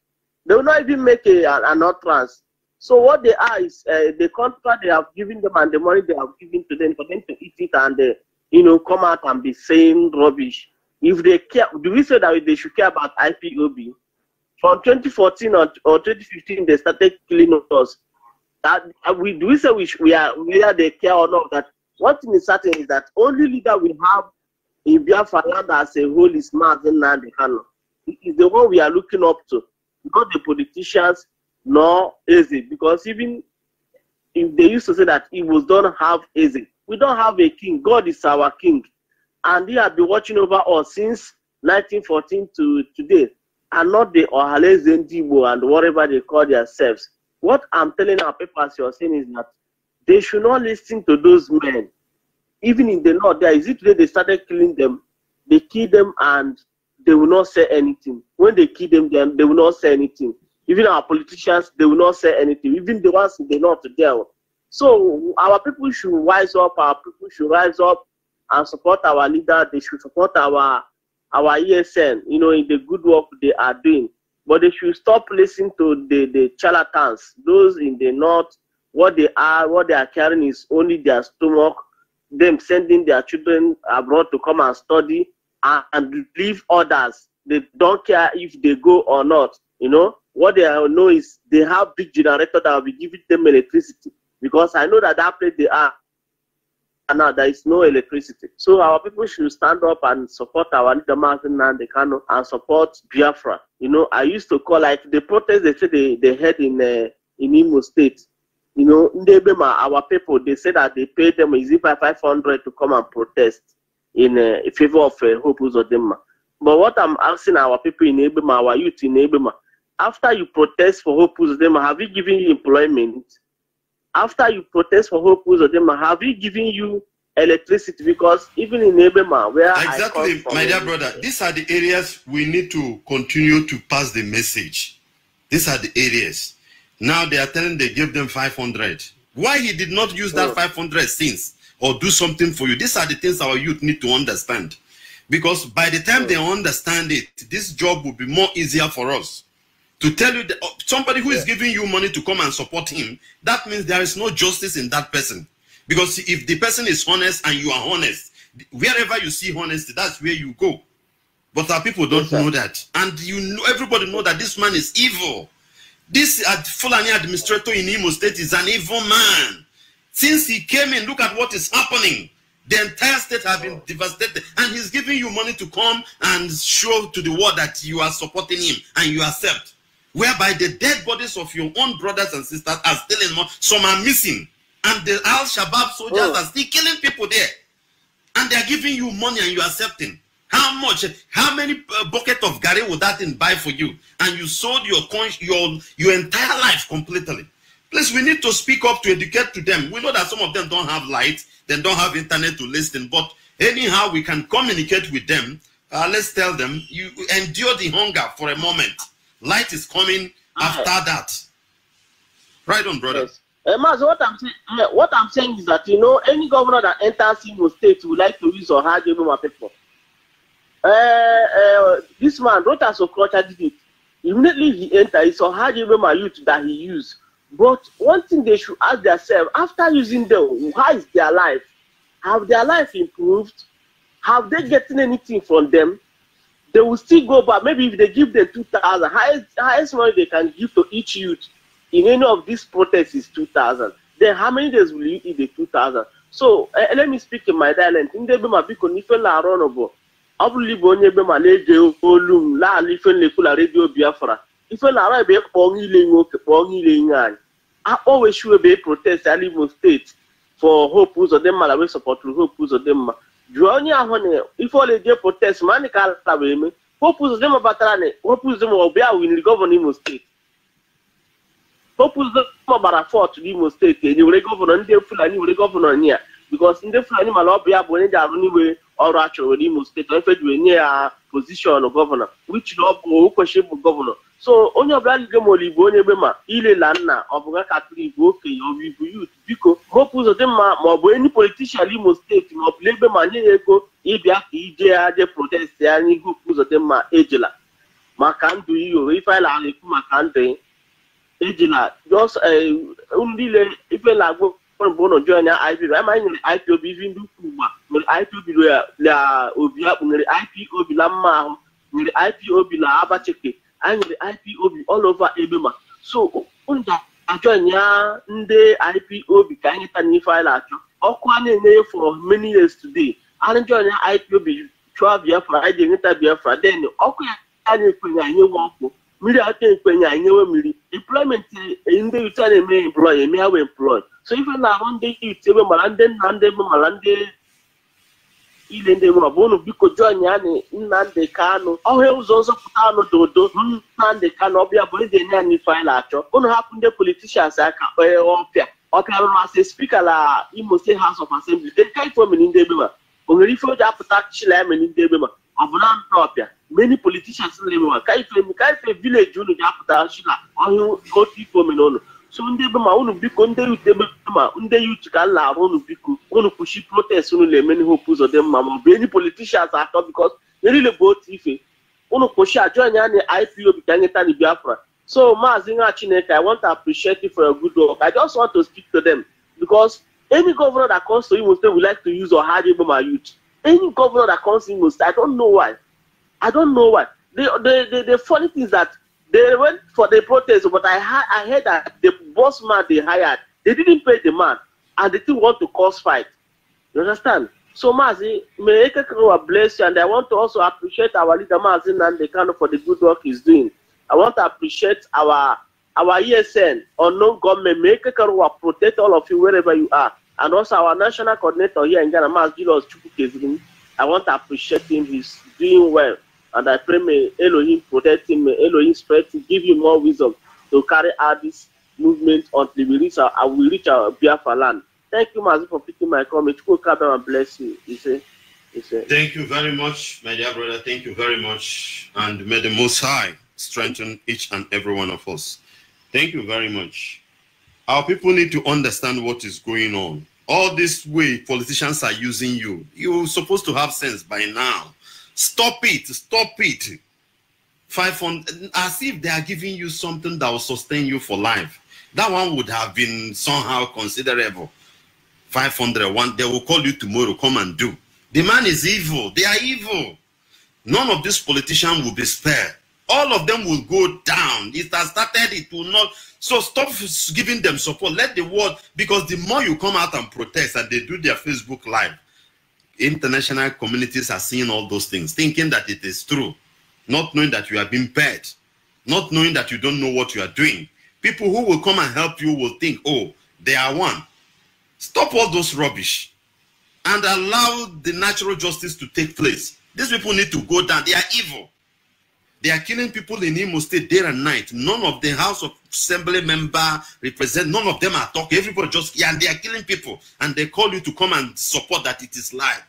They will not even make a, an, an utterance. So what they are is uh, the contract they have given them and the money they have given to them for them to eat it and uh, you know come out and be saying rubbish. If they care, do we say that they should care about IPOB? From 2014 or, or 2015, they started killing us. That uh, we do we say we, should, we are whether they care or not. That one thing is certain is that only leader we have in Biafra land as a whole is Martin Nandekano. He is the one we are looking up to, not the politicians, nor Eze, because even if they used to say that Igbos don't have Eze, we don't have a king. God is our king, and He has been watching over us since 1914 to today, and not the Ohales Zendibo and whatever they call themselves. What I'm telling our people as you're saying is that they should not listen to those men. Even in the north, there is it today they started killing them. They kill them and they will not say anything. When they kill them, then they will not say anything. Even our politicians, they will not say anything. Even the ones they know to deal. So our people should rise up. Our people should rise up and support our leader. They should support our our ESN. You know, in the good work they are doing. But they should stop listening to the the charlatans. Those in the north, what they are, what they are carrying is only their stomach. Them sending their children abroad to come and study and leave others. They don't care if they go or not. You know, what they know is they have big generator that will be giving them electricity because I know that that place they are and now there is no electricity. So our people should stand up and support our leader Martin Nandekano and support Biafra. You know, I used to call like the protest they said they, they had in uh, in Imo State. You know, Ndebema, our people, they said that they paid them is by 500 to come and protest in, uh, in favor of uh, Hope Uzodema. But what I'm asking our people in Ebema, our youth in Ebema, after you protest for Hope them, have you given you employment? After you protest for Hope them, have you given you electricity? Because even in Ebema, where exactly, my dear brother, these are the areas we need to continue to pass the message. These are the areas. Now they are telling they give them 500. Why he did not use that 500 since or do something for you? These are the things our youth need to understand. Because by the time oh. they understand it, this job will be more easier for us to tell you that oh, somebody who is giving you money to come and support him, that means there is no justice in that person. Because if the person is honest and you are honest, wherever you see honesty, that's where you go. But our people don't yes, know that. And you know, everybody know that this man is evil. This ad, Fulani administrator in Imo State is an evil man. Since he came in, look at what is happening. The entire state has been oh. devastated. And he's giving you money to come and show to the world that you are supporting him and you accept whereby the dead bodies of your own brothers and sisters are still in Some are missing. And the Al Shabaab soldiers oh. are still killing people there. And they are giving you money and you are accepting. How much, how many uh, bucket of Gary would that thing buy for you? And you sold your, your, your entire life completely. Please, we need to speak up to educate to them. We know that some of them don't have light, they don't have internet to listen, but anyhow, we can communicate with them. Uh, let's tell them, you endure the hunger for a moment. Light is coming ah. after that. Right on, brother. Yes. Uh, eh, Mas, what I'm saying, yeah, what I'm saying is that you know any governor that enters Imo State would like to use or hard Yoruba people. Uh, uh, this man, Rotas Okrocha, did it. Immediately he entered, it's Ohad Yoruba youth that he used. But one thing they should ask themselves after using them, how is their life? Have their life improved? Have they gotten anything from them? they will still go back. Maybe if they give the 2,000, highest, highest money they can give to each youth in any of these protests is 2,000. Then how many days will you eat the 2,000? So uh, let me speak in my dialect. Ndị be ma biko n'ife na-arụ ọrụ bụ ọ bụrụ igbo onye be ma na-ege olu m laala ife na-ekwu na redio Biafra ife na-arụ ebe kpọọ ile nwoke kpọọ ile nye anyị akpọwechuo ebe protest ala Imo steeti for Hope Uzodimma na we sọpọtụrụ Hope Uzodimma jụọ onye ahụ na ife ọla eje protest ma ka ala wee popu ụzọ batara na popu ụzọ ma ya bịa winri gọvanọ imo steeti popu ụzọ ma gbara fọt n'imo steeti enyewere were gọvanọ ndị fulani were gọvanọ nye ya bikos ndị fulani mana ọ bụ ya bụ onye ji arụ n'iwe ọrụ achọrọ n'Imo steeti efe ji wee nye ya pozishọn gọvanọ wichiri ọ bụ o kwesịrị ịbụ gọvanọ so onye ọbụla lile ma olibo onye egbe ma ilela nna ọ bụ katịrị igbo okenye ọ bụ ibu yut biko mopụ ụzọ dị mma ma ọ bụ enyi politishan Imo steeti ma ọ bụla egbe ma nye ya ego ịbịa ka ije ya jee protest ya n'ihu ụzọ dị mma ejela maka ndụ ihe ife na-ekwu maka ndụ ejela eh, ndị niile ife na-agwụ ụrụ bụ ụlọ join ya IPOB ama nyere IPOB ivi ndị ukwu ugba mere IPOB la obi akpụ nyere IPOB la mma ahụ nyere IPOB la abacheke anyị nyere IPOB all over ebema so nda ajoin ya ndị IPOB ka anyị ta n'ife anyị na-achọ ọkụ a na-enye for many years today anyị join ya IPOB chụọ Biafra anyị ga-enweta Biafra then ọkụ ya anyị ekwenye anyị nwe ọkụ mmiri aka ekwenye anyị nwe mmiri employment e, e, ndị ucha na-eme employ eme ha so ife na-ahụ ndị it ebe mara ndị nna ndị ebe mara ndị ile ndị ebe bụ ụnụ biko jọn anyị nna Nnamdị Kanụ ọhịa ụzọ nzọpụta anụ dodo Nnamdị Kanụ ọbịa bụ ndị enye anyị ife anyị na-achọ ụnụ hapụ ndị politishans aka kpee ọpịa ọpịa rụrụ asị spika na Imo State House of Assembly dịka ife omeni ndị ebe ma o nwere ife o apụta chila ya ndị ebe ma ọ bụ na ndị ọpịa many politishans na eme ma ka ife vileji unu ji apụta chila ọhịa otu ife omeni so ndị be ma unu biko ndị yut ebe ma ndị yut ka nla arụ unu biko unu kwuchi protest unu na-eme n'ihe okwu ụzọ dị mma ma ọ bụ enyi politishans atọ bikos niile bụ otu ife unu kwuchi ajụ anyị anyị ipob ka anyị tani biafra so maazị nwa chineke i want to appreciate you for your good work i just want to speak to them because any governor that comes to Imo State would like to use Ohad Iboma youth. Any governor that comes to Imo State, I don't know why. I don't know why. The, the, the, the funny thing is that They went for the protest, but I, I heard that the boss man they hired, they didn't pay the man, and they still want to cause fight. You understand? So, Mazi, may Ekekrewa bless you, and I want to also appreciate our leader, Mazi Nandekano, for the good work he's doing. I want to appreciate our our ESN, unknown government, may Ekekrewa protect all of you wherever you are. And also our national coordinator here in Ghana, Mazi Julius Chukwukezin, I want to appreciate him. He's doing well. And I pray may Elohim protect him, may Elohim to give you more wisdom to carry out this movement until we reach our, our we reach our Biafra land. Thank you, Mazi, for picking my comment. Go Kabam and bless you. You see. you see. Thank you very much, my dear brother. Thank you very much. And may the Most High strengthen each and every one of us. Thank you very much. Our people need to understand what is going on. All this way, politicians are using you. You're supposed to have sense by now. Stop it. Stop it. Five hundred, as if they are giving you something that will sustain you for life. That one would have been somehow considerable. Five hundred one, they will call you tomorrow, come and do. The man is evil. They are evil. None of these politicians will be spared. All of them will go down. It has started, it will not. So stop giving them support. Let the world, because the more you come out and protest and they do their Facebook Live, international communities are seeing all those things, thinking that it is true, not knowing that you have been paid, not knowing that you don't know what you are doing. People who will come and help you will think, oh, they are one. Stop all those rubbish and allow the natural justice to take place. These people need to go down. They are evil. They are killing people in Imo State day and night. None of the House of assembly member, represent, none of them are talking. Everybody just, yeah, and they are killing people. And they call you to come and support that it is lie.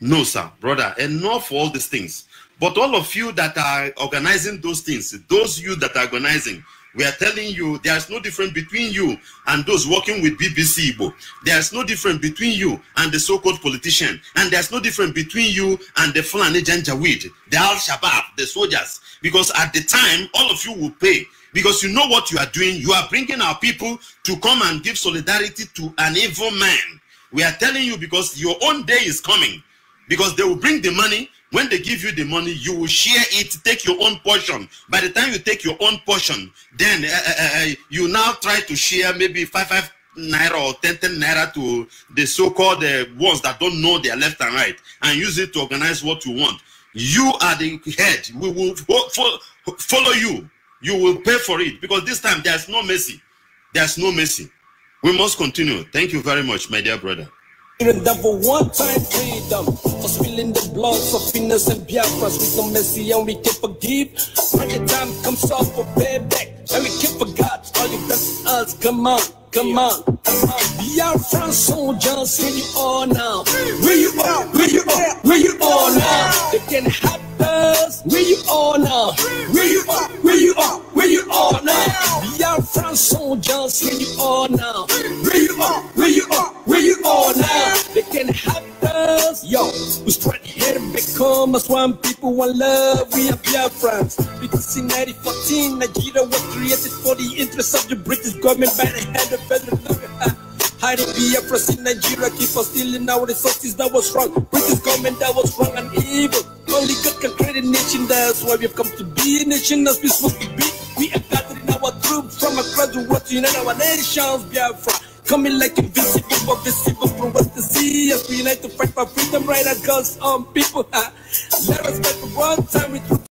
No, sir, brother, enough for all these things. But all of you that are organizing those things, those you that are organizing, we are telling you there is no difference between you and those working with BBC Igbo. There is no difference between you and the so-called politician. And there is no difference between you and the Fulani Janjaweed, the Al-Shabaab, the soldiers. Because at the time, all of you will pay because you know what you are doing. You are bringing our people to come and give solidarity to an evil man. We are telling you because your own day is coming. Because they will bring the money. When they give you the money, you will share it, take your own portion. By the time you take your own portion, then uh, uh, uh, you now try to share maybe five, five naira or 10, naira to the so called eh, ones that don't know their left and right and use it to organize what you want. You are the head. We will follow you you will pay for it because this time there's no mercy. There's no mercy. We must continue. Thank you very much, my dear brother. Even double one time freedom for spilling the blood of innocent Biafras. We no mercy and we can forgive. When the time comes up for payback, and we can forget all you done us. Come on, come on, come on. Biafran soldiers, where you are now? Where you are? Where you are? Where you are now? They can have us. Where you are now? Where you are? Where you are? Where you are now? We are France soldiers, where you are now? Where you are? Where you are? Where you are now? They can have us. Yo, we straight here become as one people, one love. We are Young France. Because in 1914, Nigeria was created for the interests of the British government by the hand of Federal Hiding Biafras in Nigeria, keep us stealing our resources. That was wrong. British government, that was wrong and evil. Only God can create a nation. That's why we've come to be a nation as we supposed to be. We are gathering our troops from across the world to unite our nations, Biafra. Coming like invisible, but visible from what the sea as we unite to fight for freedom, right at God's on people. Let us fight for one time.